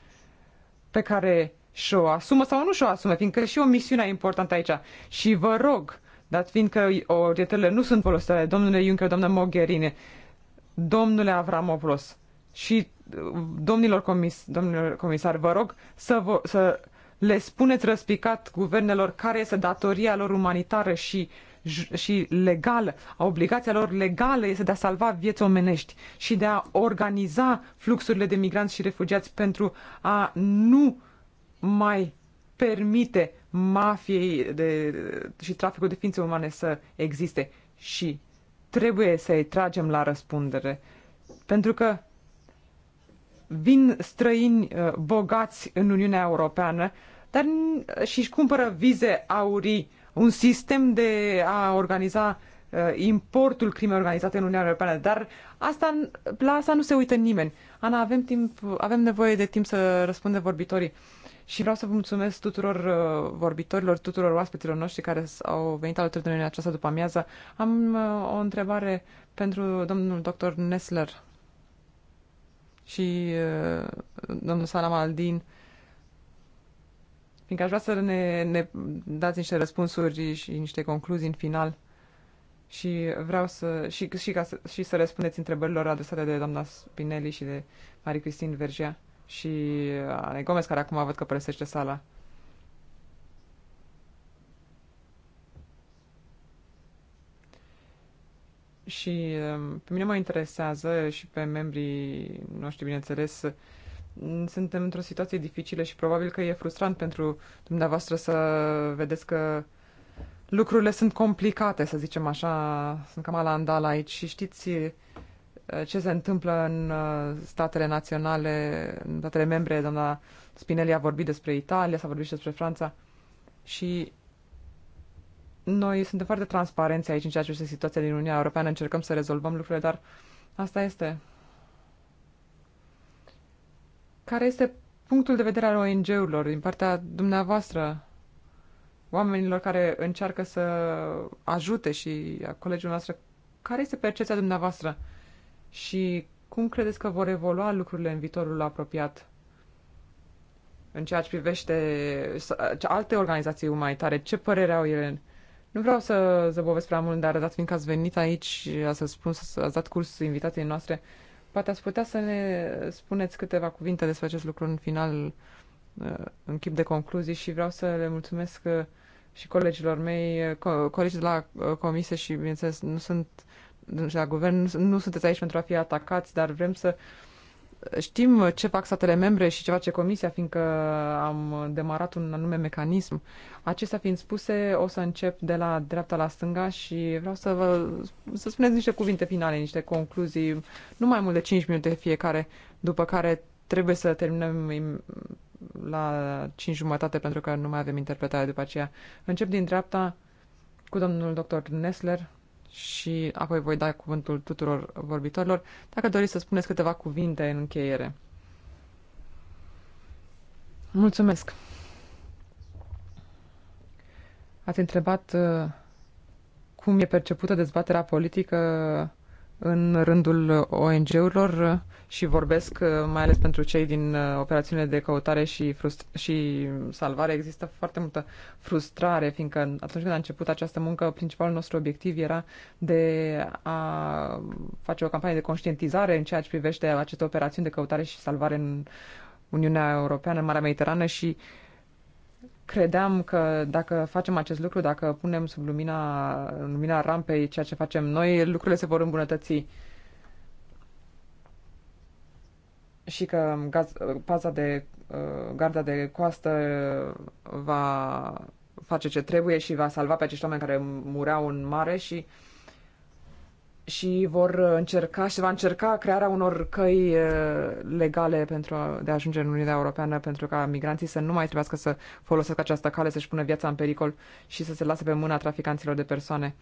pe care și-o asumă sau nu și-o asumă, fiindcă și o misiune importantă aici. Și vă rog, dat fiindcă orientările nu sunt folosite, domnule Juncker, doamnă Mogherini, domnule Avramopoulos și domnilor, comis, domnilor comisar, vă rog să, vă, să le spuneți răspicat guvernelor care este datoria lor umanitară și și legală, a obligația lor legală este de a salva vieți omenești și de a organiza fluxurile de migranți și refugiați pentru a nu uh, mai permite mafiei de, și traficul de ființe umane să existe și trebuie să-i tragem la răspundere. Pentru că vin străini uh, bogați în Uniunea Europeană dar și își cumpără vize aurii, un sistem de a organiza uh, importul crimei organizate în Uniunea Europeană, dar asta, la asta nu se uită nimeni. Ana, avem, timp, avem nevoie de timp să răspundă vorbitorii. Uh, și vreau să vă mulțumesc tuturor uh, vorbitorilor, tuturor oaspeților noștri care au venit alături de noi în această după amiază. Am uh, o întrebare pentru domnul dr. Nesler și uh, domnul Salam Aldin. Fiindcă aș vrea să ne, ne dați niște răspunsuri și niște concluzii în final și vreau să și, și, ca să, și să răspundeți întrebărilor adresate de doamna Spinelli și de Marie Cristin Vergea și uh, Ana Gomez, care acum văd că părăsește sala. Și um, pe mine mă interesează și pe membrii noștri, bineînțeles, suntem într-o situație dificilă și probabil că e frustrant pentru dumneavoastră să vedeți că lucrurile sunt complicate, să zicem așa, sunt cam la andala aici și știți Uh, ce se întâmplă în uh, statele naționale, în statele membre. Doamna Spinelli a vorbit despre Italia, s-a vorbit și despre Franța. Și noi suntem foarte transparenți aici în ceea ce este situația din Uniunea Europeană, încercăm să rezolvăm lucrurile, dar asta este. Care este punctul de vedere al ONG-urilor din partea dumneavoastră, oamenilor care încearcă să ajute și a colegilor noastre? Care este percepția dumneavoastră? și cum credeți că vor evolua lucrurile în viitorul apropiat? În ceea ce privește alte organizații umanitare, ce părere au ele? Nu vreau să zăbovesc prea mult, dar dat fiindcă ați venit aici și ați răspuns, ați dat curs invitației noastre, poate ați putea să ne spuneți câteva cuvinte despre acest lucru în final, uh, în chip de concluzii și vreau să le mulțumesc uh, și colegilor mei, uh, colegi de la comisie și, bineînțeles, nu sunt și la guvern, nu sunteți aici pentru a fi atacați, dar vrem să știm ce fac statele membre și ce face Comisia, fiindcă am demarat un anume mecanism. Acestea fiind spuse, o să încep de la dreapta la stânga și vreau să vă să spuneți niște cuvinte finale, niște concluzii, nu mai mult de 5 minute fiecare, după care trebuie să terminăm la 5 jumătate pentru că nu mai avem interpretare după aceea. Încep din dreapta cu domnul dr. Nesler, și apoi voi da cuvântul tuturor vorbitorilor, dacă doriți să spuneți câteva cuvinte în încheiere. Mulțumesc! Ați întrebat uh, cum e percepută dezbaterea politică în rândul ONG-urilor și vorbesc uh, mai ales pentru cei din uh, operațiunile de căutare și, și salvare. Există foarte multă frustrare, fiindcă atunci când a început această muncă, principalul nostru obiectiv era de a face o campanie de conștientizare în ceea ce privește aceste operațiuni de căutare și salvare în Uniunea Europeană, în Marea Mediterană și uh, credeam că dacă facem acest lucru, dacă punem sub lumina, lumina rampei ceea ce facem noi, lucrurile se vor îmbunătăți. Și că gaz, paza de, uh, garda de coastă va face ce trebuie și va salva pe acești oameni care mureau în mare și uh, și vor încerca și va încerca crearea unor căi uh, legale pentru a, de a ajunge în Uniunea Europeană pentru ca migranții să nu mai trebuiască să folosească această cale, să-și pună viața în pericol și să se lase pe mâna traficanților de persoane.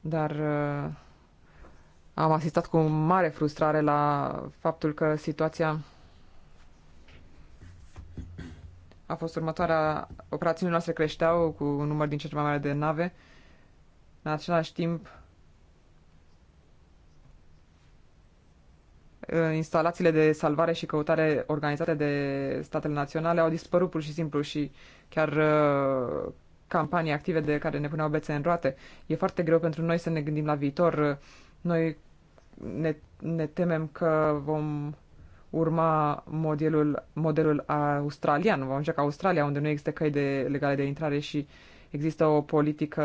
Dar uh, am asistat cu mare frustrare la faptul că situația a fost următoarea. Operațiunile noastre creșteau cu un număr din ce mai mare de nave. În același timp, Uh, instalațiile de salvare și căutare organizate de statele naționale au dispărut pur și simplu și chiar uh, campanii active de care ne puneau bețe în roate. E foarte greu pentru noi să ne gândim la viitor. Noi ne, ne temem că vom urma modelul, modelul australian. Vom zice ca Australia, unde nu există căi de, legale de intrare și există o politică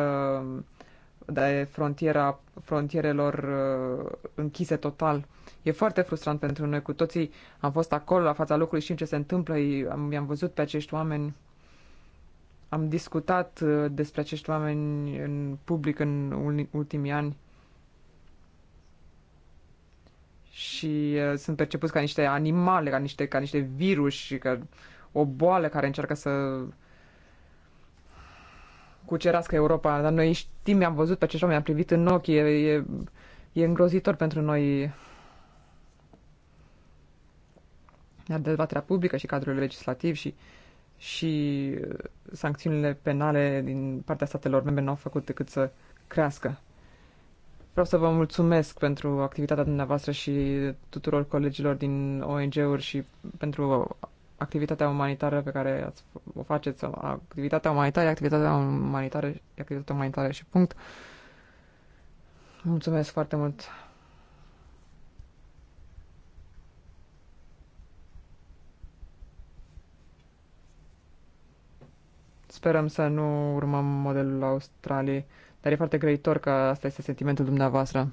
de frontiera, frontierelor uh, închise total. E foarte frustrant pentru noi cu toții. Am fost acolo la fața locului, știm ce se întâmplă, am, i-am văzut pe acești oameni. Am discutat uh, despre acești oameni în public în ultimii ani. Și uh, sunt percepuți ca niște animale, ca niște, ca niște virus, ca o boală care încearcă să cucerească Europa, dar noi știm, am văzut pe acești oameni, am privit în ochi, e, e, e îngrozitor pentru noi. Iar dezbaterea publică și cadrul legislativ și, și uh, sancțiunile penale din partea statelor membre n-au făcut decât să crească. Vreau să vă mulțumesc pentru activitatea dumneavoastră și tuturor colegilor din ONG-uri și pentru activitatea umanitară pe care ați, o faceți, activitatea umanitară, activitatea umanitară, activitatea umanitară și punct. Mulțumesc foarte mult! Sperăm să nu urmăm modelul Australiei, dar e foarte greitor că asta este sentimentul dumneavoastră.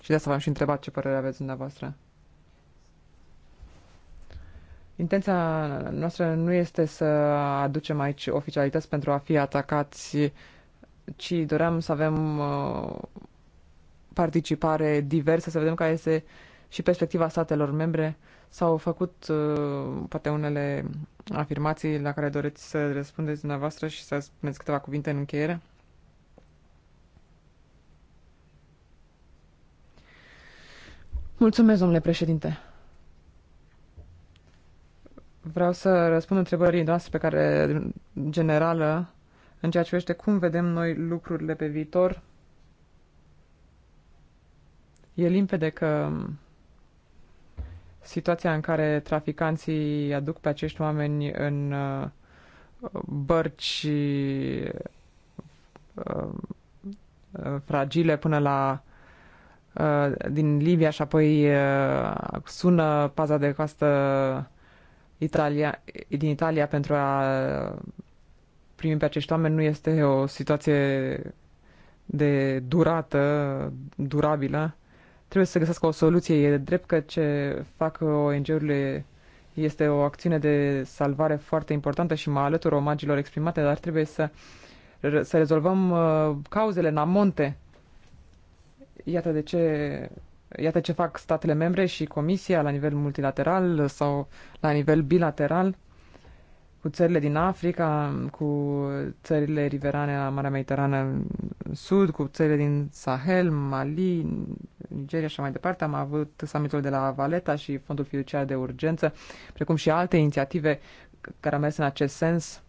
Și de asta v-am și întrebat ce părere aveți dumneavoastră. Intenția noastră nu este să aducem aici oficialități pentru a fi atacați, ci doream să avem uh, participare diversă, să vedem care este și perspectiva statelor membre. S-au făcut uh, poate unele afirmații la care doriți să răspundeți dumneavoastră și să spuneți câteva cuvinte în încheiere. Mulțumesc, domnule președinte. Vreau să răspund întrebării noastre pe care generală în ceea ce vește cum vedem noi lucrurile pe viitor. E limpede că situația în care traficanții aduc pe acești oameni în uh, bărci uh, uh, fragile până la din Libia și apoi sună paza de coastă Italia, din Italia pentru a primi pe acești oameni nu este o situație de durată, durabilă. Trebuie să găsească o soluție. E drept că ce fac ONG-urile este o acțiune de salvare foarte importantă și mă alătur omagilor exprimate, dar trebuie să, să rezolvăm uh, cauzele în amonte. Iată de ce Iată ce fac statele membre și Comisia la nivel multilateral sau la nivel bilateral cu țările din Africa, cu țările riverane la Marea Mediterană Sud, cu țările din Sahel, Mali, Nigeria și mai departe. Am avut summitul de la Valeta și Fondul Fiduciar de Urgență, precum și alte inițiative care au mers în acest sens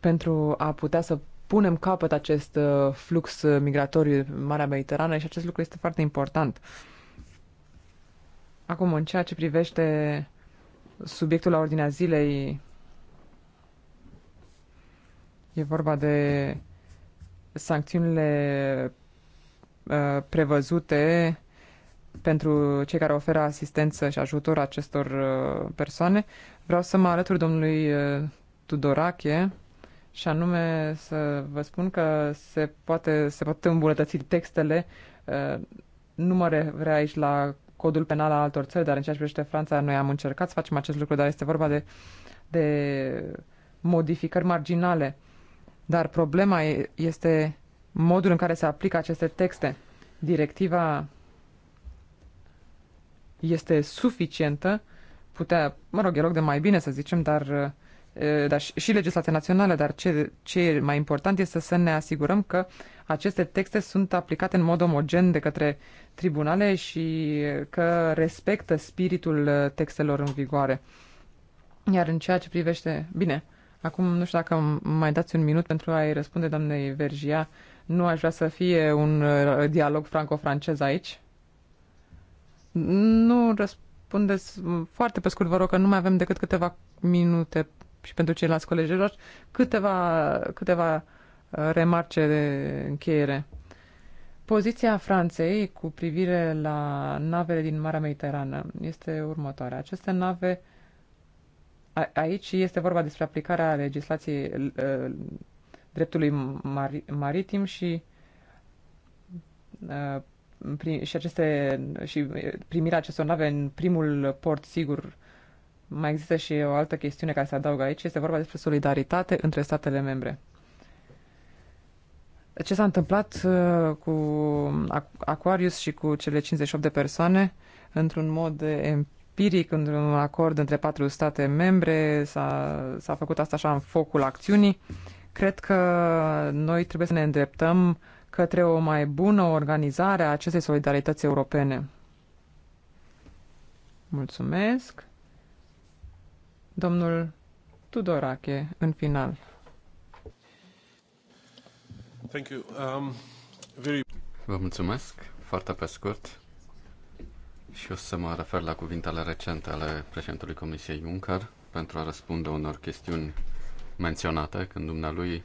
pentru a putea să punem capăt acest uh, flux migratoriu în Marea Mediterană și acest lucru este foarte important. Acum, în ceea ce privește subiectul la ordinea zilei, e vorba de sancțiunile uh, prevăzute pentru cei care oferă asistență și ajutor acestor uh, persoane. Vreau să mă alătur domnului uh, Tudorache și anume să vă spun că se poate, se poate îmbunătăți textele. Nu mă refer aici la codul penal al altor țări, dar în ceea ce privește Franța, noi am încercat să facem acest lucru, dar este vorba de, de modificări marginale. Dar problema este modul în care se aplică aceste texte. Directiva este suficientă, putea, mă rog, e loc de mai bine să zicem, dar, dar și legislația națională, dar ce, ce e mai important este să ne asigurăm că aceste texte sunt aplicate în mod omogen de către tribunale și că respectă spiritul uh, textelor în vigoare. Iar în ceea ce privește... Bine, acum nu știu dacă mai dați un minut pentru a-i răspunde doamnei Vergia. Nu aș vrea să fie un uh, dialog franco-francez aici. Nu răspundeți foarte pe scurt, vă rog, că nu mai avem decât câteva minute și pentru ceilalți colegilor, câteva, câteva remarce de încheiere. Poziția Franței cu privire la navele din Marea Mediterană este următoarea. Aceste nave, a, aici este vorba despre aplicarea legislației a, dreptului maritim și, a, uh, prim, și, aceste, și primirea acestor nave în primul port sigur. Mai există și o altă chestiune care se adaugă aici, este vorba despre solidaritate între statele membre ce s-a întâmplat uh, cu Aquarius și cu cele 58 de persoane într-un mod empiric, într-un acord între patru state membre, s-a, făcut asta așa în focul acțiunii. Cred că noi trebuie să ne îndreptăm către o mai bună organizare a acestei solidarități europene. Mulțumesc. Domnul Tudorache, în final. Thank you. Um, very... Vă mulțumesc, foarte pe scurt. Și o să mă refer la cuvintele recente ale președintelui Comisiei Juncker pentru a răspunde unor chestiuni menționate când dumnealui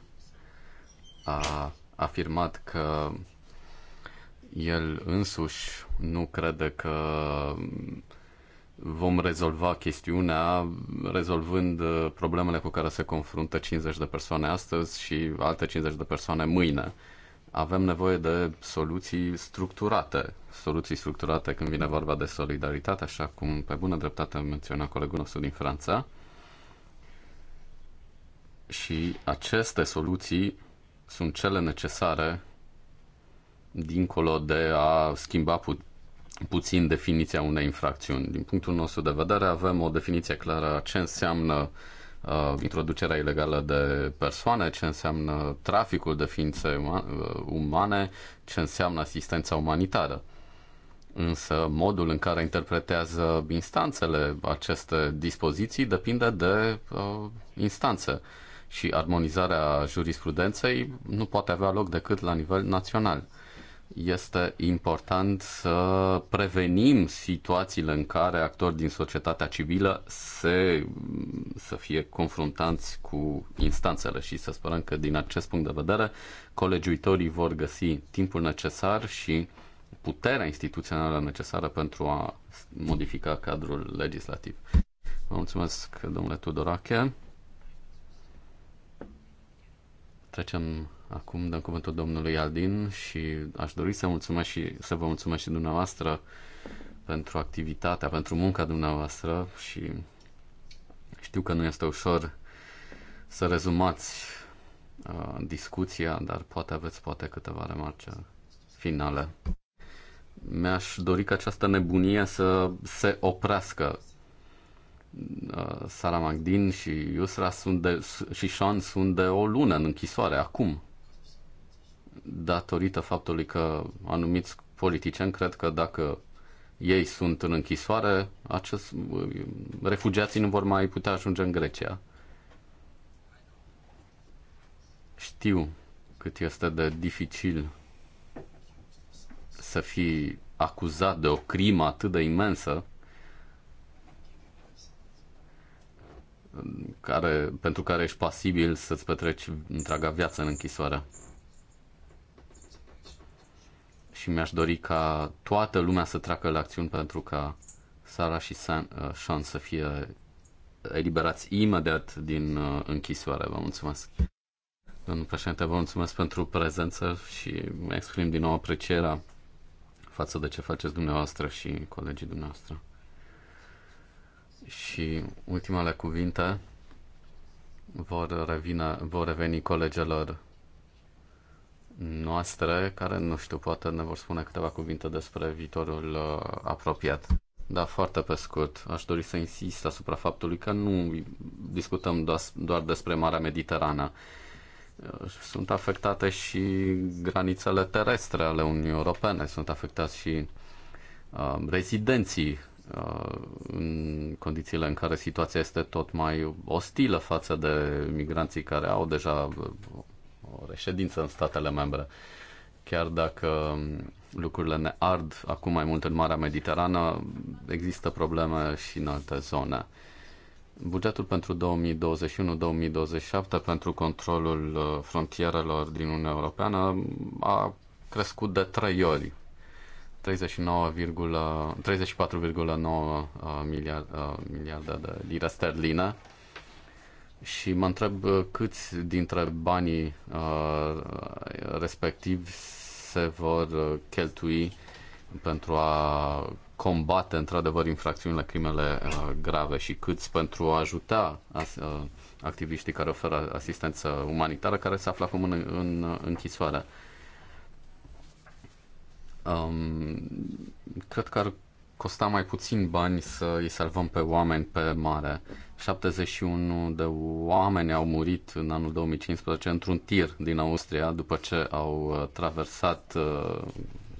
a afirmat că el însuși nu crede că vom rezolva chestiunea rezolvând uh, problemele cu care se confruntă 50 de persoane astăzi și alte 50 de persoane mâine. Avem nevoie de soluții structurate, soluții structurate când vine vorba de solidaritate, așa cum pe bună dreptate menționa colegul nostru din Franța. Și aceste soluții sunt cele necesare dincolo de a schimba puțin definiția unei infracțiuni. Din punctul nostru de vedere, avem o definiție clară a ce înseamnă uh, introducerea ilegală de persoane, ce înseamnă traficul de ființe uh, umane, ce înseamnă asistența umanitară. Însă modul în care interpretează instanțele aceste dispoziții depinde de uh, instanțe și armonizarea jurisprudenței nu poate avea loc decât la nivel național este important să prevenim situațiile în care actori din societatea civilă se, să fie confruntați cu instanțele și să sperăm că din acest punct de vedere colegiuitorii vor găsi timpul necesar și puterea instituțională necesară pentru a modifica cadrul legislativ. Vă mulțumesc, domnule Tudorache. Trecem Acum dăm cuvântul domnului Aldin și aș dori să, mulțumesc și, să vă mulțumesc și dumneavoastră pentru activitatea, pentru munca dumneavoastră și știu că nu este ușor să rezumați uh, discuția, dar poate aveți poate câteva remarce finale. Mi-aș dori ca această nebunie să se oprească. Uh, Sara Magdin și Iusra sunt de, și Sean sunt de o lună în închisoare acum datorită faptului că anumiți politicieni cred că dacă ei sunt în închisoare, acest, refugiații nu vor mai putea ajunge în Grecia. Știu cât este de dificil să fii acuzat de o crimă atât de imensă care, pentru care ești pasibil să-ți petreci întreaga viață în închisoare și mi-aș dori ca toată lumea să treacă la acțiuni pentru ca Sara și San, uh, Sean să fie eliberați imediat din uh, închisoare. Vă mulțumesc. Domnul președinte, vă mulțumesc pentru prezență și exprim din nou aprecierea față de ce faceți dumneavoastră și colegii dumneavoastră. Și ultimele cuvinte vor, revine, vor reveni colegelor noastre, care, nu știu, poate ne vor spune câteva cuvinte despre viitorul uh, apropiat. Da, foarte pe scurt. Aș dori să insist asupra faptului că nu discutăm doar despre Marea Mediterană. Uh, sunt afectate și granițele terestre ale Uniunii Europene, sunt afectați și uh, rezidenții uh, în condițiile în care situația este tot mai ostilă față de migranții care au deja uh, reședință în statele membre. Chiar dacă lucrurile ne ard acum mai mult în Marea Mediterană, există probleme și în alte zone. Bugetul pentru 2021-2027 pentru controlul uh, frontierelor din Uniunea Europeană a crescut de 3 ori 39,34,9 uh, miliard, uh, miliarde de lire sterline și mă întreb uh, câți dintre banii uh, respectivi se vor uh, cheltui pentru a combate într-adevăr infracțiunile, crimele uh, grave și câți pentru a ajuta as, uh, activiștii care oferă asistență umanitară care se află acum în, în închisoare. Um, cred că ar costa mai puțin bani să îi salvăm pe oameni pe mare. Uh, 71 de oameni au murit în anul 2015 într-un tir din Austria după ce au uh, traversat uh,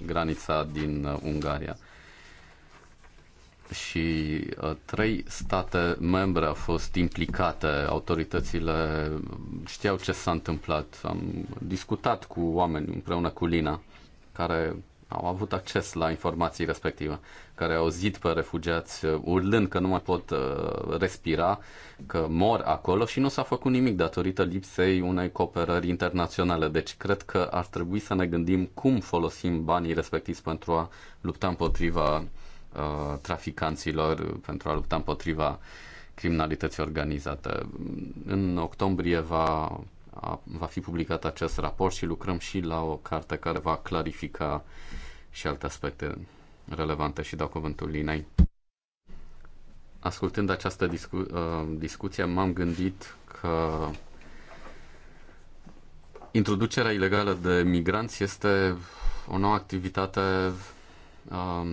granița din uh, Ungaria. Și trei state membre au fost implicate, autoritățile știau ce s-a întâmplat. Am discutat cu oameni împreună cu Lina, care au avut acces la informații respective, care au auzit pe refugiați uh, urlând că nu mai pot uh, respira, că mor acolo și nu s-a făcut nimic datorită lipsei unei cooperări internaționale. Deci cred că ar trebui să ne gândim cum folosim banii respectivi pentru a lupta împotriva uh, traficanților, pentru a lupta împotriva criminalității organizate. În octombrie va a, va fi publicat acest raport și lucrăm și la o carte care va clarifica și alte aspecte relevante și dau cuvântul Linei. Ascultând această discu- discuție, m-am gândit că introducerea ilegală de migranți este o nouă activitate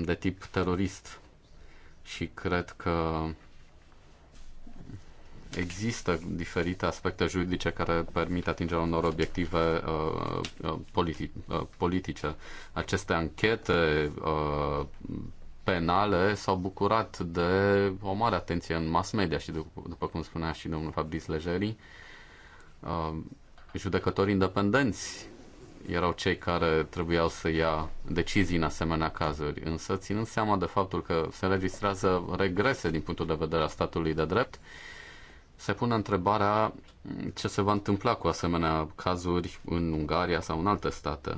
de tip terorist și cred că Există diferite aspecte juridice care permit atingerea unor obiective uh, uh, politi- uh, politice. Aceste anchete uh, penale s-au bucurat de o mare atenție în mass media și, dup- după cum spunea și domnul Fabrice Lejeri, uh, judecători independenți erau cei care trebuiau să ia decizii în asemenea cazuri. Însă, ținând seama de faptul că se înregistrează regrese din punctul de vedere a statului de drept, uh, se pune întrebarea mm, ce se va întâmpla cu asemenea cazuri în Ungaria sau în alte state.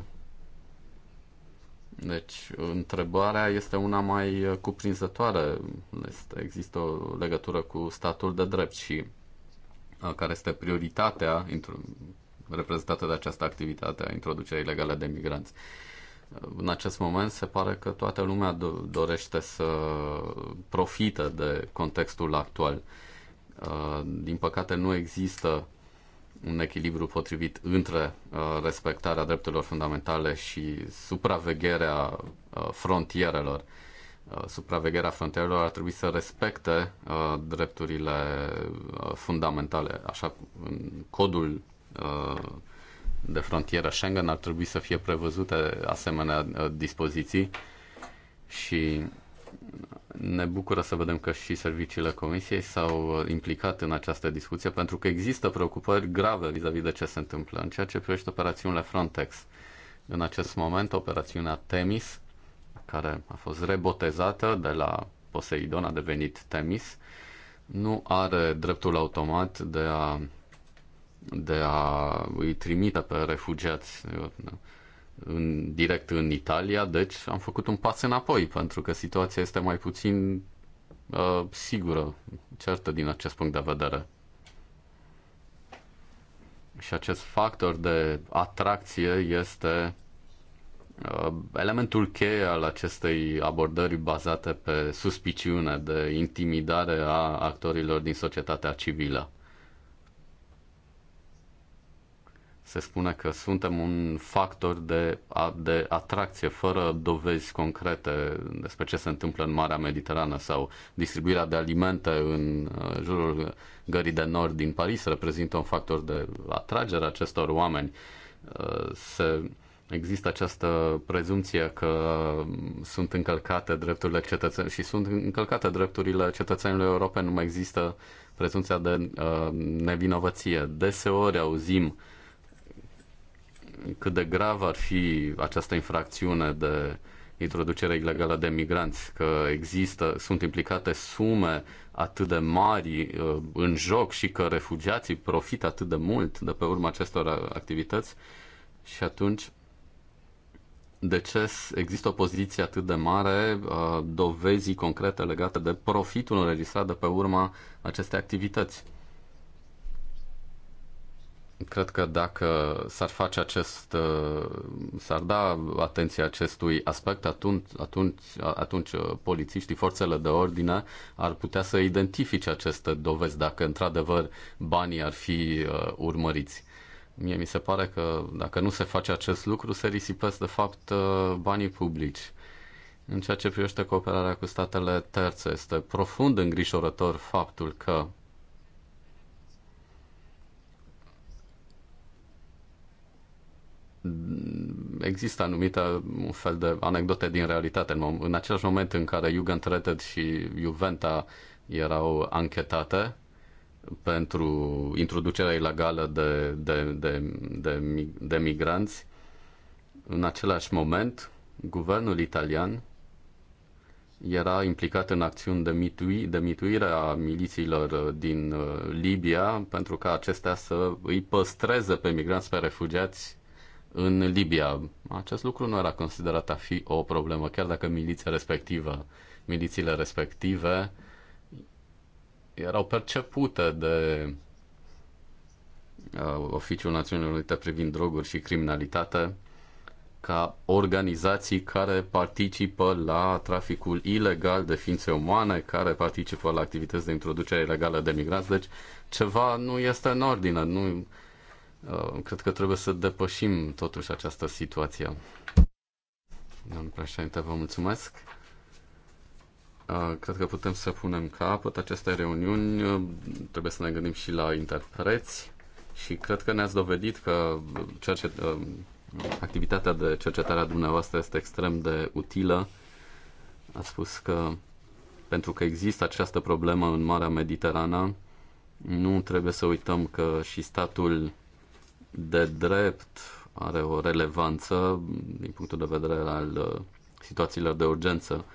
Deci, întrebarea este una mai cuprinzătoare. Este, există o legătură cu statul de drept și care este prioritatea reprezentată de această activitate a introducerii legale de migranți. În acest moment se pare că toată lumea do- dorește să profite de contextul actual. Uh, Uh, din păcate, nu există un echilibru potrivit între uh, respectarea drepturilor fundamentale și supravegherea uh, frontierelor. Supravegherea frontierelor ar trebui să respecte drepturile fundamentale. Așa, în codul de frontieră Schengen ar trebui să fie prevăzute asemenea dispoziții și ne bucură să vedem că și serviciile Comisiei s-au uh, implicat în această discuție pentru că există preocupări grave vis-a-vis de ce se întâmplă în ceea ce privește operațiunile Frontex. În acest moment, operațiunea Temis, care a fost rebotezată de la Poseidon, a devenit Temis, nu are dreptul automat de a, de a îi trimite pe refugiați în, direct în Italia, deci am făcut un pas înapoi, pentru că situația este mai puțin uh, sigură, certă din acest punct de vedere. Și acest factor de atracție este uh, elementul cheie al acestei abordări bazate pe suspiciune de intimidare a actorilor din societatea civilă. se spune că suntem un factor de, de atracție fără dovezi concrete despre ce se întâmplă în Marea Mediterană sau distribuirea de alimente în uh, jurul gării de nord din Paris reprezintă un factor de atragere a acestor oameni. Uh, se, există această prezumție că sunt încălcate drepturile cetățenilor și sunt încălcate drepturile cetățenilor europeni, nu mai există prezumția de uh, nevinovăție. Deseori auzim cât de grav ar fi această infracțiune de introducere ilegală de migranți, că există, sunt implicate sume atât de mari uh, în joc și că refugiații profită atât de mult de pe urma acestor activități și atunci de ce există o poziție atât de mare, uh, dovezii concrete legate de profitul înregistrat de pe urma acestei activități? cred că dacă s-ar face acest, uh, s-ar da atenție acestui aspect, atunci, atunci, atunci uh, polițiștii, forțele de ordine ar putea să identifice aceste dovezi dacă într-adevăr banii ar fi uh, urmăriți. Mie mi se pare că dacă nu se face acest lucru, se risipesc de fapt banii publici. În ceea ce privește cooperarea cu statele terțe, este profund îngrijorător faptul că există anumite un fel de anecdote din realitate. În, în același moment în care Rated și Juventa erau anchetate pentru introducerea ilegală de, de, de, de, de migranți, în același moment, guvernul italian era implicat în acțiuni de, mitui, de mituire a milițiilor din uh, Libia pentru ca acestea să îi păstreze pe migranți, pe refugiați în Libia. Acest lucru nu era considerat a fi o problemă, chiar dacă miliția respectivă, milițiile respective erau percepute de uh, Oficiul Națiunilor Unite privind droguri și criminalitate ca organizații care participă la traficul ilegal de ființe umane, care participă la activități de introducere ilegală de migranți. Deci ceva nu este în ordine, nu Uh, cred că trebuie să depășim totuși această situație. Domnul președinte, vă mulțumesc. Uh, cred că putem să punem capăt acestei reuniuni. Uh, trebuie să ne gândim și la interpreți și cred că ne-ați dovedit că cercet, activitatea de cercetare a dumneavoastră este extrem de utilă. Ați spus că pentru că există această problemă în Marea Mediterană, nu trebuie să uităm că și statul de drept are o relevanță din punctul de vedere al uh, situațiilor de urgență.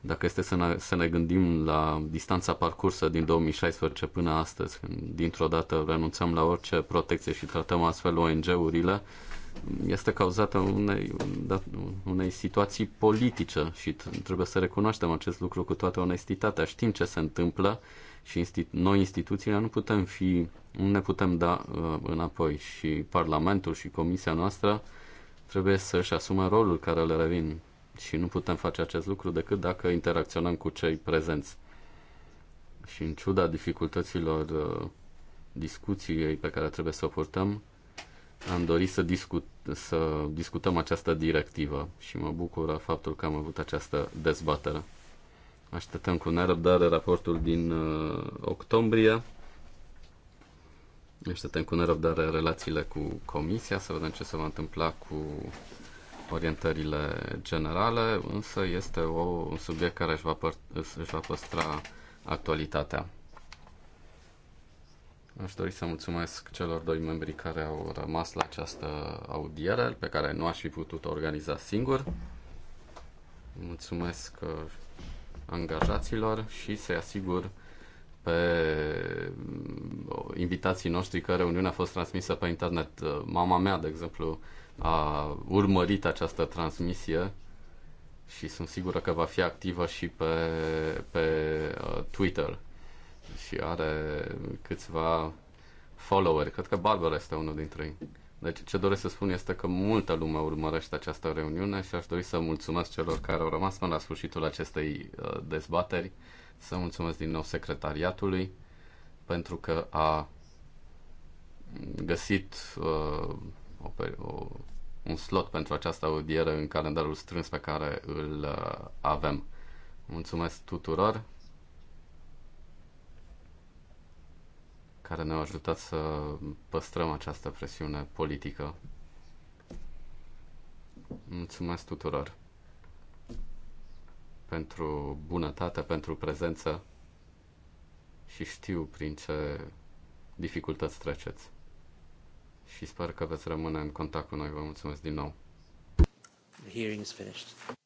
Dacă este să ne, să ne gândim la distanța parcursă din 2016 până astăzi, când dintr-o dată renunțăm la orice protecție și tratăm astfel ONG-urile, este cauzată unei, da, unei situații politice și trebuie să recunoaștem acest lucru cu toată onestitatea. Știm ce se întâmplă și noi, instituțiile, nu putem fi nu ne putem da uh, înapoi și Parlamentul și Comisia noastră trebuie să-și asume rolul care le revin și nu putem face acest lucru decât dacă interacționăm cu cei prezenți. Și în ciuda dificultăților uh, discuției pe care trebuie să o purtăm, am dorit să, discut, să discutăm această directivă și mă bucură faptul că am avut această dezbatere. Așteptăm cu nerăbdare raportul din uh, octombrie Așteptăm cu nerăbdare relațiile cu Comisia, să vedem ce se va întâmpla cu orientările generale, însă este o, un subiect care își va, păr- își va păstra actualitatea. Aș dori să mulțumesc celor doi membri care au rămas la această audiere, pe care nu aș fi putut organiza singur. Mulțumesc uh, angajaților și să-i asigur pe mm, invitații noștri că reuniunea a fost transmisă pe internet. Mama mea, de exemplu, a urmărit această transmisie și sunt sigură că va fi activă și pe, pe uh, Twitter și are câțiva follower. Cred că Barbara este unul dintre ei. Deci ce doresc să spun este că multă lume urmărește această reuniune și aș dori să mulțumesc celor care au rămas până la sfârșitul acestei uh, dezbateri. Să mulțumesc din nou secretariatului pentru că a găsit uh, o, o, un slot pentru această audiere în calendarul strâns pe care îl uh, avem. Mulțumesc tuturor care ne-au ajutat să păstrăm această presiune politică. Mulțumesc tuturor! pentru bunătate, pentru prezență și știu prin ce dificultăți treceți. Și sper că veți rămâne în contact cu noi. Vă mulțumesc din nou. The hearing is finished.